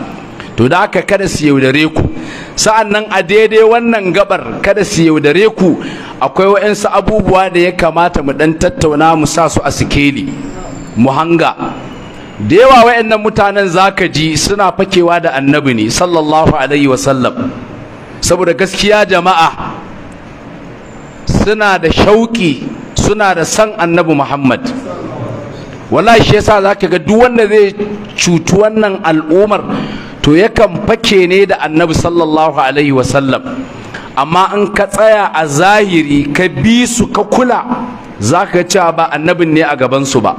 to da haka kada su yaudare ku sa'an nan a daidai wannan gabar kada su yaudare ku akwai waɗansu abubuwa da ya kamata mu ɗan tattauna mu sa su a sikeli mu hanga da yawa wayannan mutanen zaka ji suna fakewa da annabi ne sallallahu alaihi wasallam saboda gaskiya jama'a suna da shauƙi suna da san annabi muhammad wallahi shi yasa zaka ga duk wanda zai cutu wannan al'umar to yakan fake ne da annabi sallallahu alaihi wasallam amma in ka tsaya a zahiri ka bi su ka kula zaka cewa ba annabin ne a gaban su ba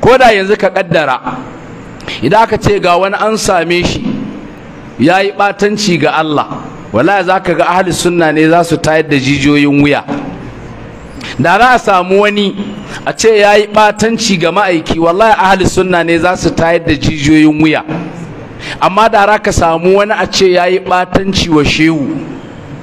ko da yanzu ka kaddara idan aka ce ga wani an same shi ya yi ɓatanci ga Allah wala za ka ga ahli sunna ne za su tayar da jijiyoyin wuya da za a samu wani a ce ya yi ɓatanci ga ma'aiki wallahi ahli sunna ne za su tayar da jijiyoyin wuya amma da za ka samu wani a ce ya yi ɓatanci wa shehu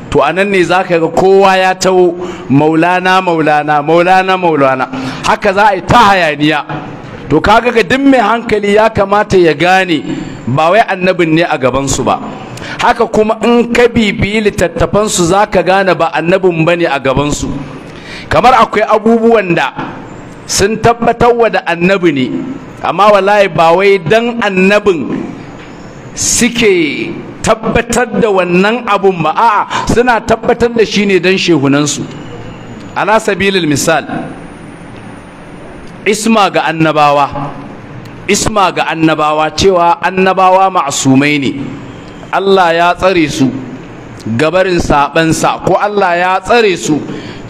to a nan ne za ka ga kowa ya taho maulana maulana maulana maulana haka za a yi ta hayaniya to kaga ga duk mai hankali ya kamata ya gane ba wai annabin ne a gabansu ba haka kuma in ka bibiyi littattafansu za ka gane ba annabin ba ne a gabansu kamar akwai abubuwan da sun tabbatar wa da annabi ne amma wallahi ba wai dan annabin suke tabbatar da wannan abun ba a'a suna tabbatar da shi ne dan shehunansu ala sabilil misal isma ga annabawa isma ga annabawa cewa annabawa ma'asumai ne Allah ya tsare su gabarin sabansa ko Allah ya tsare su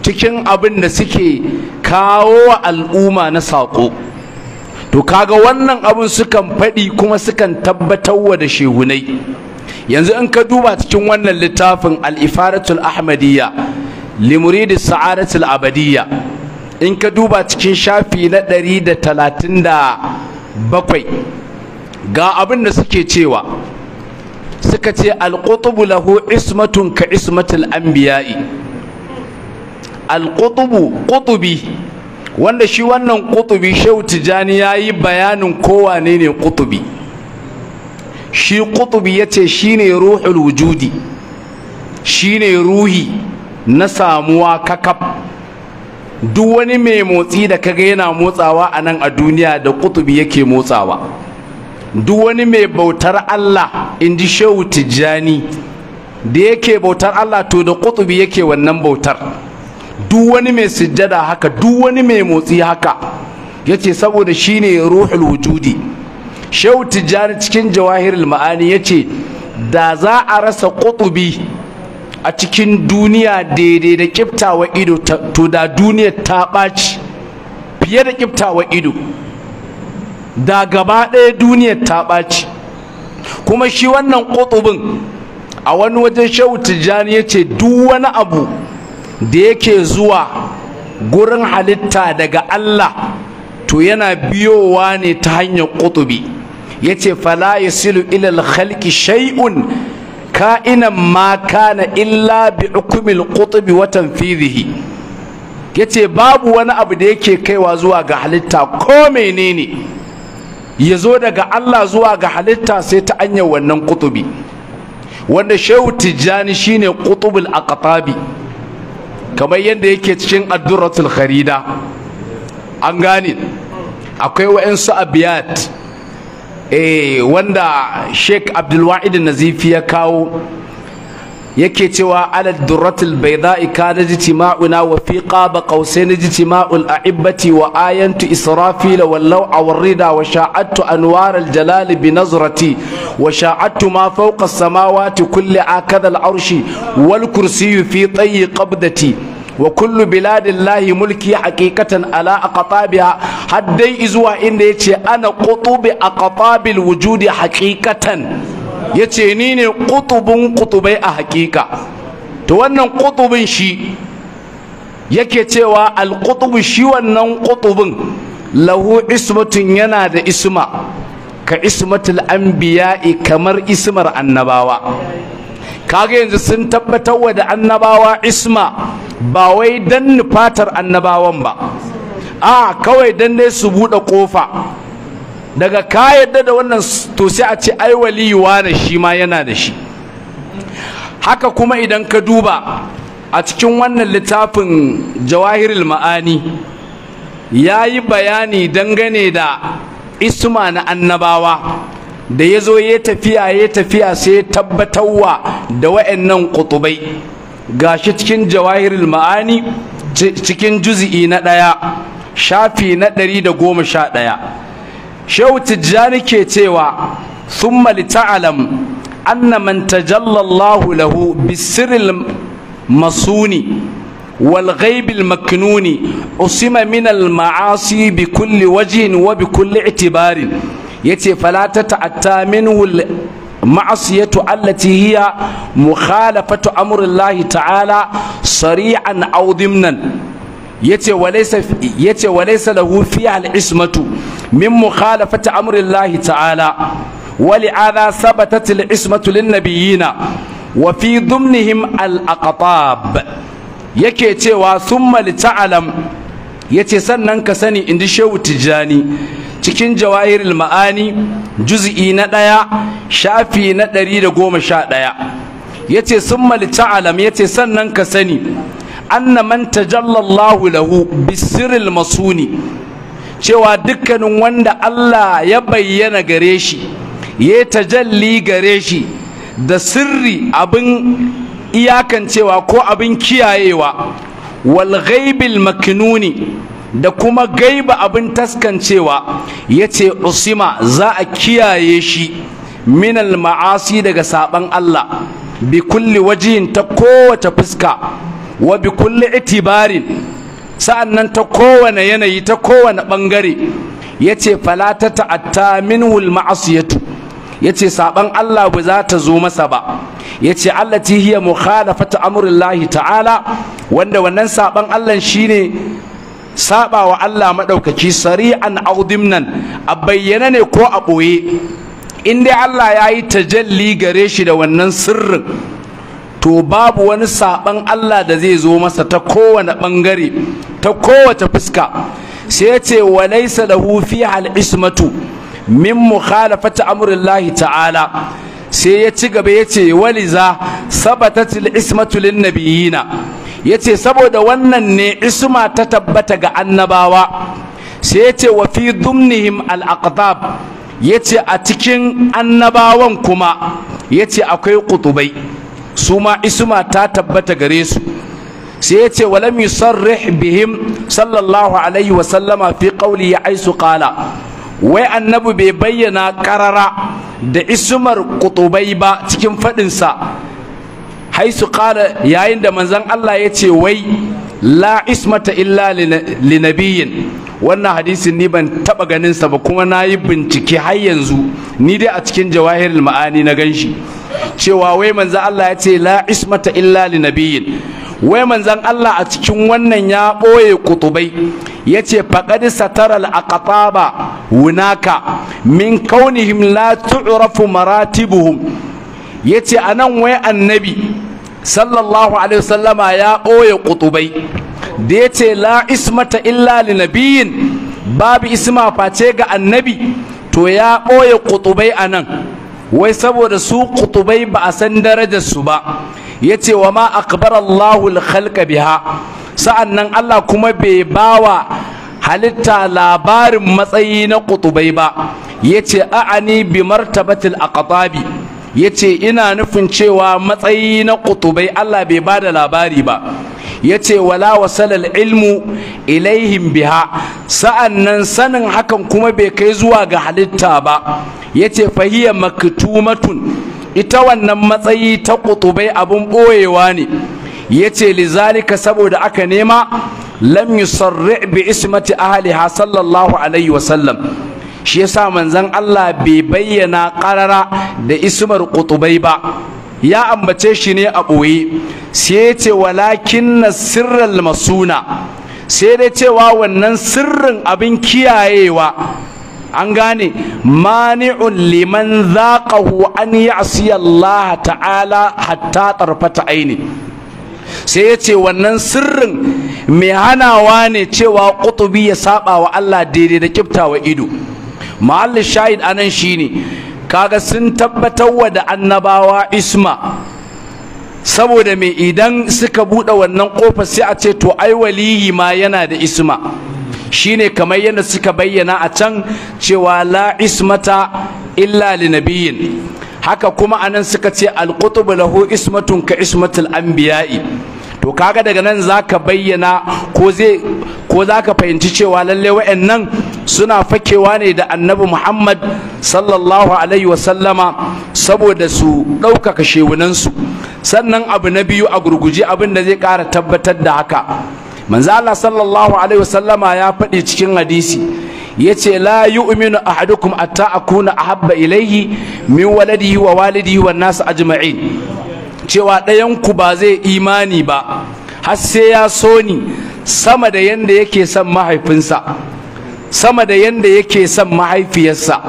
cikin abin da suke kawo wa al'umma na saƙo to kaga wannan abin sukan faɗi kuma sukan wa da shehunai yanzu in ka duba cikin wannan littafin al'ifaratul ahmadiyya limuridi sa'adatul abadiyya in ka duba cikin shafi na ɗari da talatin da bakwai ga abin da suke cewa suka ce alƙutubu lahu ismatun ka ismatul anbiya'i alƙutubu ƙutubi wanda shi wannan ƙutubi shehu tijjani ya yi bayanin kowane ne ƙutubi shi ƙutubi ya ce shi ne ruhul wujudi shi ne ruhi na samuwa kakaf duk wani mai motsi da kaga yana motsawa a nan a duniya da kutubi yake motsawa duk wani mai bautar Allah in ji shehu tijjani da yake bautar Allah to da kutubi yake wannan bautar duk wani mai sujjada haka duk wani mai motsi haka yace saboda shine ruhul wujudi shehu tijjani cikin jawahirul ma'ani yace da za a rasa kutubi a cikin duniya daidai da kiftawa ido to da duniyar ta ɓaci fiye da kiftawa ido da gaba ɗaya duniyar ta ɓaci kuma shi wannan ƙutubin a wani wajen shehu tijjani ya ce duk wani abu da yake zuwa gurin halitta daga Allah to yana biyowa ne ta hanyar ƙutubi ya ce fala silu ilal halki shai'un. ka'inan ma kana illa bi hukumil qutbi wa tanfidhihi yace babu wani abu da yake kaiwa zuwa ga halitta ko menene ya zo daga Allah zuwa ga halitta sai ta anya wannan qutbi wanda shehu tijjani shine qutbul aqtabi kamar yadda yake cikin addurratul kharida an gane akwai wa'ansu abiyat eh wanda Sheikh abdulwahid Nazifi ya kawo yake cewa ala ka na kana jtima'una wa fi qaba qausaini a a'ibbati wa ayantu israfila wallau awrida wa sha'attu anwaral jalali bi nazrati wa sha'attu ma fauka samawati kulli akadha al-arshi wal kursiyyu fi tayyi qabdati wa kullu biladin lahi mulki hakikatan ala aqtabiha har dai zuwa inda yace ana qutubi aqtabil wujudi haqiqatan yace ni ne kutubin kutubai a hakika. to wannan kutubin shi yake cewa alqutubu shi wannan kutubin. lahu ismatun yana da isma ka ismatul anbiya'i kamar ismar annabawa kaga yanzu sun tabbatar wa da annabawa isma ba wai dan nufatar annabawan ba a kawai dan dai su buɗe ƙofa daga ka yadda da wannan to sai a ce ai waliyu wane shi ma yana da shi haka kuma idan ka duba a cikin wannan littafin jawahirul ma'ani ya yi bayani dangane da isma na annabawa da ya zo ya tafiya ya tafiya sai ya tabbatarwa da wa'annan ƙutubai gashi cikin jawahirul ma'ani cikin juzi'i na ɗaya shafi na ɗari da goma sha ɗaya shehu tijjani ke cewa summa lita'alam anna man tajalla lahu Bisirin masuni wal ghaibil maknuni usima min ma'asi bi kulli wajhin wa bi kulli i'tibarin yace fala ta ta'atta minhu ma'asiyatu allati hiya mukhalafatu amrillahi ta'ala sari'an aw dhimnan yace walaysa yace walaysa lahu al-ismatu min mukhalafati amrillahi ta'ala ولهذا ثبتت العصمة للنبيين وفي ضمنهم الأقطاب yake cewa sun ta'alam Yace sannan ka sani inda shehu tijjani cikin jawahirul ma'ani juz'i na ɗaya shafi na ɗari da goma sha ɗaya ya ce sun malita alam ya ce sannan ka sani anna man tajallallahu lahu bisiril masuni cewa dukkanin wanda Allah ya bayyana gare shi ya tajalli gare shi da sirri abin iyakancewa ko abin kiyayewa wal ghaibin makinuni da kuma gaiba abin taskancewa ya ce usima za a kiyaye shi minal ma'asi daga saban Allah bi kulli wajihin ta kowace fuska wa bi kulli itibarin sa'annan ta kowane yanayi ta kowane ɓangare. ya ce fala ta ta'atta minhul ma'asiyatu ya ce saɓan Allah ba za ta zo masa ba ya ce Allah allati hiya mukhalafata amrillahi ta'ala wanda wannan saɓan Allah shine saba wa Allah maɗaukaci, sari'an audimnan a bayyana ne ko a ɓoye in dai Allah ya yi tajalli gare shi da wannan sirrin to babu wani saɓan Allah da zai zo masa ta kowane ɓangare ta kowace fuska sai ce wa laisa lahu fi al-ismatu min mukhalafati amrillahi ta'ala sai ya ci gaba ya ce waliza sabatatil ismatu lin nabiyina yace saboda wannan ne isma ta tabbata ga annabawa sai yace wa fi dumnihim al ya yace a cikin annabawan kuma yace akwai qutubai su ma isma ta tabbata gare su sai yace walam yusarrih bihim sallallahu alaihi wa sallama fi qawli ya aisu qala wai annabi bai bayyana karara da ismar qutubai ba cikin fadinsa haisu qala yayin da manzon Allah ya ce wai la ismata illa linabiyin, wannan hadisin ni ban taba ganin sa ba kuma na yi bincike har yanzu ni dai a cikin jawahirul ma'ani na ganshi cewa wai Manzan Allah ya ce la ismata illa linabiyin, wai manzon Allah a cikin wannan ya ɓoye kutubai ya ce faƙadi sataral aqtaba hunaka min kaunihim la tu'rafu maratibuhum ya ce a nan wai annabi sallallahu alaihi wasallama ya ɓoye ƙutubai da ya ce la ismata illa li nabiyin babu isma face ga annabi to ya ɓoye ƙutubai a nan wai saboda su ƙutubai ba a san darajarsu ba ya ce wa ma akbar Allahu khalqa biha sa'an nan Allah kuma bai bawa halitta labarin matsayi na ƙutubai ba ya ce a'ani bi martabatil aqtabi ya ce ina nufin cewa matsayi na ƙutubai Allah bai ba da labari ba ya ce wala wasalal ilmu ilaihim biha sa'an nan sanin hakan kuma bai kai zuwa ga halitta ba ya ce fahiyar maktumatun ita wannan matsayi ta ƙutubai abin ɓoyewa ne ya ce lizalika saboda aka nema lam yusarri bi ismati ahliha sallallahu alaihi wasallam shi yasa manzon Allah bai bayyana ƙarara da ismar qutubai ba ya ambace shi ne a boye sai ya ce walakin na sirral masuna sai dai cewa wannan sirrin abin kiyayewa an gane mani'un liman zaqahu an ya'si Allah ta'ala hatta tarfata aini sai ya ce wannan sirrin mai hanawa ne cewa qutubi ya saba wa Allah daidai da kiftawa ido mahal shahid anan shine kaga sun tabbatar wa da annabawa isma saboda me idan suka buɗe wannan ƙofa sai a ce to ai waliyi ma yana da isma shine kamar yadda suka bayyana a can cewa la ismata illa linabiyin haka kuma anan suka ce alqutubu lahu ismatun ka ismatul anbiya'i to kaga daga nan ka bayyana ko zai ko zaka fahimci cewa lalle nan? suna fakewa ne da annabi muhammad sallallahu alaihi wasallama saboda su ɗaukaka shewunansu sannan abu na biyu a gurguji abin da zai kara tabbatar da haka manzo Allah sallallahu alaihi wasallama ya faɗi cikin hadisi ya ce la yu'minu ahadukum atta akuna ahabba ilaihi min waladihi wa walidihi nasu a ajma'in cewa ɗayanku ba zai imani ba har sai ya so ni sama da yanda yake son mahaifinsa sama da yanda yake son mahaifiyarsa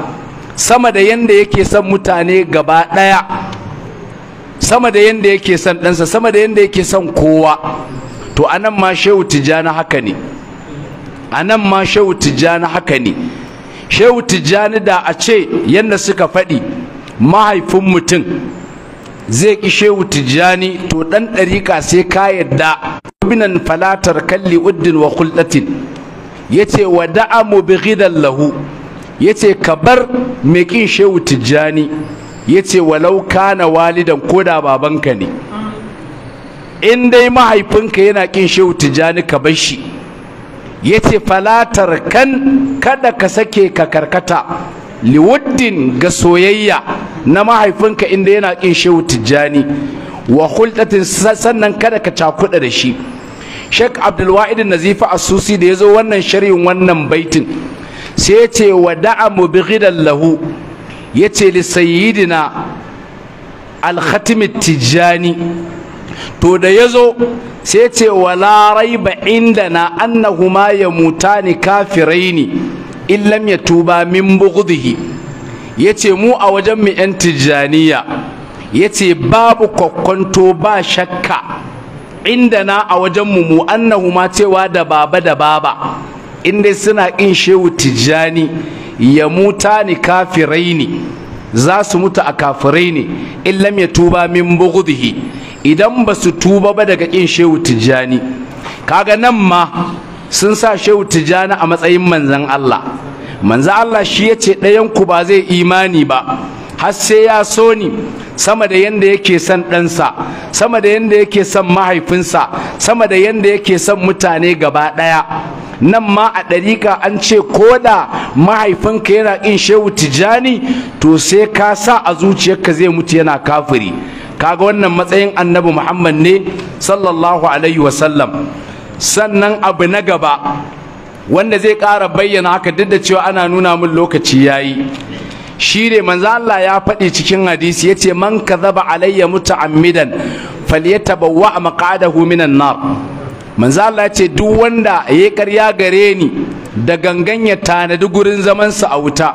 sama da yanda yake son mutane gaba ɗaya sama da yanda yake son ɗansa sama da yanda yake son kowa to a nan ma shehu tijjani haka ne A nan ma shehu tijjani haka ne shehu tijjani da a ce yanda suka faɗi mahaifin mutum zai ki shehu tijjani to ɗan ɗarika sai ka yadda binan falatar kalli uddin wa hulɗatin yace wa da'a bi bighidan lahu yace kabar mai kin shehu tijjani yace walau kana walidan ko da babanka ne in dai mahaifinka yana kin shehu tijjani ka bar shi yace falatar kan kada ka sake ka karkata liwuddin ga soyayya na mahaifinka inda yana kin shehu tijjani wa hulɗatin sannan kada ka cakuɗa da shi Sheikh Abdul Wa'id Nazifa Asusi da yazo wannan sharhin wannan baitin sai ya ce wa da'a mubghidan lahu yace li sayyidina al-khatim tijani to da yazo sai ce wala raiba indana annahuma yamutani kafiraini in lam yatuba min ya yace mu a wajen mu yan ya yace babu kwakwanto ba shakka indana a wajen mu annahu ma cewa da baba da baba inda suna ƙin shehu tijjani ya muta ni kafirai ne za su mutu a kafirai ne in lam ya tuba min bughdihi idan ba su tuba ba daga kin shehu tijjani kaga nan ma sun sa shehu tijjani a matsayin manzan Allah manzan Allah shi yace ɗayan ku ba zai imani ba har sai ya so ni sama da yanda yake son ɗansa sama da yanda yake son mahaifinsa sama da yanda yake son mutane gaba ɗaya nan ma a ɗariƙa an ce ko da mahaifinka yana ƙin shehu tijani to sai ka sa a zuciyarka zai mutu yana kafiri kaga wannan matsayin annabi muhammad ne sallallahu alaihi wasallam sannan abu na gaba wanda zai ƙara bayyana haka duk da cewa ana nuna min lokaci yayi shi ne manzo Allah ya faɗi cikin hadisi yace man kadhaba alayya muta'ammidan falyatabawwa maq'adahu minan nar manzo Allah yace duk wanda ya karya gare ni da gangan ya tanadi gurin zaman sa a wuta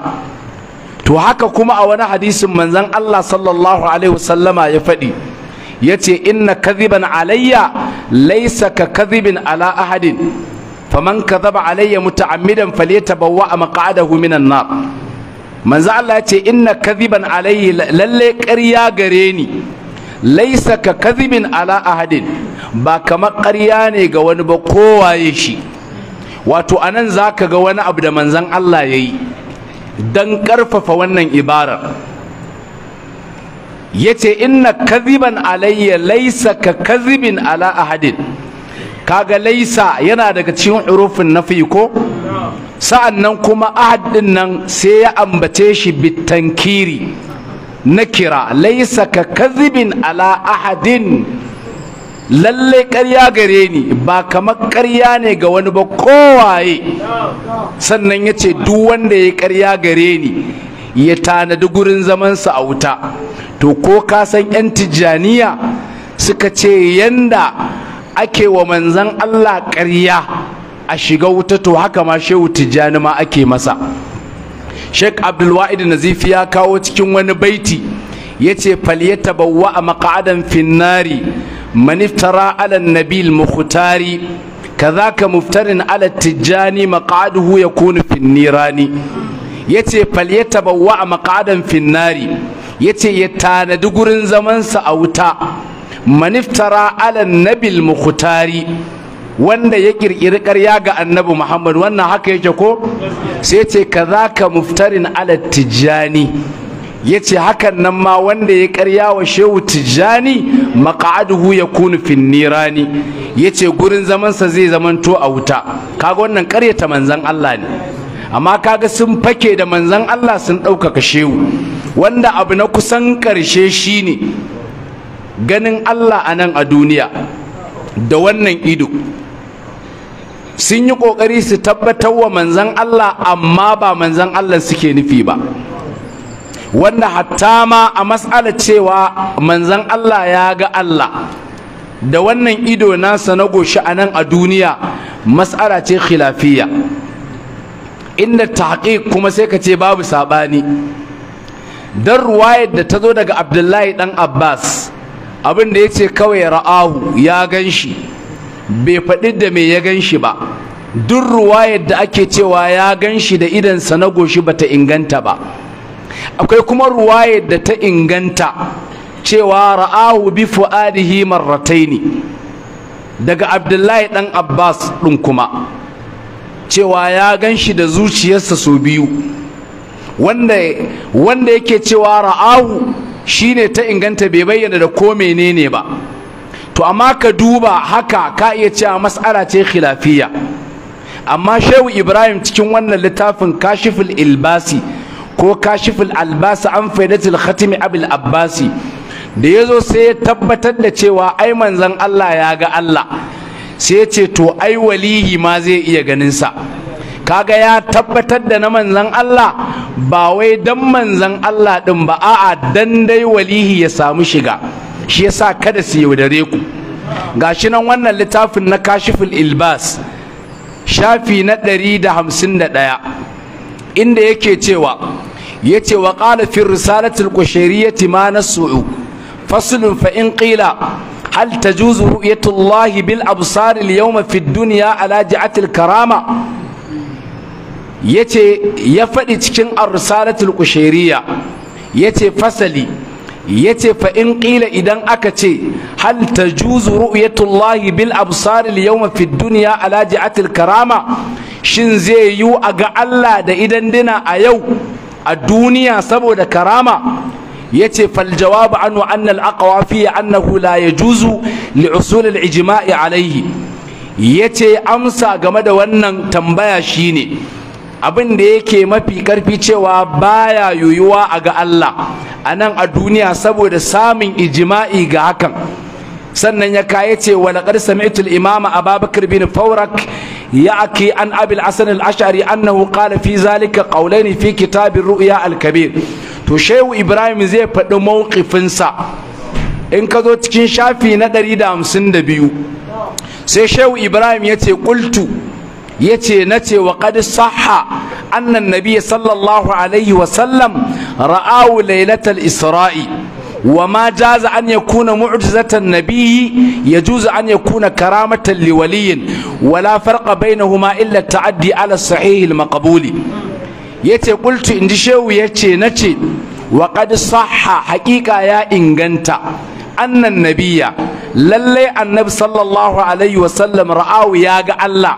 to haka kuma a wani hadisin manzon Allah sallallahu alaihi wasallama ya faɗi yace inna kadhiban alayya laysa ka kadhibin ala ahadin faman kadhaba alayya muta'ammidan falyatabawwa maq'adahu minan nar manzo Allah ce inna kadhiban alayhi lalle ƙarya gare ni laisa ka kadhibin ala ahadin ba kamar ƙarya ne ga wani ba kowaye shi wato anan zaka ga wani abu da manzon Allah yayi dan ƙarfafa wannan ibarar yace inna kadhiban alayya laisa ka kadhibin ala ahadin kaga laisa yana daga cikin hurufin nafi ko sa'an nan kuma ahad nan sai ya ambace shi bitankiri na kira laisa ka kazibin ala ahadin lalle ƙarya gare ni ba kamar ƙarya ne ga wani ba kowaye sannan ya ce duk wanda ya ƙarya gare ni ya tanadi gurin zamansa a wuta to ko ka san 'yan tijjaniya suka ce yanda ake wa manzan Allah ƙarya a shiga wuta to haka ma shehu tijjani ma ake masa sheik abdulwa'id nazifi ya kawo cikin wani baiti ya ce falyata bawa a maƙadan finnari maniftara ala nabil mukhtari kazaka muftarin ala tijjani Ya yakunu finnirani yace falyata bawa a maka'adan finnari yace ya tanadi gurin zamansa a wuta maniftara ala nabil mukhtari wanda ya kirkiri karya ga annabi muhammad wannan haka yake ko sai ce ka za ka muftarin ala tijjani ya ce hakan nan ma wanda ya karya wa shehu tijjani hu ya kunu finnirani ya ce gurin zamansa zai zamanto a wuta kaga wannan ta manzan allah ne amma kaga sun fake da manzan allah sun ɗaukaka shehu wanda abu na kusan ƙarshe shine ganin allah a nan a duniya da wannan ido sun yi ƙoƙari su tabbatar wa manzan Allah amma ba manzan Allah suke nufi ba wanda hatta ma a matsala cewa manzan Allah ya ga Allah da wannan ido nasa na goshi a nan a duniya matsala ce khilafiya inda haƙi kuma sai ka ce babu saɓani dan ruwayar da ta zo daga abdullahi ɗan abbas abin da ya ce kawai ra'ahu ya gan shi bai faɗi da me ya gan shi ba duk ruwayar da ake cewa ya gan shi da idansa na goshi ta inganta ba akwai kuma ruwayar da ta inganta cewa ra'ahu bi fu'adihi marrataini daga abdullahi ɗan abbas ɗin kuma cewa ya gan shi da zuciyarsa sau biyu wanda wanda yake cewa ra'ahu shine ta inganta bai bayyana da ko menene ba to amma ka duba haka ka iya cewa mas'ala ce khilafiyya amma shehu ibrahim cikin wannan littafin kashiful ilbasi ko kashiful albasi an faidatul khatimi abul abbasi da yazo sai ya tabbatar da cewa ai manzon allah ya ga allah sai ya ce to ai walihi ma zai iya ganin sa kaga ya tabbatar da na manzan Allah ba wai dan manzan Allah din ba a'a dan dai walihi ya samu shiga shi yasa kada su yaudare ku gashi nan wannan littafin na kashiful ilbas shafi na ɗari da da ɗaya. inda yake cewa yace wa qala fi risalatil qushayriyyati ma nasu faslun fa in qila tajuzu ruyatullahi bil الله بالأبصار اليوم في الدنيا على جعة karama. yace ya faɗi cikin arsalatul kushairiya yace fasali yace fa in qila idan aka ce hal tajuzu ru'yatullahi bil absar al yawma fid dunya ala ji'atil karama shin zai yiwu a ga Allah da idan dina a yau a duniya saboda karama yace fal jawab anhu anna al aqwa fi annahu la yajuzu li usul al ijma'i alayhi yace amsa game da wannan tambaya shine abin da yake mafi karfi cewa baya yoyuwa a ga Allah a nan a duniya saboda samun ijima'i ga hakan sannan ya kaya ce walakar sami'atul imama a babakar bin faurak ya ake an abil asan al'ashari annahu qala fi zalika qawlaini fi kitabin ru'ya al to shehu ibrahim zai faɗi mawqifinsa in ka zo cikin shafi na 152 sai shehu ibrahim ya ce qultu yace nace wa qad sahha anna an-nabiy sallallahu wa sallam ra'a laylatal isra'i wa ma jaza an yakuna mu'jizatan nabiy yajuzu an yakuna karamatan li waliyin wa la farqa illa ta'addi ala sahih al-maqbul yace inji indi shehu yace nace wa qad sahha haqiqa ya inganta anna an-nabiy lalle annabi sallallahu alayhi wa sallam ra'a ya ga Allah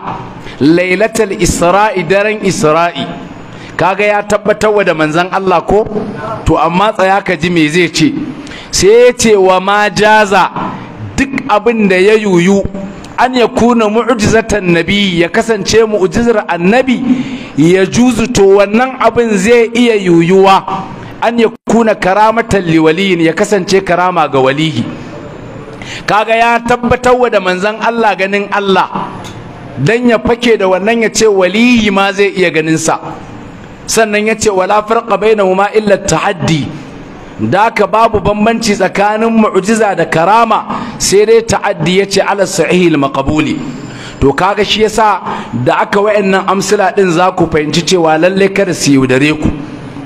lailatul isra'i daren isra'i kaga ya tabbatar wa da manzon Allah ko to amma tsaya ka ji me zai ce sai ya ce wa ma jaza duk abin da ya yuyu an ya kuna mu'jizatan nabi ya kasance mu'jizar annabi ya juzu to wannan abin zai iya yuyuwa an ya kuna karamatan liwaliyin ya kasance karama ga walihi kaga ya tabbatar wa da manzon Allah ganin Allah dan ya fake da wannan ya ce waliyi ma zai iya ganin sa sannan ya ce wala farqa bainahuma illa ta'addi da ka babu bambanci tsakanin mu'jiza da karama sai dai ta'addi ya ce ala sahihil maqbuli to kaga shi yasa da aka wayannan amsila din za ku fahimci cewa lalle kada su yaudare ku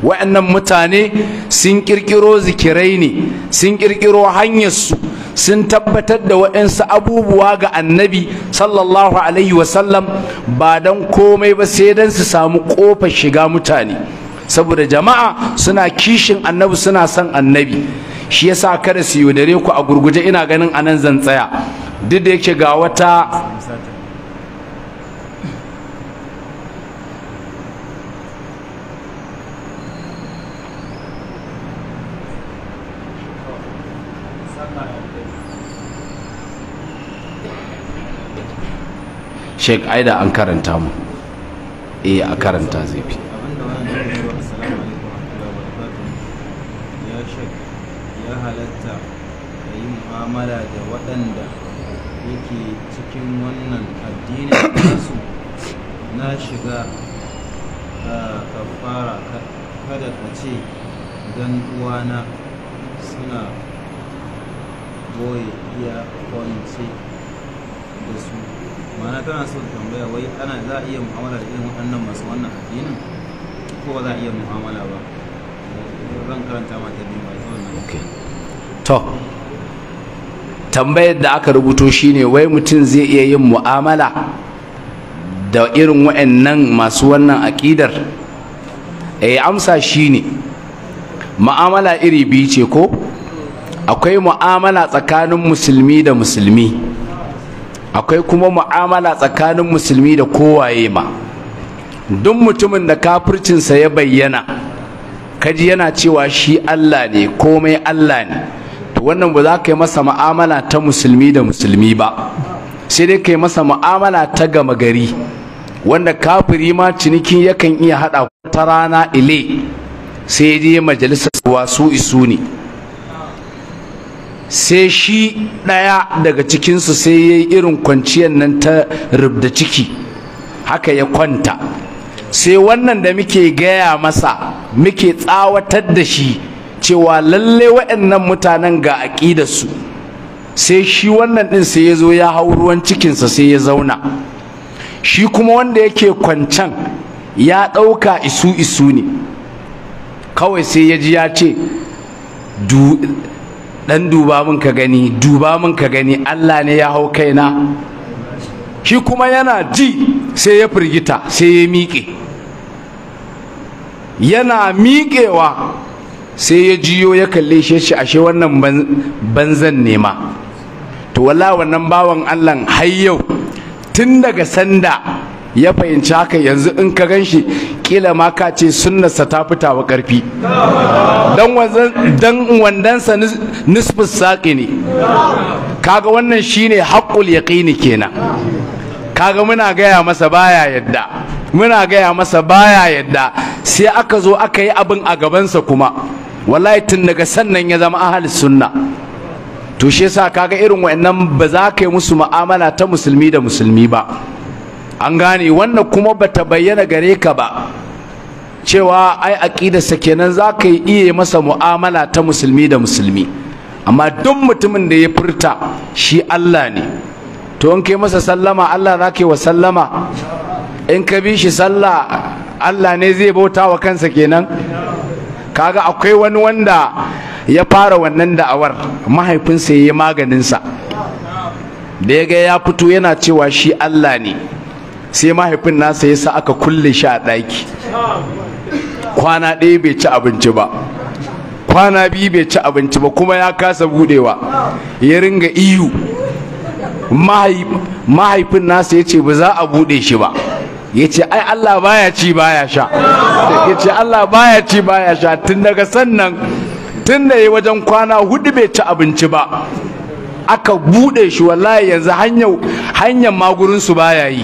wa'annan mutane sun kirkiro zikirai ne sun kirkiro hanyarsu sun tabbatar da waɗansu abubuwa ga annabi sallallahu alaihi wasallam ba don komai ba sai don su samu ƙofar shiga mutane saboda jama'a suna kishin annabi suna son annabi shi yasa kada su yaudare ku a gurguje ina ganin anan zan tsaya duk da yake ga wata sheik aida an karanta mu eh a karanta zai fi ya halatta ka yi mu'amala da waɗanda yake cikin wannan addinin nasu na shiga kafara kada ka ce don uwana suna boye iya kwance ma'ana tana so tambaya wai ana za a iya mu'amala da irin waɗannan masu wannan addinin ko ba za a iya mu'amala ba zan karanta ma ta biyu ba ita wannan to tambayar da aka rubuto shine wai mutum zai iya yin mu'amala da irin waɗannan masu wannan aƙidar yi eh, amsa shine mu'amala iri biyu ce ko akwai mu'amala tsakanin musulmi da musulmi akwai kuma mu'amala tsakanin musulmi da kowaye ma duk mutumin da kafircinsa ya bayyana kaji yana cewa shi Allah ne komai Allah ne to wannan ba za ka yi masa mu'amala ta musulmi da musulmi ba sai dai ka yi masa mu'amala ta gama gari wanda kafiri ma ciniki yakan iya haɗa ta rana ile sai ya je majalisar wasu isu ne sai shi ɗaya daga cikinsu sai ya yi irin kwanciyar nan ta rubda ciki haka ya kwanta sai wannan da muke gaya masa muke tsawatar da shi cewa lalle waɗannan mutanen ga su. sai shi wannan ɗin sai ya zo ya hau ruwan cikinsa sai ya zauna shi kuma wanda yake kwancan ya ɗauka isu isu ne kawai sai ya ji ya ce Ɗan duba mun ka gani duba mun ka gani Allah ne ya hau kaina shi kuma yana ji sai ya firgita sai ya miƙe yana miƙewa sai ya jiyo ya kalle shi shi ashe wannan banzan nema to walla wannan bawan Allah har yau tun daga sanda ya fahimci haka yanzu in ka ganshi. kila ma ka ce sunnarsa ta fita wa ƙarfi don wandansa nisfus saƙi ne kaga wannan shine haƙƙul yaƙini kenan kaga muna gaya masa baya yadda muna gaya masa baya yadda sai aka zo aka yi abin a gabansa kuma wallahi tun daga sannan ya zama ahal sunna to shi yasa kaga irin wa'annan ba za ka yi musu mu'amala ta musulmi da musulmi ba an gane wannan kuma bata bayyana gare ka ba cewa ai aqidarsa kenan za ka yi iya masa mu'amala ta musulmi da musulmi amma duk mutumin da ya furta shi Allah ne to in kai masa sallama Allah za ka yi wa sallama in ka bi shi sallah Allah ne zai bauta wa kansa kenan kaga akwai wani wanda ya fara wannan da'awar mahaifinsa ya yi maganinsa da ya ga ya fito yana cewa shi Allah ne sai mahaifin nasa ya sa aka kulle shi a ɗaki kwana ɗaya bai ci abinci ba kwana biyu bai ci abinci ba kuma ya kasa budewa ya ringa iyu mahaifin nasa ya ce ba za a bude shi ba ya ce ai Allah baya ci baya sha ya ce Allah baya ci baya sha tun daga sannan tun da ya wajen kwana hudu bai ci abinci ba aka bude shi wallahi yanzu hanyar magurinsu baya yi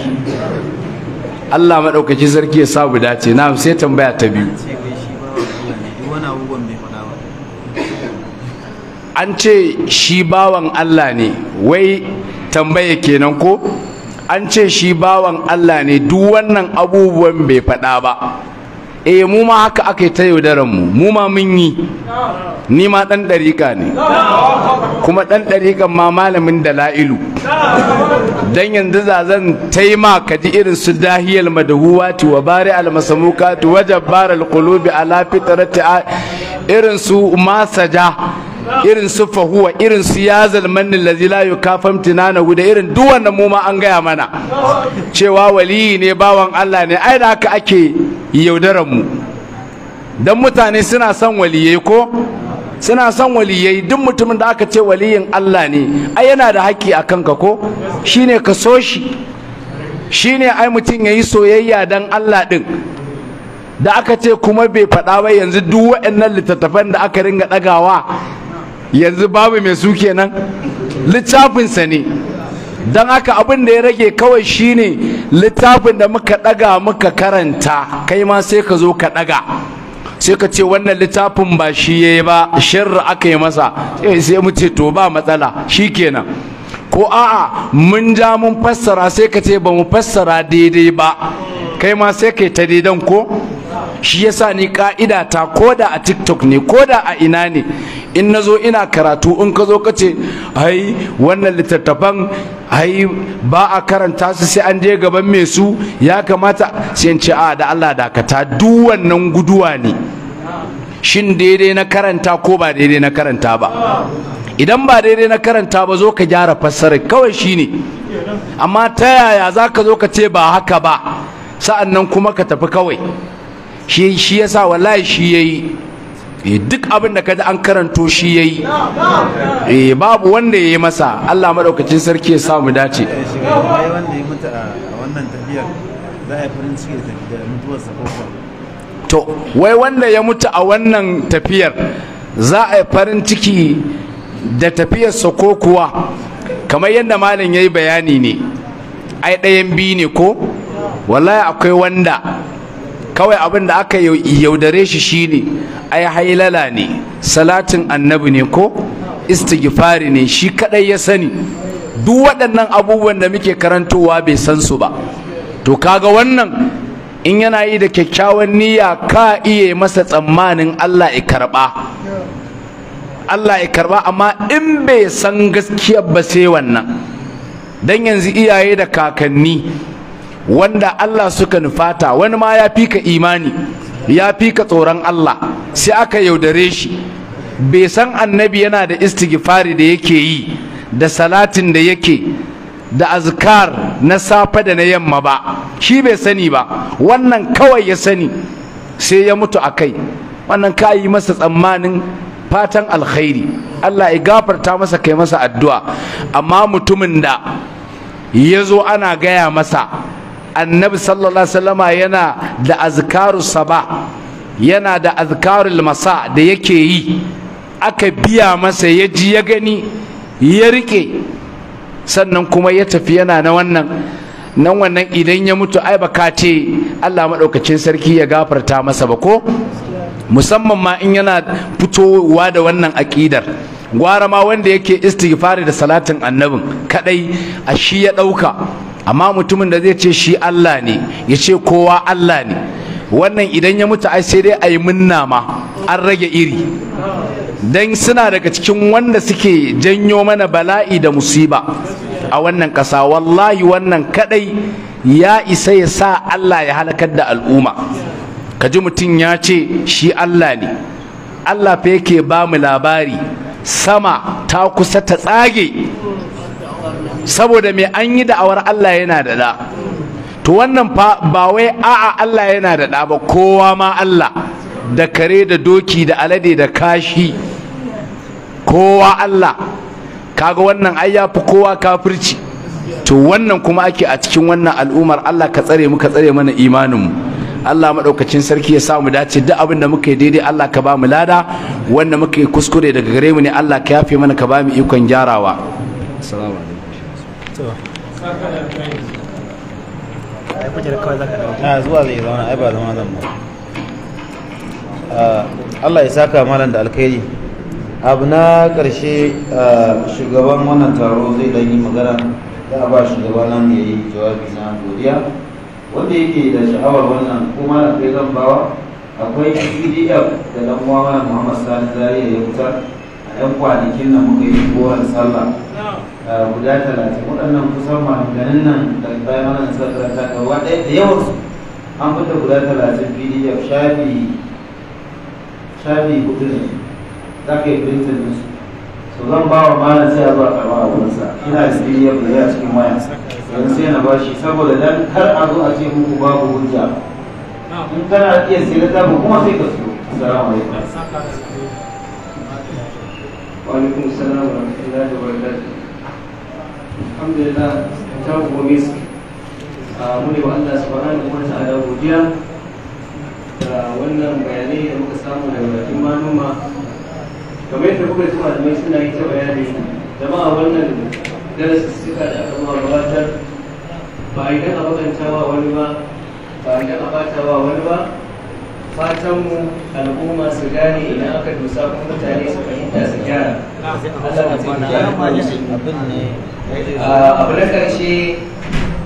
Allah maɗaukaki sarki ya sabu dace na sai tambaya ta biyu an ce shi bawan Allah ne wai tambaya kenan ko an ce shi bawan Allah ne duk wannan abubuwan bai faɗa ba eh mu ma haka aka ta yaudarar mu mu ma mun yi ni ma dan dariƙa ne kuma dan dariƙan ma malamin dala'ilu dan yanzu zazan taima ka ji irin su dahiyal madahuwati wa bari al masamukati wa jabbar al qulubi ala fitrati irin su masaja irin su fahuwa irin su ya zalmanni lazi la yukafam tinanahu da irin duk wannan mu an gaya mana cewa waliyi ne bawan Allah ne ai da haka ake yaudaran mu dan mutane suna son waliyai ko suna son waliyai duk mutumin da aka ce waliyin Allah ne ai yana da haƙƙi a kanka ko shine ka so shi shine ai mutum yayi soyayya dan Allah din da aka ce kuma bai faɗa ba yanzu duk waɗannan littattafan da aka ringa ɗagawa yanzu babu mai su kenan littafinsa ne don haka abin da ya rage kawai shine littafin da muka daga muka karanta kai ma sai ka zo ka daga sai ka ce wannan littafin ba shi ya yi ba shirra aka yi masa eh, sai mu ce to ba matsala shi kenan ko a'a mun ja mun fassara sai ka ce ba mu fassara daidai ba kai ma sai ka ta daidan ko shi yasa ni ka'ida ta koda a tiktok ne koda a ina ne in na zo ina karatu in ka zo ka ce ai wannan littattafan ai ba a karanta su sai an je gaban mai su ya kamata sai in ce a da Allah dakata duk wannan guduwa ne shin daidai na karanta ko ba daidai na karanta ba idan ba daidai na karanta ba zo ka gyara fassara kawai shine amma ta yaya za ka zo ka ce ba haka ba sa'annan kuma ka tafi kawai shi shi yasa wallahi shi yayi eh, duk abin da kaji an karanto shi yayi eh babu wanda yayi masa Allah madaukakin sarki ya samu dace eh, to wai wanda ya mutu a wannan tafiyar za a yi farin ciki da tafiyarsa ko kuwa kamar yadda malam ya yi bayani ne ai ɗayan biyu ne ko wallahi akwai wanda kawai abin da aka yaudare shi shine ai hailala ne salatin annabi ne ko istighfari ne shi kadai ya sani duk waɗannan abubuwan da muke karantowa bai san su ba to kaga wannan in yana yi da kyakkyawan niyya ka iya masa tsammanin Allah ya karba Allah ya karba amma in bai san gaskiyar ba sai wannan dan yanzu iyaye da kakanni wanda Allah suka nufata wani ma ya fi ka imani ya fi ka tsoron Allah sai aka yaudare shi bai san annabi yana da istighfari da yake yi da salatin da yake da azkar na safe da na yamma ba shi bai sani ba wannan kawai ya sani sai ya mutu a kai wannan ka yi masa tsammanin fatan alkhairi Allah ya gafarta masa kai masa addu'a amma mutumin da ya zo ana gaya masa annabi sallallahu alaihi wasallama yana da azkaru saba yana da azkarul masa da yake yi aka biya masa ya ji ya gani ya rike sannan kuma ya tafi yana na wannan nan wannan idan ya mutu ai baka ce Allah maɗaukacin sarki ya gafarta masa ba ko musamman ma in yana fitowa da wannan aƙidar gwara ma wanda yake istighfari da salatin annabin kadai a shi ya ɗauka amma mutumin da zai ce shi Allah ne ya ce kowa Allah ne wannan idan ya mutu ai sai dai a yi munna ma an rage iri Dan suna daga cikin wanda suke janyo mana bala'i da musiba a wannan ƙasa wallahi wannan kadai ya isa ya sa Allah ya halakar da al'umma ka ji mutum ya ce shi Allah ne Allah fa yake ba mu labari sama ta kusa ta tsage saboda mai an yi da'awar Allah yana da da to wannan fa ba wai a'a Allah yana da da ba kowa ma Allah da kare da doki da alade da kashi kowa Allah kaga wannan ai ya fi kowa kafirci to wannan kuma ake a cikin wannan al'umar Allah ka tsare mu ka tsare mana imaninmu Allah maɗaukacin sarki ya sa mu dace duk abin da muka yi daidai Allah ka ba mu lada wanda muka yi kuskure daga gare mu ne Allah ka yafe mana ka ba mu ikon gyarawa assalamu Ah, zuwa zai zauna ai ba ah, Allah ya saka malam da alkhairi abu na ƙarshe ah, shugaban wannan taro zai dan yi magana za a ba shugaban nan ya yi jawabi na godiya wanda yake da sha'awar wannan kuma na kai zan bawa akwai pdf da dan mana muhammad sani zariya ya wuta a yan kwanakin nan muka yi kowar sallah Ah, guda talatin waɗannan kusan ganin nan da bayan wannan sarrafa gaba ɗaya da su an fita guda talatin pdf shafi shafi hudu ne za ka yi printin nasu so zan ba wa malam sai a zuwa karɓa a wurinsa ina da pdf da ya cikin waya don sai na ba shi saboda dan kar a zo a ce muku babu hujja in kana iya sai da kuma sai ka so assalamu alaikum wa alaikum assalam wa rahmatullahi wa barakatuh alhamdulillah ta gobe su ah, mune wa Allah subhanahu wa ta'ala godiya da wannan bayanai da muka samu da wajen manoma kamar yadda kuka ji malamai suna yi ta bayani jama'a wannan darasi suka da aka ma gabatar ba idan a bakantawa wani ba ba idan a batawa wani ba fatanmu al'umma su gane ina aka dusa kuma mutane su fahimta su gyara abu na ƙarshe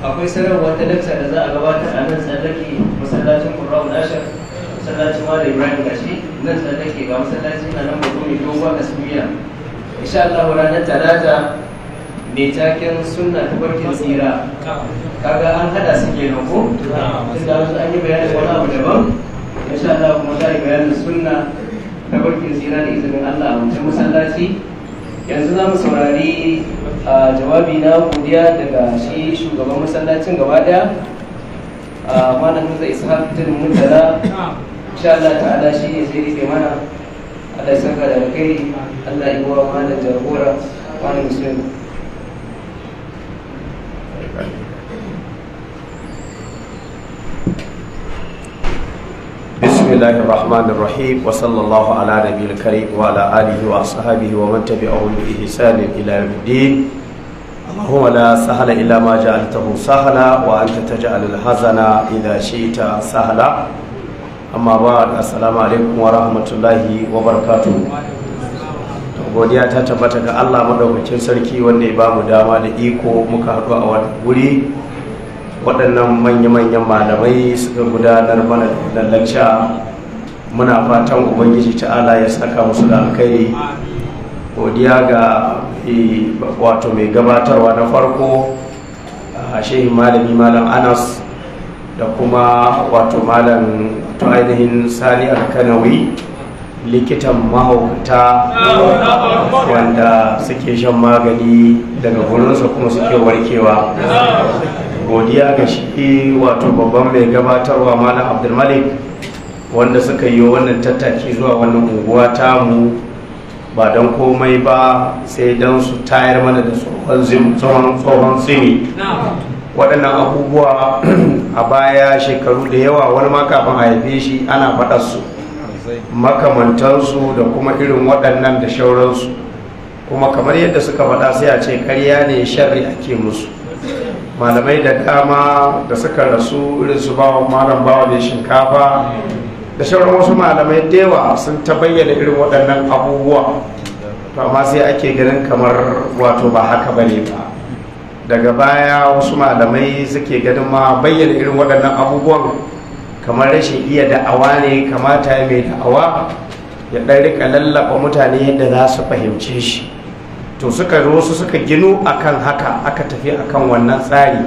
akwai sanarwar ta lakta da za a gabatar a nan tsallake masallacin Kurawun ashar masallacin wada ibrahim gashi nan tsallake ga masallacin na nan mutum mai dogon asimiya insha allahu ranar talata mai taken suna ta barkin tsira kaga an hada su nan ko tunda an yi bayanin wani abu daban insha Allah kuma za yi bayanin sunna ta barkin tsira da izinin Allah a wancan masallaci yanzu za mu saurari jawabi na godiya daga shi shugaban masallacin gaba daya malam Musa Ishaq tun mutala insha Allah ta'ala shi ne zai rike mana Allah ya saka da kai Allah ya yi malam jagora malam musulmi بسم الله الرحمن الرحيم وصلى الله على نبي الكريم وعلى آله وأصحابه ومن تبعهم بإحسان إلى يوم الدين اللهم لا سهل إلا ما جعلته سهلا وأنت تجعل الحزن إذا شئت سهلا amma ba assalamu alaikum wa rahmatullahi wa barakatu godiya ta tabbata ga allah maɗaukakin sarki wanda ya ba mu dama da iko muka haɗu a wani wuri waɗannan manya-manyan malamai suka gudanar mana da lakca muna fatan ubangiji ta'ala ya saka musu da alkhairi godiya ga eh, wato mai gabatarwa na farko a shehin malami malam anas da kuma wato malam to ainihin sani alkanawi likitan mahauta wanda suke shan magani daga gurinsa kuma suke warkewa godiya ga shi wato babban mai gabatarwa malam abdulmalik wanda suka yi wannan tattaki zuwa wannan unguwa ta mu ba don komai ba sai don su tayar mana da tsohon tsini waɗannan abubuwa a baya shekaru da yawa wani ma kafin haife shi ana faɗarsu makamantansu da kuma irin waɗannan da shauransu kuma kamar yadda suka faɗa sai a ce karya ne sharri ake musu malamai da dama da suka rasu irin su bawa malam bawa mai shinkafa da sauran wasu malamai da sun ta bayyana irin waɗannan abubuwa to amma sai ake ganin kamar wato ba haka ba ne ba daga baya wasu malamai suke ganin ma bayyana irin waɗannan abubuwan kamar rashin iya da'awa ne kamata mai da'awa ya ɗan rika lallaba mutane yadda za su fahimce shi to suka wasu suka ginu akan haka aka tafi akan wannan tsari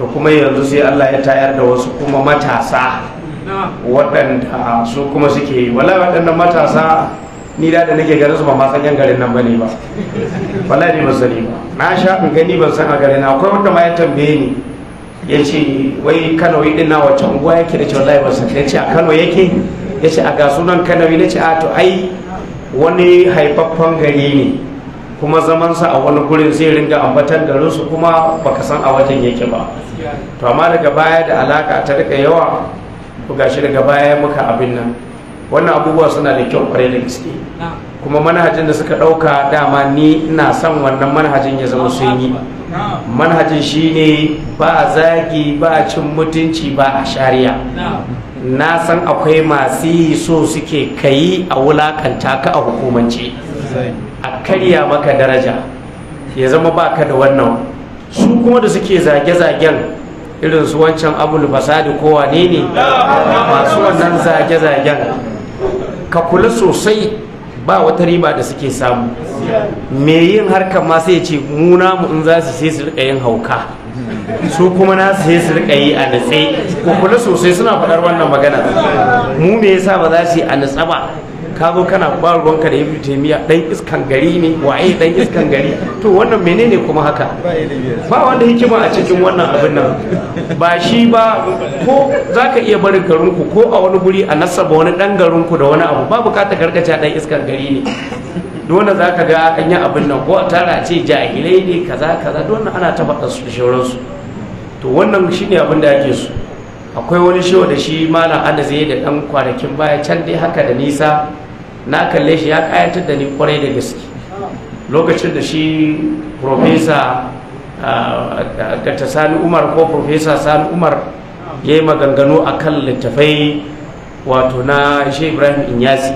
to kuma yanzu sai Allah ya tayar da wasu kuma matasa waɗanda su kuma suke yi wala waɗannan matasa ni da da nake garin su ba ma san yan garin nan ba ne ba ne ban sani ba na sha in gani ban san a garin akwai wanda ma ya tambaye ni ya ce wai kano yi dina wacce unguwa yake da ce wallahi ban san ya ce a kano yake ya ce a ga sunan kano na ce a to ai wani haifaffen gari ne kuma zamansa a wani gurin zai ringa ambatan garinsu kuma baka san a wajen yake ba to amma daga baya da alaka ta rika yawa ku gashi daga baya muka abin nan wannan abubuwa suna da kyau kwarai da gaske kuma manhajin da suka ɗauka dama ni ina son wannan manhajin ya zama sun yi manhajin shine ba a zagi ba cin mutunci ba a shari'a na san akwai masu yi so suke kayi a wulakanta ka a hukumance a karya maka daraja ya zama baka da wannan su kuma da suke zage-zagen irin su wancan abul fasadi ko wane ne masu wannan zage-zagen ka kula sosai ba wata riba da suke samu me yin harkar ma sai ce muna mu in za su sai su rika yin hauka su kuma na sai su rika yi a natse ku kula sosai suna faɗar wannan magana mu me yasa ba za su yi a natsa ba ka zo kana ba ruwanka da ibn taymiya dan iskan gari ne waye dan iskan gari to wannan menene kuma haka ba wanda hikima a cikin wannan abin nan ba shi ba ko zaka iya barin garin ku ko a wani guri a nasaba wani dan garin ku da wani abu ba bukata karkace dan iskan gari ne dole zaka ga an yi abin nan ko a tara ce jahilai ne kaza kaza dole ana ta faɗa su shauransu to wannan shine abin da ake su akwai wani shiwa da shi malam adazai da dan kwanakin baya can dai haka da nisa na kalle shi ya kayatar da ni kwarai da gaske lokacin da shi profesa ta sani umar ko profesa sani umar ya yi maganganu a kan littafai wato na shi ibrahim inyasi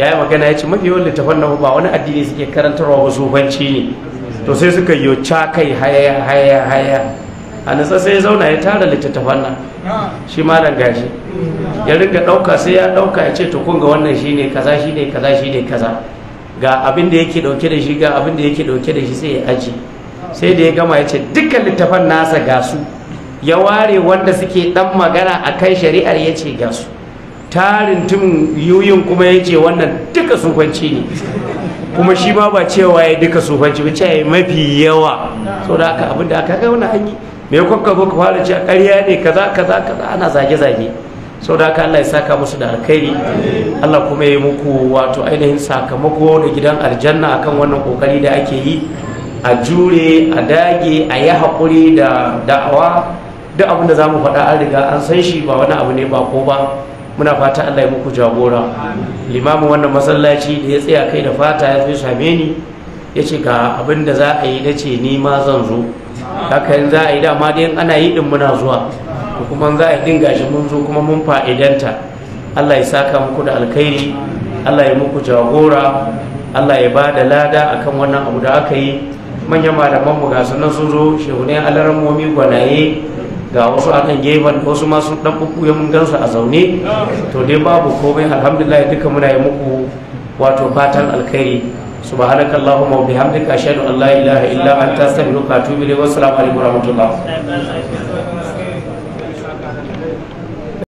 ya yi magana ya ce mafi yawan littafan nan ba wani addini suke karantarwa ba zubanci ne to sai suka yi kai haya haya haya a nutsa sai ya zauna ya tara littattafan nan shi malam gashi ya rinka ɗauka sai ya ɗauka ya ce to kun ga wannan shine kaza shine kaza shine kaza ga abin da yake dauke da shi ga abin da yake dauke da shi sai ya aji sai da ya gama ya ce dukkan littattafan nasa ga su ya ware wanda suke dan magana a kan shari'ar ya ce ga su tarin tun yuyin kuma ya ce wannan duka sufanci ne kuma shi ba ba cewa ya duka sufanci ba ce mafi yawa saboda aka abin da aka ga wani an yi me kwakwa ka ka fara a ƙarya ne kaza kaza kaza ana zage zage sau da haka Allah ya saka musu da alkhairi Allah kuma ya yi muku wato ainihin sakamako da gidan aljanna akan wannan kokari da ake yi a jure a dage a yi haƙuri da da'awa duk abin da za mu faɗa an riga an san shi ba wani abu ne ba ko ba muna fata Allah ya muku jagora limamin wannan masallaci da ya tsaya kai da fata ya zo same ni ya ce ga abin da za a yi na ce ni ma zan zo haka yin za a yi dama da yin ana yi din muna zuwa kuma za a yi din gashi mun zo kuma mun fa'idanta Allah ya saka muku da alkhairi Allah ya muku jagora Allah ya ba da lada a kan wannan abu da aka yi manyan malaman mu ga sunan sun zo shehunan alaran momi gwanaye ga wasu a kan gefen wasu masu dan bubbuya mun gansu a zaune to dai babu komai alhamdulillah duka muna yi muku wato fatan alkhairi subhanaka allahumma wa bihamdika ashhadu an la ilaha illa anta astaghfiruka wa atubu ilayk wa assalamu alaikum wa